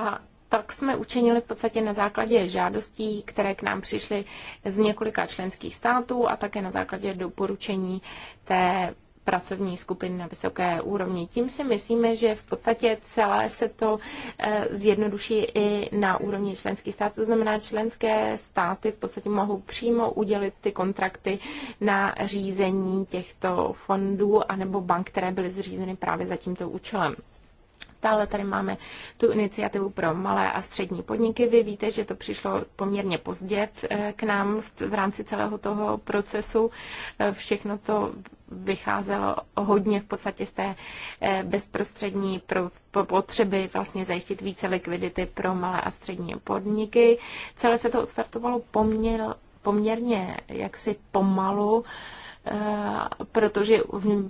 A tak jsme učinili v podstatě na základě žádostí, které k nám přišly z několika členských států a také na základě doporučení té pracovní skupiny na vysoké úrovni. Tím si myslíme, že v podstatě celé se to eh, zjednoduší i na úrovni členských států. To znamená, členské státy v podstatě mohou přímo udělit ty kontrakty na řízení těchto fondů anebo bank, které byly zřízeny právě za tímto účelem. Dále tady máme tu iniciativu pro malé a střední podniky. Vy víte, že to přišlo poměrně pozdě eh, k nám v rámci celého toho procesu. Eh, všechno to vycházelo hodně v podstatě z té eh, bezprostřední potřeby vlastně zajistit více likvidity pro malé a střední podniky. Celé se to odstartovalo poměr, poměrně jaksi pomalu. Eh, protože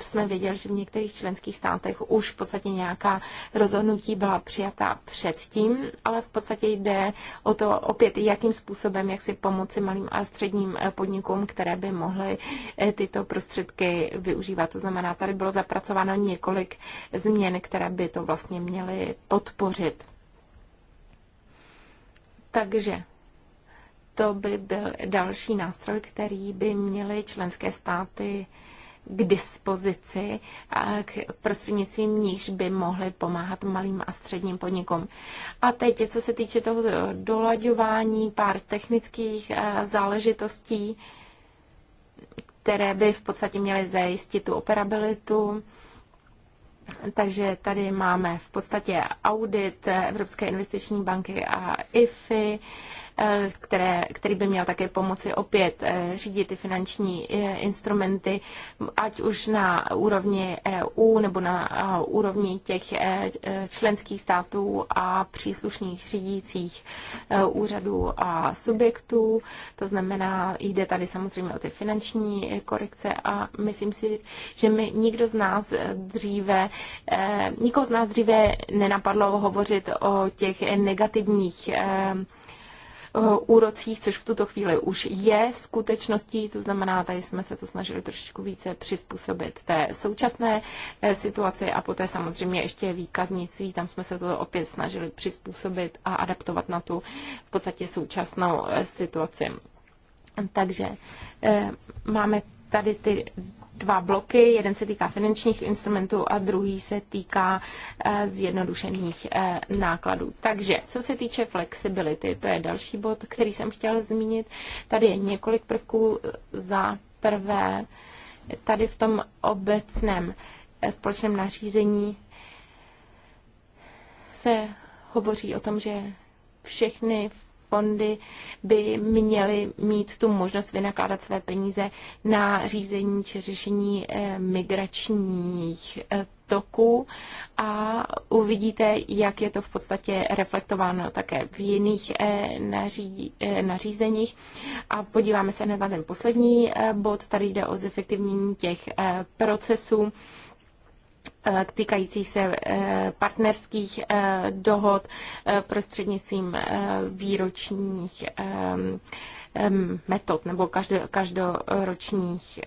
jsme věděli, že v některých členských státech už v podstatě nějaká rozhodnutí byla přijata předtím, ale v podstatě jde o to opět, jakým způsobem, jak si pomoci malým a středním eh, podnikům, které by mohly eh, tyto prostředky využívat. To znamená, tady bylo zapracováno několik změn, které by to vlastně měly podpořit. Takže to by byl další nástroj, který by měly členské státy k dispozici, a k prostřednictvím níž by mohly pomáhat malým a středním podnikům. A teď, co se týče toho dolaďování, pár technických eh, záležitostí, které by v podstatě měly zajistit tu operabilitu, takže tady máme v podstatě audit Evropské investiční banky a IFI, Eh, které, který by měl také pomoci opět eh, řídit ty finanční eh, instrumenty, ať už na úrovni EU nebo na úrovni těch členských států a příslušných řídících úřadů a subjektů. To znamená, jde tady samozřejmě o ty finanční korekce a myslím si, že my nikdo z nás dříve, nikoho z nás dříve nenapadlo hovořit o těch negativních Eh, úrocích, což v tuto chvíli už je skutečností, to znamená, tady jsme se to snažili trošičku více přizpůsobit té současné eh, situaci a poté samozřejmě ještě výkaznictví, tam jsme se to opět snažili přizpůsobit a adaptovat na tu v podstatě současnou eh, situaci. Takže máme tady ty dva bloky. Jeden se týká finančních instrumentů a druhý se týká eh, zjednodušených eh, nákladů. Takže co se týče flexibility, to je další bod, který jsem chtěla zmínit. Tady je několik prvků za prvé tady v tom obecném eh, společném nařízení se hovoří o tom, že všechny fondy by měly mít tu možnost vynakládat své peníze na řízení či řešení eh, migračních eh, toku a uvidíte, jak je to v podstatě reflektováno také v jiných eh, nařízeních. A podíváme se na ten poslední bod, tady jde o zefektivnění těch procesů Eh, týkající se eh, partnerských eh, dohod prostřednictvím výročních ehm, ehm, metod nebo každoročních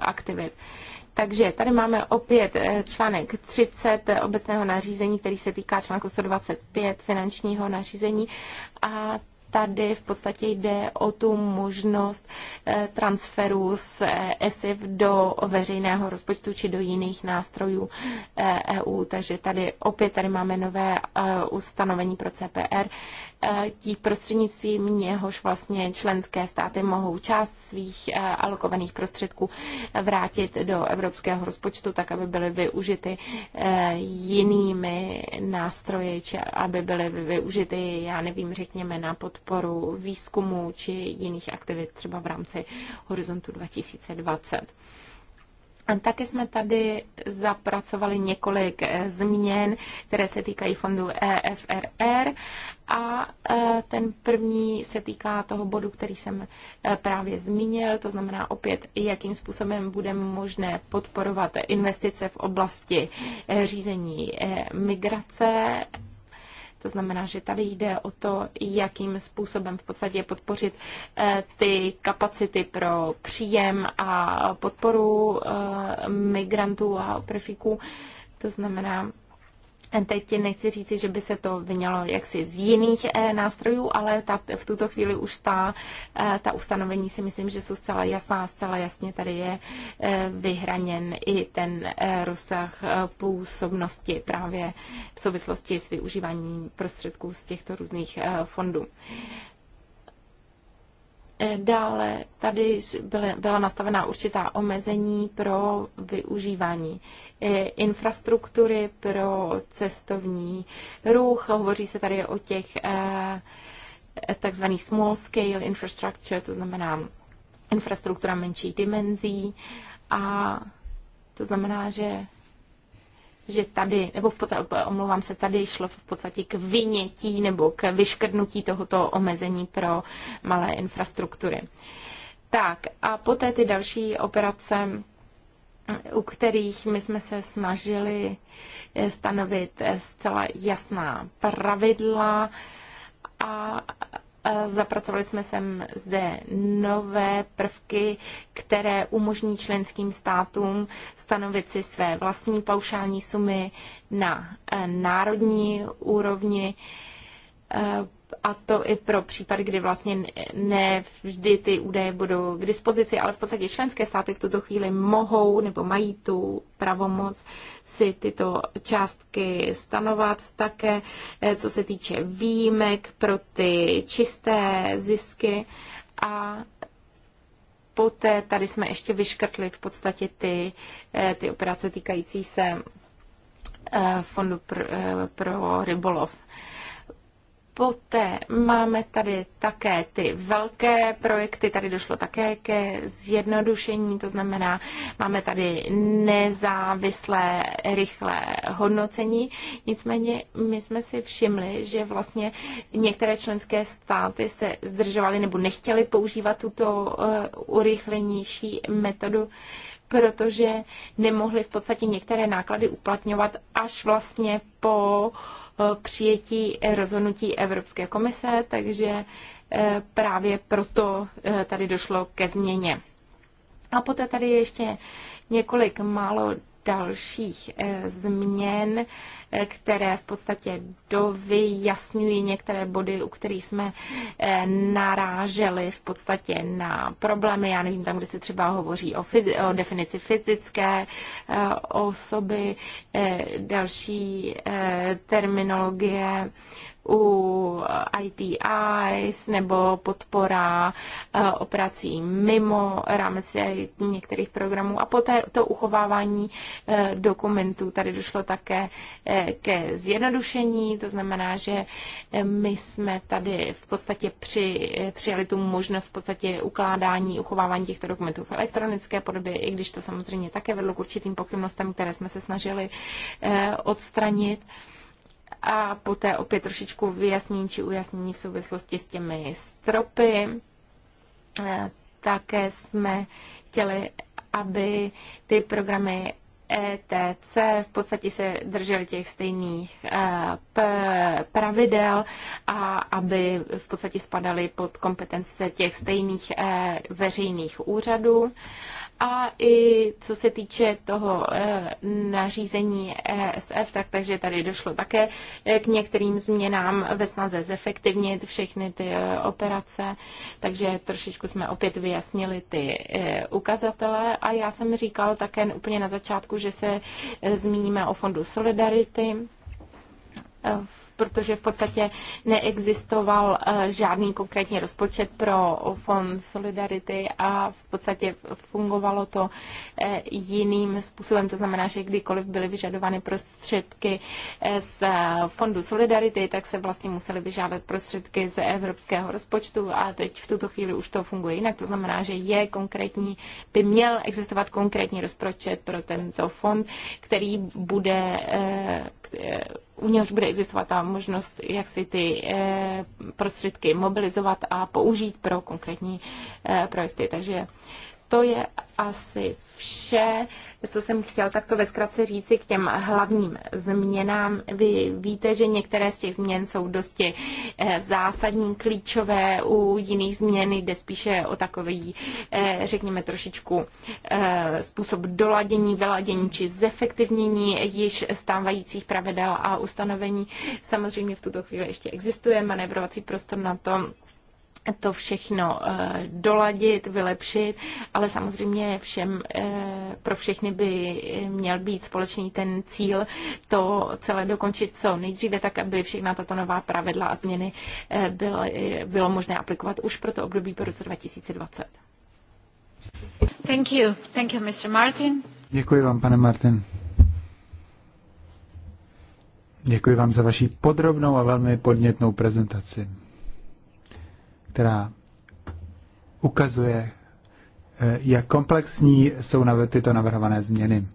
aktivit. Takže tady máme opět článek 30 obecného nařízení, který se týká článku 125 finančního nařízení a tady v podstatě jde o tu možnost eh, transferu z ESIF do veřejného rozpočtu či do jiných nástrojů EU. Eh, e Takže tady opět tady máme nové eh, ustanovení pro CPR, tí prostřednictvím něhož vlastně členské státy mohou část svých alokovaných prostředků vrátit do evropského rozpočtu, tak aby byly využity jinými nástroji, či aby byly využity, já nevím, řekněme, na podporu podporu výzkumu či jiných aktivit třeba v rámci Horizontu 2020. A také jsme tady zapracovali několik eh, změn, které se týkají fondu EFRR a eh, ten první se týká toho bodu, který jsem eh, právě zmínil, to znamená opět, jakým způsobem bude možné podporovat investice v oblasti řízení migrace to znamená, že tady jde o to, jakým způsobem v podstatě podpořit eh, ty kapacity pro příjem a podporu eh, migrantů a uprchlíků. To znamená, Hm, teď nechci říci, že by se to vyňalo jaksi z jiných eh, nástrojů, ale ta, v tuto chvíli už ta, eh, ta ustanovení si myslím, že jsou zcela jasná, zcela jasně tady je eh, vyhraněn i ten rozsah působnosti právě v souvislosti s využíváním prostředků z těchto různých fondů. Dále tady byla nastavená určitá omezení pro využívání e, infrastruktury pro cestovní ruch. Hovoří se tady o těch e, e, takzvaných small scale infrastructure, to znamená infrastruktura menší dimenzí a to znamená, že že tady, nebo v podstatě, omlouvám se, tady šlo v podstatě k vynětí nebo k vyškrtnutí tohoto omezení pro malé infrastruktury. Tak a poté ty další operace, u kterých my jsme se snažili eh, stanovit eh, zcela jasná pravidla a Zapracovali jsme sem zde nové prvky, které umožní členským státům stanovit si své vlastní paušální sumy na eh, národní úrovni eh, a to i pro případ, kdy vlastně ne vždy ty údaje budou k dispozici, ale v podstatě členské státy v tuto chvíli mohou nebo mají tu pravomoc si tyto částky stanovat také, eh, co se týče výjimek pro ty čisté zisky a poté tady jsme ještě vyškrtli v podstatě ty, eh, ty operace týkající se eh, fondu pro, pro rybolov. Poté máme tady také ty velké projekty, tady došlo také ke zjednodušení, to znamená, máme tady nezávislé rychlé hodnocení. Nicméně my jsme si všimli, že vlastně některé členské státy se zdržovaly nebo nechtěly používat tuto eh, urychlenější metodu protože nemohli v podstatě některé náklady uplatňovat až vlastně po uh, přijetí rozhodnutí Evropské komise, takže eh, právě proto eh, tady došlo ke změně. A poté tady ještě několik málo dalších eh, změn, eh, které v podstatě dovyjasňují některé body, u kterých jsme eh, naráželi v podstatě na problémy. Já nevím, tam, kde se třeba hovoří o, fyzi- o definici fyzické osoby, další terminologie u ITIs nebo podpora eh, operací mimo rámci některých programů. A poté to uchovávání eh, dokumentů. Tady došlo také eh, ke zjednodušení, to znamená, že my jsme tady v podstatě při, přijali tu možnost v podstatě ukládání, uchovávání těchto dokumentů v elektronické podobě, i když to samozřejmě také vedlo k určitým pochybnostem, které jsme se snažili odstranit a poté opět trošičku vyjasnění či ujasnění v souvislosti s těmi stropy. Eh, také jsme chtěli, aby ty programy ETC v podstatě se držely těch stejných eh, pravidel a aby v podstatě spadaly pod kompetence těch stejných eh, veřejných úřadů a i co se týče toho eh, nařízení ESF, tak takže tady došlo také eh, k některým změnám ve snaze zefektivnit všechny ty eh, operace, takže trošičku jsme opět vyjasnili ty ukazatele a já jsem říkal také úplně na začátku, že se zmíníme o fondu Solidarity, protože v podstatě neexistoval eh, žádný konkrétní rozpočet pro fond Solidarity a v podstatě fungovalo to eh, jiným způsobem. To znamená, že kdykoliv byly vyžadovány prostředky eh, z fondu Solidarity, tak se vlastně museli vyžádat prostředky z evropského rozpočtu a teď v tuto chvíli už to funguje jinak. To znamená, že je konkrétní, by měl existovat konkrétní rozpočet pro tento fond, který bude u něhož bude existovat ta možnost, jak si ty eh, prostředky mobilizovat a použít pro konkrétní eh, projekty. Takže to je asi vše, co jsem chtěl takto ve zkratce říci k těm hlavním změnám. Vy víte, že některé z těch změn jsou dosti eh, zásadní, klíčové, u jiných změn jde spíše o takový, eh, řekněme, trošičku eh, způsob doladění, vyladění či zefektivnění již stávajících pravidel a ustanovení. Samozřejmě v tuto chvíli ještě existuje manévrovací prostor na to, to všechno eh, doladit, vylepšit, ale samozřejmě všem, eh, pro všechny by eh, měl být společný ten cíl to celé dokončit co nejdříve, tak aby všechna tato nová pravidla a změny bylo, bylo možné aplikovat už pro to období po roce 2020. Thank you. Thank you, Mr. Martin. Děkuji vám, pane Martin. Děkuji vám za vaši podrobnou a velmi podnětnou prezentaci která ukazuje, eh, jak komplexní jsou tyto navrhované změny.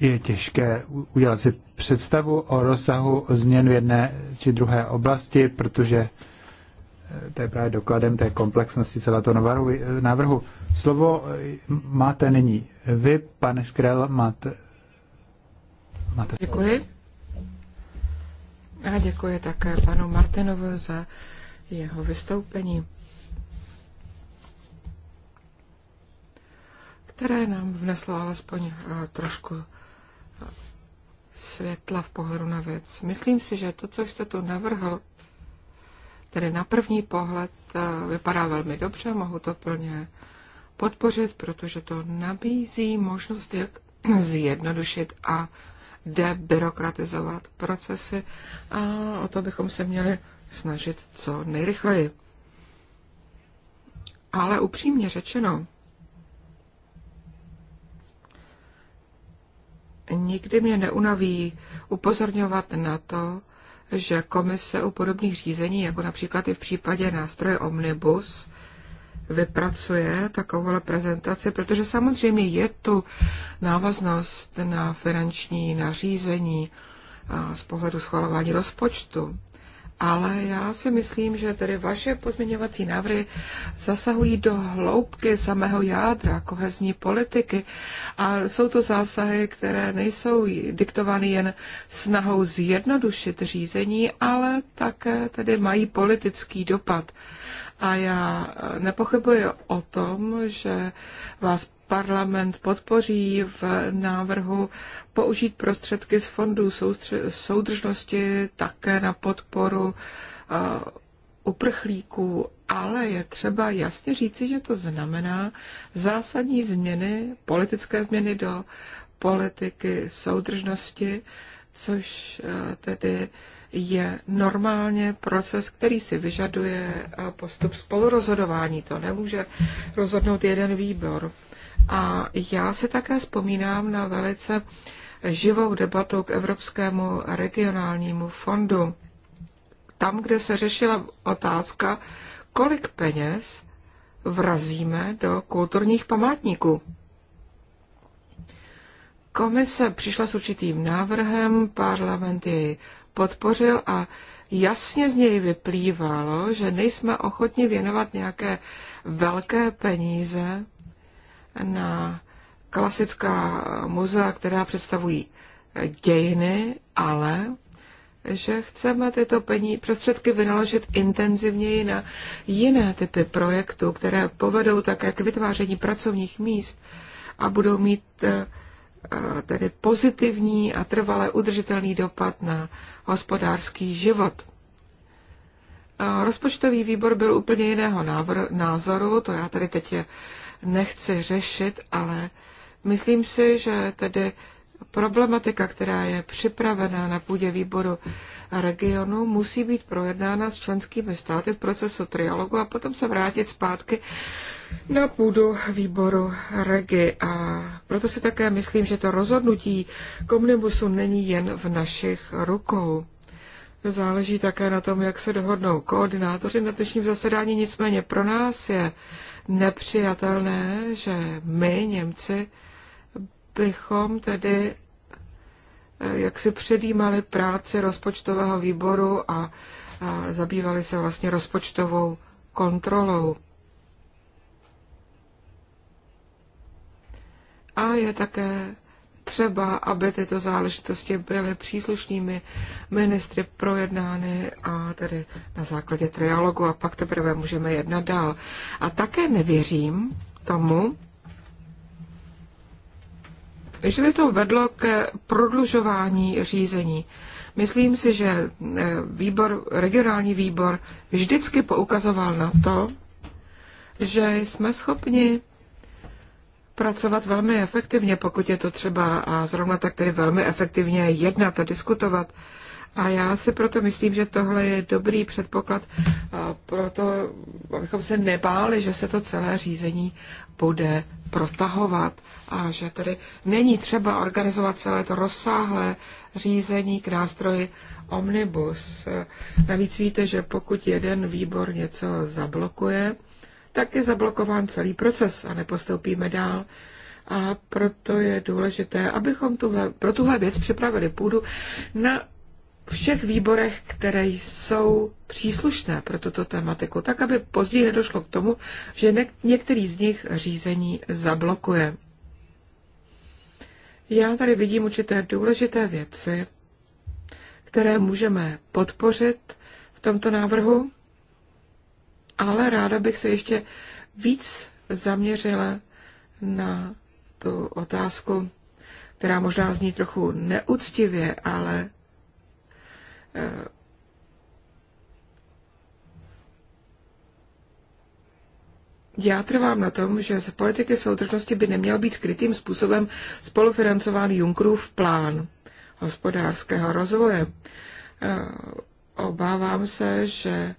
Je těžké udělat si představu o rozsahu změn v jedné či druhé oblasti, protože eh, to je právě dokladem té komplexnosti celého toho návrhu. Slovo eh, máte nyní vy, pane Skrel, máte, máte... Děkuji. A děkuji také panu Martinovu za jeho vystoupení, které nám vneslo alespoň eh, trošku eh, světla v pohledu na věc. Myslím si, že to, co jste tu navrhl, tedy na první pohled eh, vypadá velmi dobře, mohu to plně podpořit, protože to nabízí možnost, jak [clears throat] zjednodušit a debyrokratizovat procesy a o to bychom se měli snažit co nejrychleji. Ale upřímně řečeno, nikdy mě neunaví upozorňovat na to, že komise u podobných řízení, jako například i v případě nástroje Omnibus, vypracuje takovouhle prezentaci, protože samozřejmě je tu návaznost na finanční nařízení z pohledu schvalování rozpočtu. Ale já si myslím, že tedy vaše pozměňovací návrhy zasahují do hloubky samého jádra kohezní politiky a jsou to zásahy, které nejsou diktovány jen snahou zjednodušit řízení, ale také tedy mají politický dopad a já eh, nepochybuji o tom, že vás parlament podpoří v návrhu použít prostředky z fondů soudržnosti také na podporu eh, uprchlíků, ale je třeba jasně říci, že to znamená zásadní změny, politické změny do politiky soudržnosti, což eh, tedy je normálně proces, který si vyžaduje eh, postup spolurozhodování. To nemůže rozhodnout jeden výbor. A já se také vzpomínám na velice živou debatu k Evropskému regionálnímu fondu. Tam, kde se řešila otázka, kolik peněz vrazíme do kulturních památníků. Komise přišla s určitým návrhem, parlament jej podpořil a jasně z něj vyplývalo, že nejsme ochotni věnovat nějaké velké peníze na klasická muzea, která představují dějiny, ale že chceme tyto peníze, prostředky vynaložit intenzivněji na jiné typy projektů, které povedou také k vytváření pracovních míst a budou mít eh, tedy pozitivní a trvale udržitelný dopad na hospodářský život. Rozpočtový výbor byl úplně jiného názoru, to já tady teď nechci řešit, ale myslím si, že tedy problematika, která je připravená na půdě výboru regionu, musí být projednána s členskými státy v procesu trialogu a potom se vrátit zpátky na půdu výboru REGI a proto si také myslím, že to rozhodnutí komnibusu není jen v našich rukou. Záleží také na tom, jak se dohodnou koordinátoři na dnešním zasedání, nicméně pro nás je nepřijatelné, že my, Němci, bychom tedy eh, jak si předjímali práci rozpočtového výboru a, a zabývali se vlastně rozpočtovou kontrolou. a je také třeba, aby tyto záležitosti byly příslušnými ministry projednány a tedy na základě trialogu a pak teprve můžeme jednat dál. A také nevěřím tomu, že by to vedlo k prodlužování řízení. Myslím si, že eh, výbor, regionální výbor vždycky poukazoval na to, že jsme schopni pracovat velmi efektivně, pokud je to třeba, a zrovna tak tedy velmi efektivně jednat a diskutovat. A já si proto myslím, že tohle je dobrý předpoklad pro to, abychom se nebáli, že se to celé řízení bude protahovat a že tedy není třeba organizovat celé to rozsáhlé řízení k nástroji omnibus. Navíc víte, že pokud jeden výbor něco zablokuje, tak je zablokován celý proces a nepostoupíme dál. A proto je důležité, abychom tuhle, pro tuhle věc připravili půdu na všech výborech, které jsou příslušné pro tuto tematiku, tak aby později nedošlo k tomu, že ne- některý z nich řízení zablokuje. Já tady vidím určité důležité věci, které můžeme podpořit v tomto návrhu ale ráda bych se ještě víc zaměřila na tu otázku, která možná zní trochu neúctivě, ale eh, Já trvám na tom, že z politiky soudržnosti by neměl být skrytým způsobem spolufinancován Junckerův plán hospodářského rozvoje. Eh, obávám se, že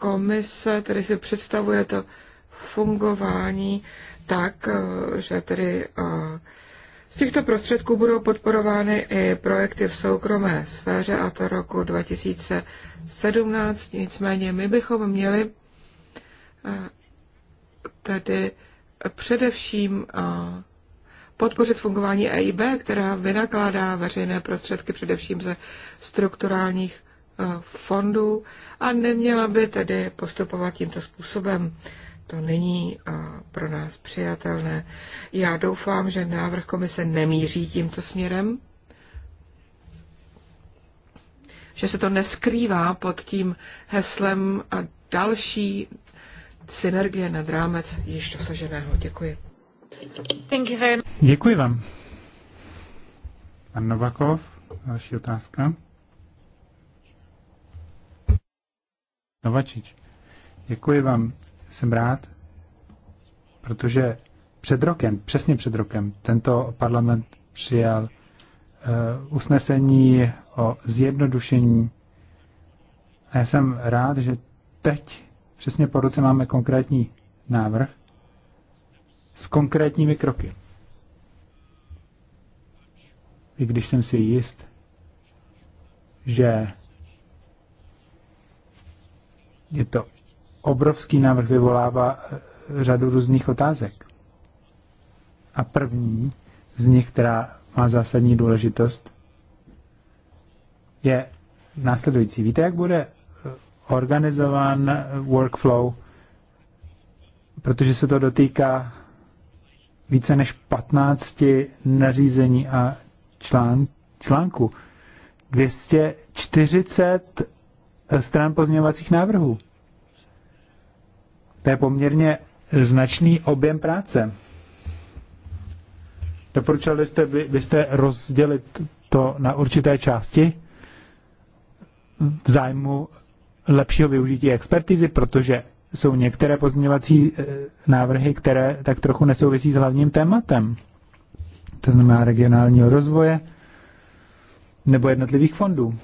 komise tedy si představuje to fungování tak, že tedy eh, z těchto prostředků budou podporovány i projekty v soukromé sféře a to roku 2017. Nicméně my bychom měli eh, tedy především eh, podpořit fungování EIB, která vynakládá veřejné prostředky především ze strukturálních Eh, fondů a neměla by tedy postupovat tímto způsobem. To není eh, pro nás přijatelné. Já doufám, že návrh komise nemíří tímto směrem, že se to neskrývá pod tím heslem a další synergie nad rámec již dosaženého. Děkuji. Thank you very much. Děkuji vám. Pan Novakov, další otázka. Novačič, děkuji vám. Jsem rád, protože před rokem, přesně před rokem, tento parlament přijal uh, usnesení o zjednodušení. A já jsem rád, že teď, přesně po roce, máme konkrétní návrh s konkrétními kroky. I když jsem si jist, že je to obrovský návrh, vyvolává eh, řadu různých otázek. A první z nich, která má zásadní důležitost, je následující. Víte, jak bude eh, organizován eh, workflow, protože se to dotýká více než 15 nařízení a článků. článku. 240 stran pozměňovacích návrhů. To je poměrně značný objem práce. Doporučovali jste, by, byste rozdělit to na určité části v zájmu lepšího využití expertizy, protože jsou některé pozměňovací eh, návrhy, které tak trochu nesouvisí s hlavním tématem. To znamená regionálního rozvoje nebo jednotlivých fondů.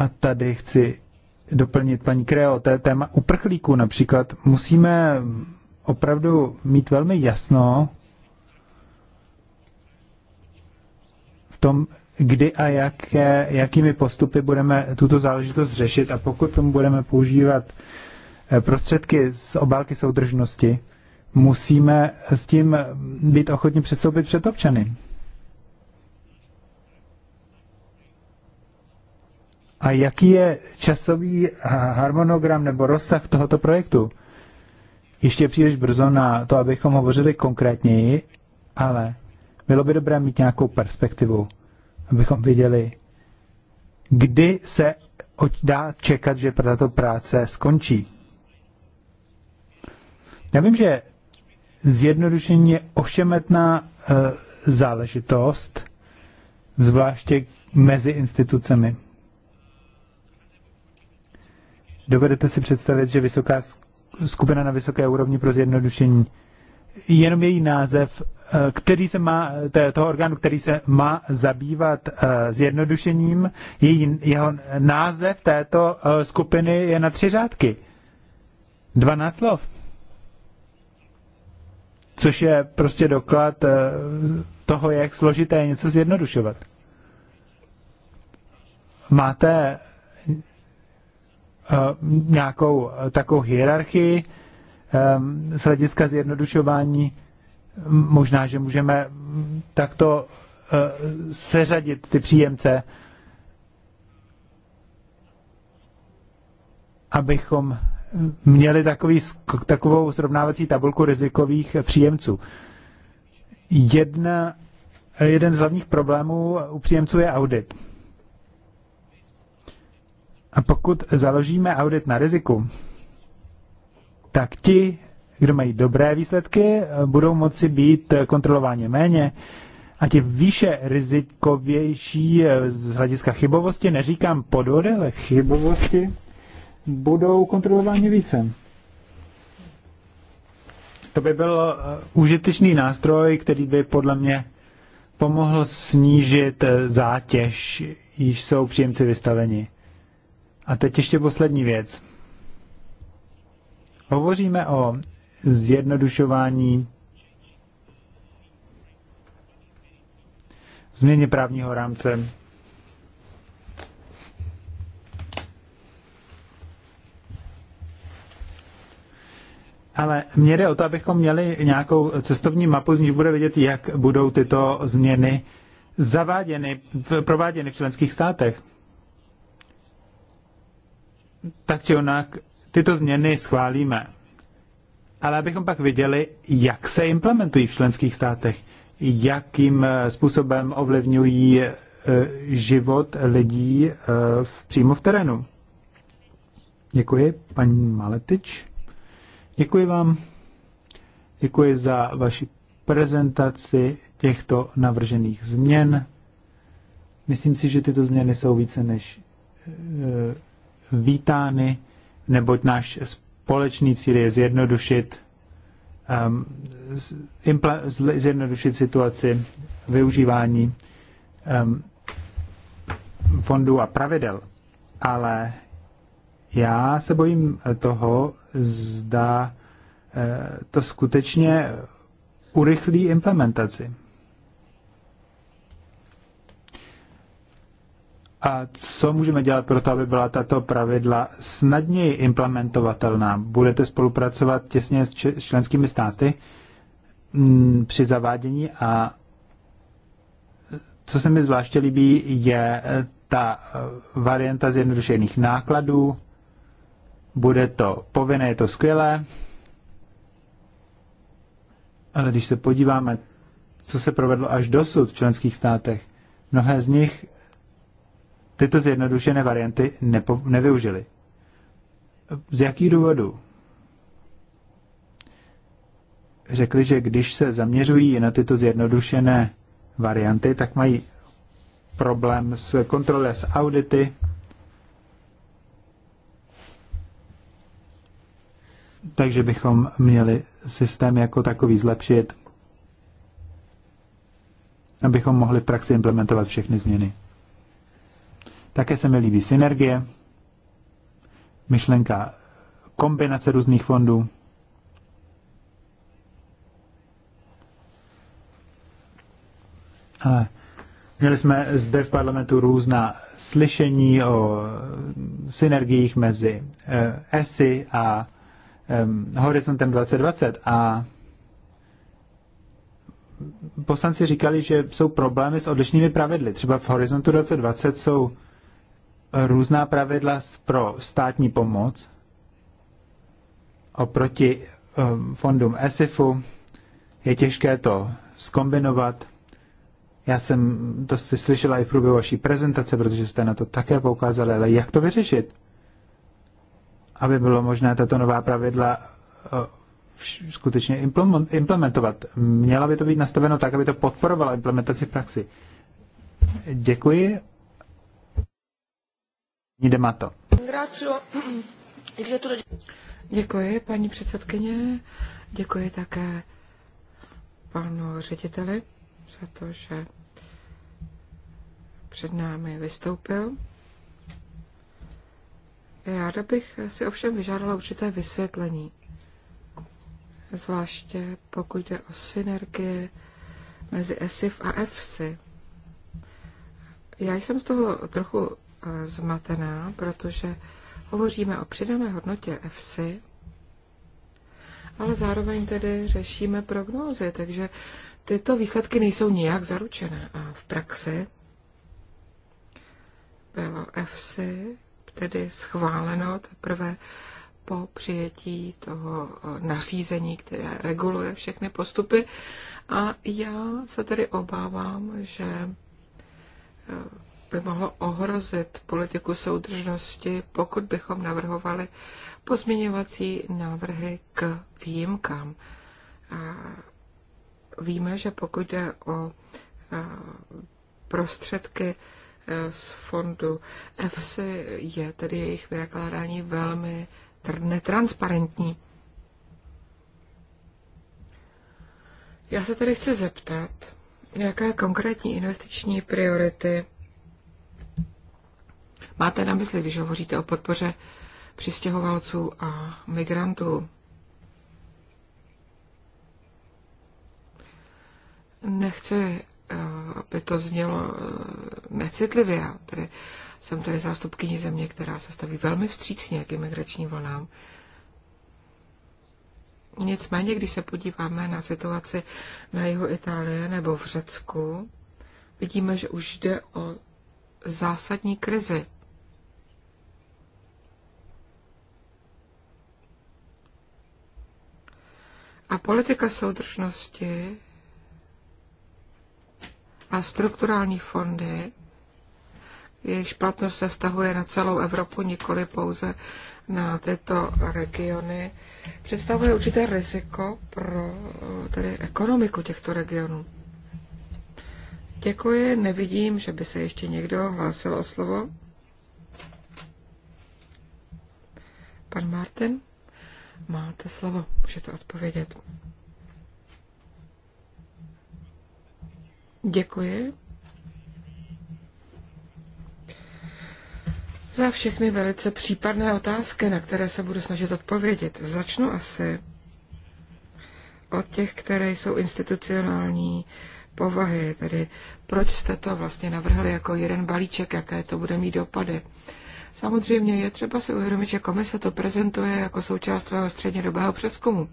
A tady chci doplnit paní Kreo, to je téma uprchlíků například. Musíme opravdu mít velmi jasno v tom, kdy a jaké, jakými postupy budeme tuto záležitost řešit a pokud tomu budeme používat eh, prostředky z obálky soudržnosti, musíme s tím být ochotni předstoupit před občany. A jaký je časový harmonogram nebo rozsah tohoto projektu? Ještě je příliš brzo na to, abychom hovořili konkrétněji, ale bylo by dobré mít nějakou perspektivu, abychom viděli, kdy se dá čekat, že tato práce skončí. Já vím, že zjednodušení je ošemetná e, záležitost, zvláště mezi institucemi. Dovedete si představit, že vysoká skupina na vysoké úrovni pro zjednodušení jenom její název, eh, který se má, eh, toho orgánu, který se má zabývat eh, zjednodušením, její, jeho název této skupiny je na tři řádky. 12 slov. Což je prostě doklad toho, jak složité je něco zjednodušovat. Máte Eh, nějakou eh, takovou hierarchii ehm, z hlediska zjednodušování. Možná, že můžeme takto eh, seřadit ty příjemce, abychom měli takový, takovou srovnávací tabulku rizikových příjemců. Jedna, jeden z hlavních problémů u příjemců je audit a pokud založíme audit na riziku, tak ti, kdo mají dobré výsledky, budou moci být kontrolováni méně. A ti výše rizikovější eh, z hlediska chybovosti, neříkám podvody, ale chybovosti, budou kontrolováni více. To by byl eh, užitečný nástroj, který by podle mě pomohl snížit eh, zátěž, již jsou příjemci vystaveni. A teď ještě poslední věc. Hovoříme o zjednodušování změně právního rámce. Ale mně jde o to, abychom měli nějakou cestovní mapu, z níž bude vidět, jak budou tyto změny zaváděny, prováděny v členských státech tak či onak tyto změny schválíme. Ale abychom pak viděli, jak se implementují v členských státech, jakým eh, způsobem ovlivňují eh, život lidí eh, v, přímo v terénu. Děkuji, paní Maletič. Děkuji vám. Děkuji za vaši prezentaci těchto navržených změn. Myslím si, že tyto změny jsou více než vítány, neboť náš společný cíl je zjednodušit, um, zjednodušit situaci využívání um, fondů a pravidel. Ale já se bojím toho, zda eh, to skutečně urychlí implementaci. A co můžeme dělat pro to, aby byla tato pravidla snadněji implementovatelná? Budete spolupracovat těsně s členskými státy mm, při zavádění a co se mi zvláště líbí, je eh, ta eh, varianta zjednodušených nákladů. Bude to povinné, je to skvělé. Ale když se podíváme, co se provedlo až dosud v členských státech, mnohé z nich tyto zjednodušené varianty nepo, nevyužili. Z jakých důvodů? Řekli, že když se zaměřují na tyto zjednodušené varianty, tak mají problém s kontrole, s audity. Takže bychom měli systém jako takový zlepšit, abychom mohli v praxi implementovat všechny změny. Také se mi líbí synergie, myšlenka kombinace různých fondů. Ale měli jsme zde v parlamentu různá slyšení o synergiích mezi eh, ESI a Horizontem 2020 a poslanci říkali, že jsou problémy s odlišnými pravidly. Třeba v Horizontu 2020 jsou různá pravidla pro státní pomoc oproti eh, fondům ESIFu. Je těžké to skombinovat. Já jsem to si slyšela i v průběhu vaší prezentace, protože jste na to také poukázali, ale jak to vyřešit? Aby bylo možné tato nová pravidla eh, skutečně implementovat. Měla by to být nastaveno tak, aby to podporovalo implementaci v praxi. Děkuji Demato. [clears throat] Děkuji, paní předsedkyně. Děkuji také panu řediteli za to, že před námi vystoupil. Já bych si ovšem vyžádala určité vysvětlení, zvláště pokud jde o synergie mezi ESIF a EFSI. Já jsem z toho trochu zmatená, protože hovoříme o přidané hodnotě FC, ale zároveň tedy řešíme prognózy, takže tyto výsledky nejsou nijak zaručené. A v praxi bylo FC tedy schváleno teprve po přijetí toho nařízení, které reguluje všechny postupy. A já se tedy obávám, že by mohlo ohrozit politiku soudržnosti, pokud bychom navrhovali pozměňovací návrhy k výjimkám. víme, že pokud jde o prostředky e, z fondu EFSI, je tedy jejich vynakládání velmi netransparentní. Já se tedy chci zeptat, jaké konkrétní investiční priority máte na mysli, když hovoříte o podpoře přistěhovalců a migrantů? Nechci, eh, aby to znělo eh, necitlivě. Já tady jsem tady zástupkyní země, která se staví velmi vstřícně k imigračním vlnám. Nicméně, když se podíváme na situaci na jihu Itálie nebo v Řecku, vidíme, že už jde o zásadní krizi. A politika soudržnosti a strukturální fondy, jejichž platnost se vztahuje na celou Evropu, nikoli pouze na tyto regiony, představuje určité riziko pro tedy ekonomiku těchto regionů. Děkuji, nevidím, že by se ještě někdo hlásil o slovo. Pan Martin? máte slovo, můžete odpovědět. Děkuji. Za všechny velice případné otázky, na které se budu snažit odpovědět. Začnu asi od těch, které jsou institucionální povahy, tedy proč jste to vlastně navrhli jako jeden balíček, jaké to bude mít dopady. Samozřejmě je třeba si uvědomit, že komise to prezentuje jako součást svého střednědobého přeskumu.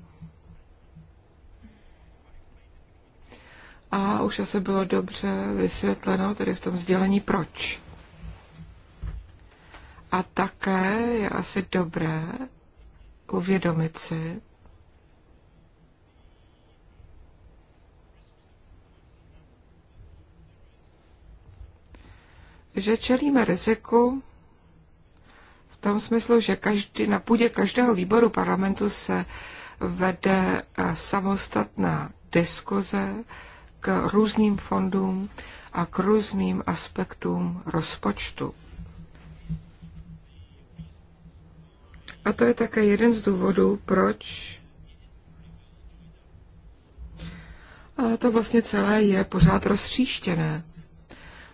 A už asi bylo dobře vysvětleno, tedy v tom sdělení, proč. A také je asi dobré uvědomit si, že čelíme riziku, tom smyslu, že každý, na půdě každého výboru parlamentu se vede eh, samostatná diskuze k různým fondům a k různým aspektům rozpočtu. A to je také jeden z důvodů, proč a to vlastně celé je pořád rozstříštěné.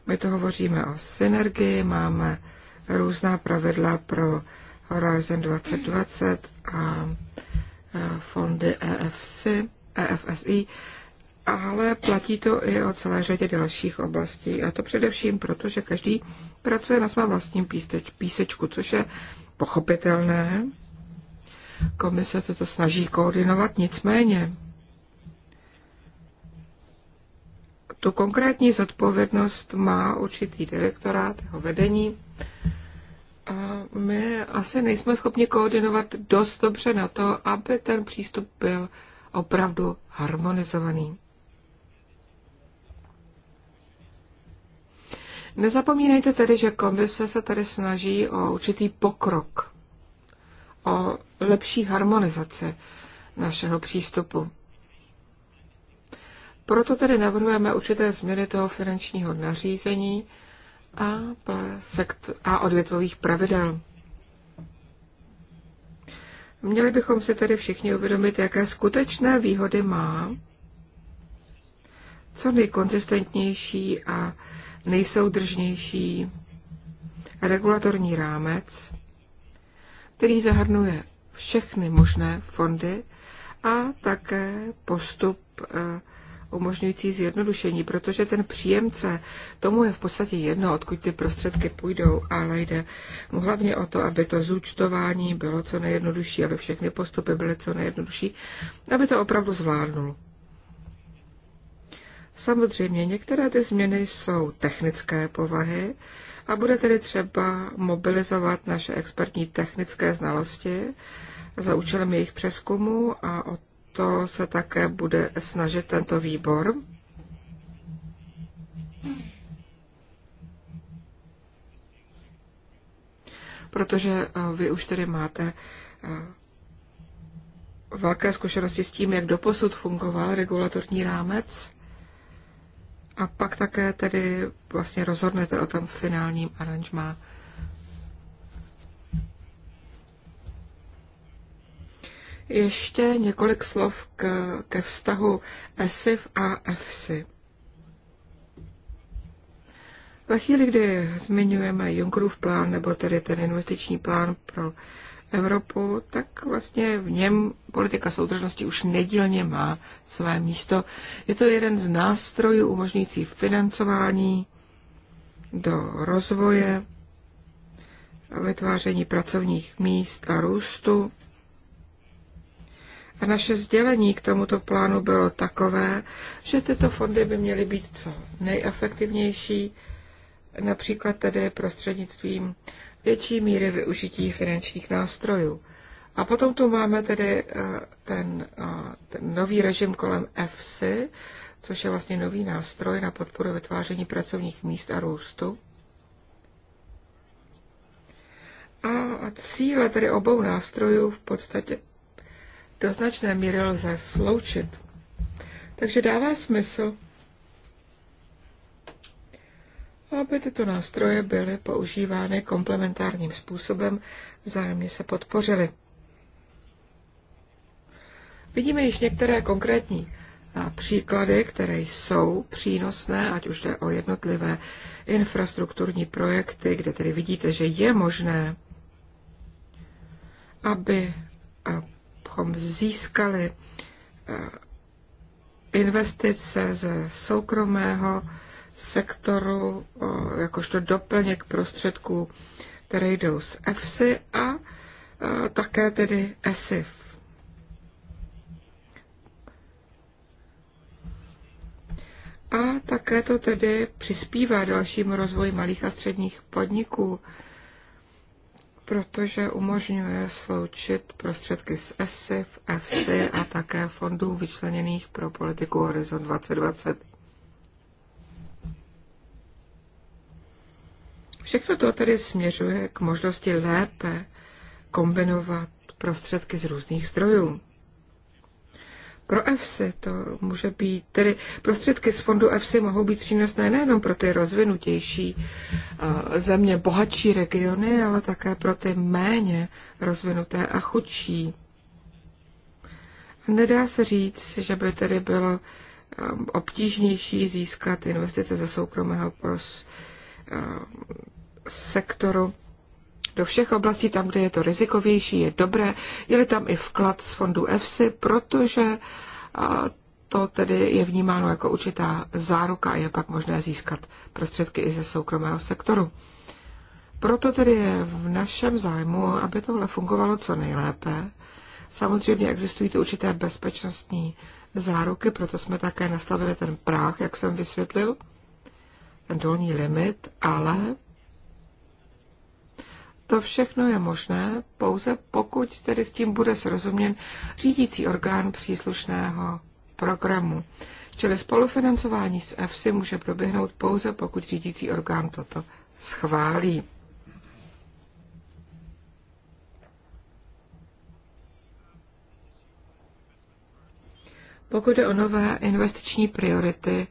My to hovoříme o synergii, máme různá pravidla pro Horizon 2020 a e, fondy EFC, EFSI, ale platí to i o celé řadě dalších oblastí. A to především proto, že každý pracuje na svém vlastním píseč, písečku, což je pochopitelné. Komise se to snaží koordinovat, nicméně tu konkrétní zodpovědnost má určitý direktorát, jeho vedení my asi nejsme schopni koordinovat dost dobře na to, aby ten přístup byl opravdu harmonizovaný. Nezapomínejte tedy, že komise se tady snaží o určitý pokrok, o lepší harmonizaci našeho přístupu. Proto tedy navrhujeme určité změny toho finančního nařízení, a, sekt, a odvětvových pravidel. Měli bychom si tedy všichni uvědomit, jaké skutečné výhody má co nejkonzistentnější a nejsoudržnější regulatorní rámec, který zahrnuje všechny možné fondy a také postup eh, umožňující zjednodušení, protože ten příjemce, tomu je v podstatě jedno, odkud ty prostředky půjdou, ale jde mu hlavně o to, aby to zúčtování bylo co nejjednodušší, aby všechny postupy byly co nejjednodušší, aby to opravdu zvládnul. Samozřejmě některé ty změny jsou technické povahy a bude tedy třeba mobilizovat naše expertní technické znalosti za účelem jejich přeskumu a o to se také bude snažit tento výbor. Protože eh, vy už tedy máte eh, velké zkušenosti s tím, jak doposud fungoval regulatorní rámec. A pak také tedy vlastně rozhodnete o tom finálním aranžmá. Ještě několik slov k, ke vztahu ESIF a EFSI. Ve chvíli, kdy zmiňujeme Junckerův plán, nebo tedy ten investiční plán pro Evropu, tak vlastně v něm politika soudržnosti už nedílně má své místo. Je to jeden z nástrojů umožňující financování do rozvoje, vytváření pracovních míst a růstu. A naše sdělení k tomuto plánu bylo takové, že tyto fondy by měly být co nejefektivnější, například tedy prostřednictvím větší míry využití finančních nástrojů. A potom tu máme tedy eh, ten, eh, ten nový režim kolem EFSI, což je vlastně nový nástroj na podporu vytváření pracovních míst a růstu. A cíle tedy obou nástrojů v podstatě do značné míry lze sloučit. Takže dává smysl, aby tyto nástroje byly používány komplementárním způsobem, vzájemně se podpořily. Vidíme již některé konkrétní příklady, které jsou přínosné, ať už jde o jednotlivé infrastrukturní projekty, kde tedy vidíte, že je možné, aby abychom získali eh, investice ze soukromého sektoru jakožto doplněk prostředků, které jdou z EFSI a eh, také tedy ESIF. A také to tedy přispívá dalšímu rozvoji malých a středních podniků protože umožňuje sloučit prostředky z ESIF, EFSI a také fondů vyčleněných pro politiku Horizon 2020. Všechno to tedy směřuje k možnosti lépe kombinovat prostředky z různých zdrojů pro EFSI. To může být, tedy prostředky z fondu EFSI mohou být přínosné nejenom pro ty rozvinutější eh, země, bohatší regiony, ale také pro ty méně rozvinuté a chudší. Nedá se říct, že by tedy bylo eh, obtížnější získat investice ze soukromého pros, eh, sektoru do všech oblastí, tam, kde je to rizikovější, je dobré. Je-li tam i vklad z fondu EFSI, protože to tedy je vnímáno jako určitá záruka a je pak možné získat prostředky i ze soukromého sektoru. Proto tedy je v našem zájmu, aby tohle fungovalo co nejlépe. Samozřejmě existují tu určité bezpečnostní záruky, proto jsme také nastavili ten práh, jak jsem vysvětlil, ten dolní limit, ale to všechno je možné, pouze pokud tedy s tím bude srozuměn řídící orgán příslušného programu. Čili spolufinancování s EFSI může proběhnout pouze, pokud řídící orgán toto schválí. Pokud je o nové investiční priority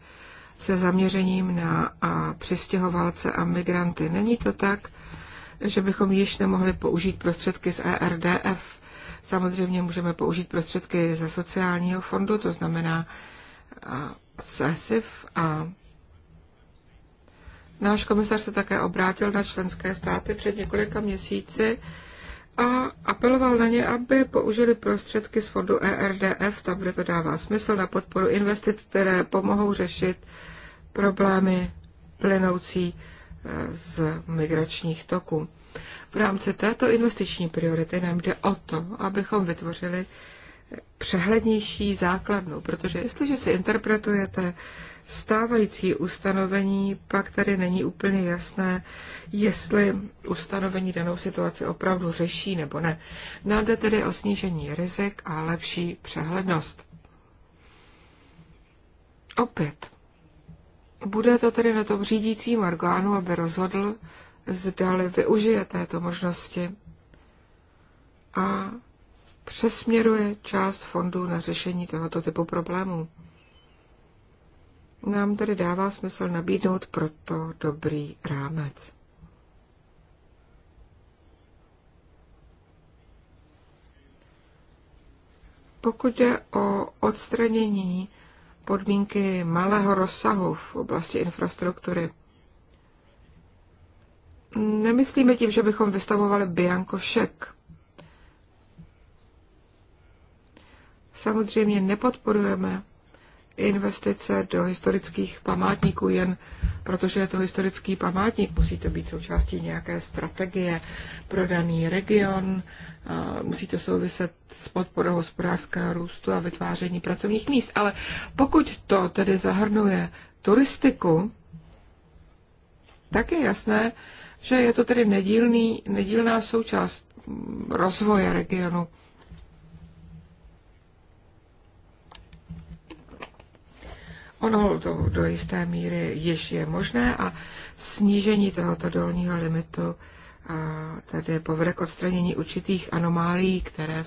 se zaměřením na a přistěhovalce a migranty, není to tak, že bychom již nemohli použít prostředky z ERDF. Samozřejmě můžeme použít prostředky ze sociálního fondu, to znamená CESIF a náš komisař se také obrátil na členské státy před několika měsíci a apeloval na ně, aby použili prostředky z fondu ERDF, tam, kde to dává smysl, na podporu investic, které pomohou řešit problémy plynoucí z migračních toků. V rámci této investiční priority nám jde o to, abychom vytvořili přehlednější základnu, protože jestliže si interpretujete stávající ustanovení, pak tady není úplně jasné, jestli ustanovení danou situaci opravdu řeší nebo ne. Nám jde tedy o snížení rizik a lepší přehlednost. Opět bude to tedy na tom řídícím orgánu, aby rozhodl, zdali využije této možnosti a přesměruje část fondů na řešení tohoto typu problémů. Nám tedy dává smysl nabídnout proto dobrý rámec. Pokud je o odstranění podmínky malého rozsahu v oblasti infrastruktury. Nemyslíme tím, že bychom vystavovali bianko šek. Samozřejmě nepodporujeme investice do historických památníků jen protože je to historický památník. Musí to být součástí nějaké strategie pro daný region musí to souviset s podporou hospodářského růstu a vytváření pracovních míst. Ale pokud to tedy zahrnuje turistiku, tak je jasné, že je to tedy nedílný, nedílná součást rozvoje regionu. Ono to do jisté míry již je možné a snížení tohoto dolního limitu tedy povede k odstranění určitých anomálií, které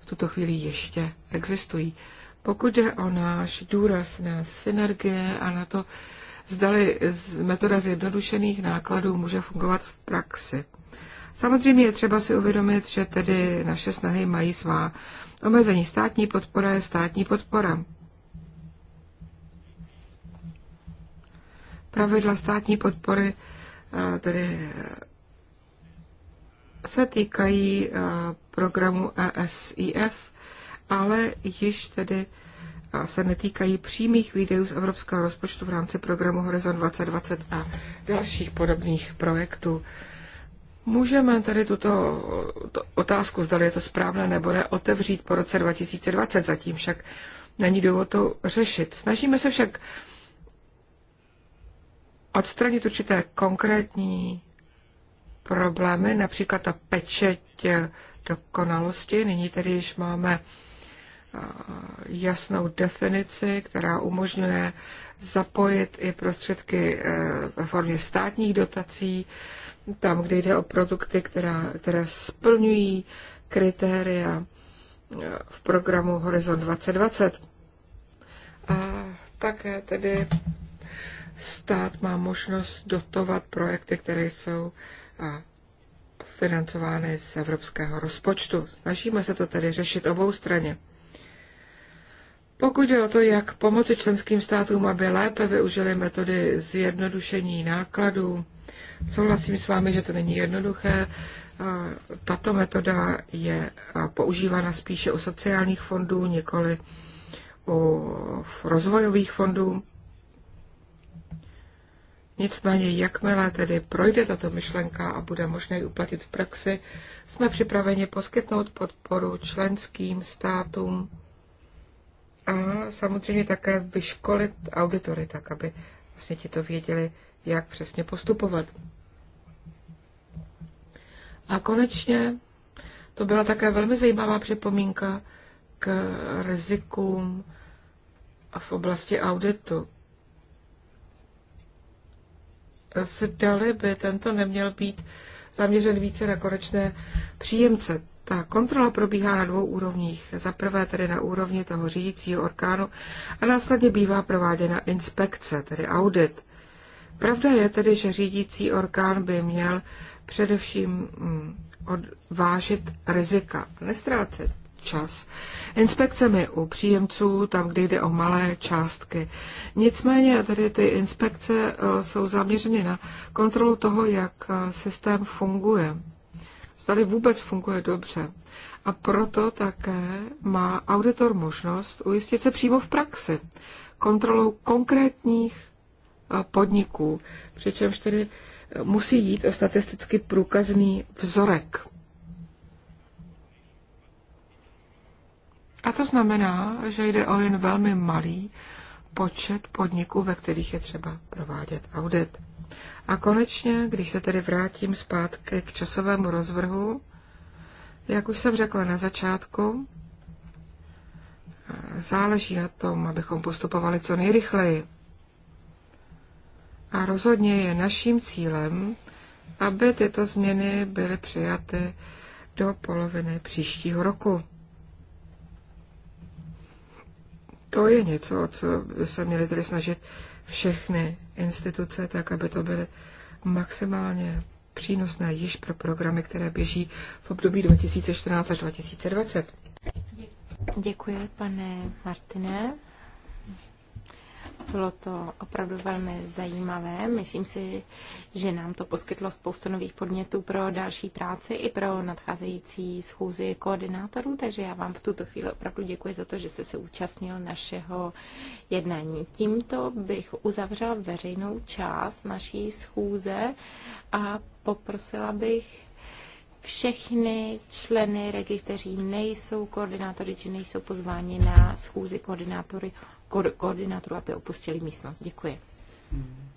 v tuto chvíli ještě existují. Pokud je o náš důraz na synergie a na to, zdali metoda zjednodušených nákladů může fungovat v praxi. Samozřejmě je třeba si uvědomit, že tedy naše snahy mají svá omezení. Státní podpora je státní podpora. Pravidla státní podpory eh, tedy se týkají eh, programu ESIF, ale již tedy eh, se netýkají přímých videů z evropského rozpočtu v rámci programu Horizon 2020 a dalších podobných projektů. Můžeme tedy tuto otázku, zda je to správné nebo ne, otevřít po roce 2020, zatím však není důvod to řešit. Snažíme se však odstranit určité konkrétní problémy, například ta pečeť eh, dokonalosti. Nyní tedy již máme eh, jasnou definici, která umožňuje zapojit i prostředky eh, ve formě státních dotací, tam, kde jde o produkty, která, které splňují kritéria v programu Horizon 2020. A také tedy stát má možnost dotovat projekty, které jsou a financovány z evropského rozpočtu. Snažíme se to tedy řešit obou straně. Pokud je o to, jak pomoci členským státům, aby lépe využili metody zjednodušení nákladů, souhlasím s vámi, že to není jednoduché. Tato metoda je používána spíše u sociálních fondů, nikoli u rozvojových fondů. Nicméně, jakmile tedy projde tato myšlenka a bude možné ji uplatit v praxi, jsme připraveni poskytnout podporu členským státům a samozřejmě také vyškolit auditory, tak aby vlastně ti to věděli, jak přesně postupovat. A konečně to byla také velmi zajímavá připomínka k rizikům v oblasti auditu zdali by tento neměl být zaměřen více na konečné příjemce. Ta kontrola probíhá na dvou úrovních. Za prvé tedy na úrovni toho řídícího orgánu a následně bývá prováděna inspekce, tedy audit. Pravda je tedy, že řídící orgán by měl především mm, odvážit rizika, nestrácet čas inspekcemi u příjemců, tam, kde jde o malé částky. Nicméně tady ty inspekce eh, jsou zaměřeny na kontrolu toho, jak eh, systém funguje. Tady vůbec funguje dobře. A proto také má auditor možnost ujistit se přímo v praxi kontrolou konkrétních eh, podniků, přičemž tedy musí jít o statisticky průkazný vzorek. A to znamená, že jde o jen velmi malý počet podniků, ve kterých je třeba provádět audit. A konečně, když se tedy vrátím zpátky k časovému rozvrhu, jak už jsem řekla na začátku, záleží na tom, abychom postupovali co nejrychleji. A rozhodně je naším cílem, aby tyto změny byly přijaty do poloviny příštího roku. to je něco, o co by se měly tedy snažit všechny instituce, tak aby to byly maximálně přínosné již pro programy, které běží v období 2014 až 2020. Děkuji, pane Martine bylo to opravdu velmi zajímavé. Myslím si, že nám to poskytlo spoustu nových podnětů pro další práci i pro nadcházející schůzi koordinátorů, takže já vám v tuto chvíli opravdu děkuji za to, že jste se účastnil našeho jednání. Tímto bych uzavřela veřejnou část naší schůze a poprosila bych všechny členy regi, kteří nejsou koordinátory či nejsou pozváni na schůzi koordinátory, koordinátorů, aby opustili místnost. Děkuji. Hmm.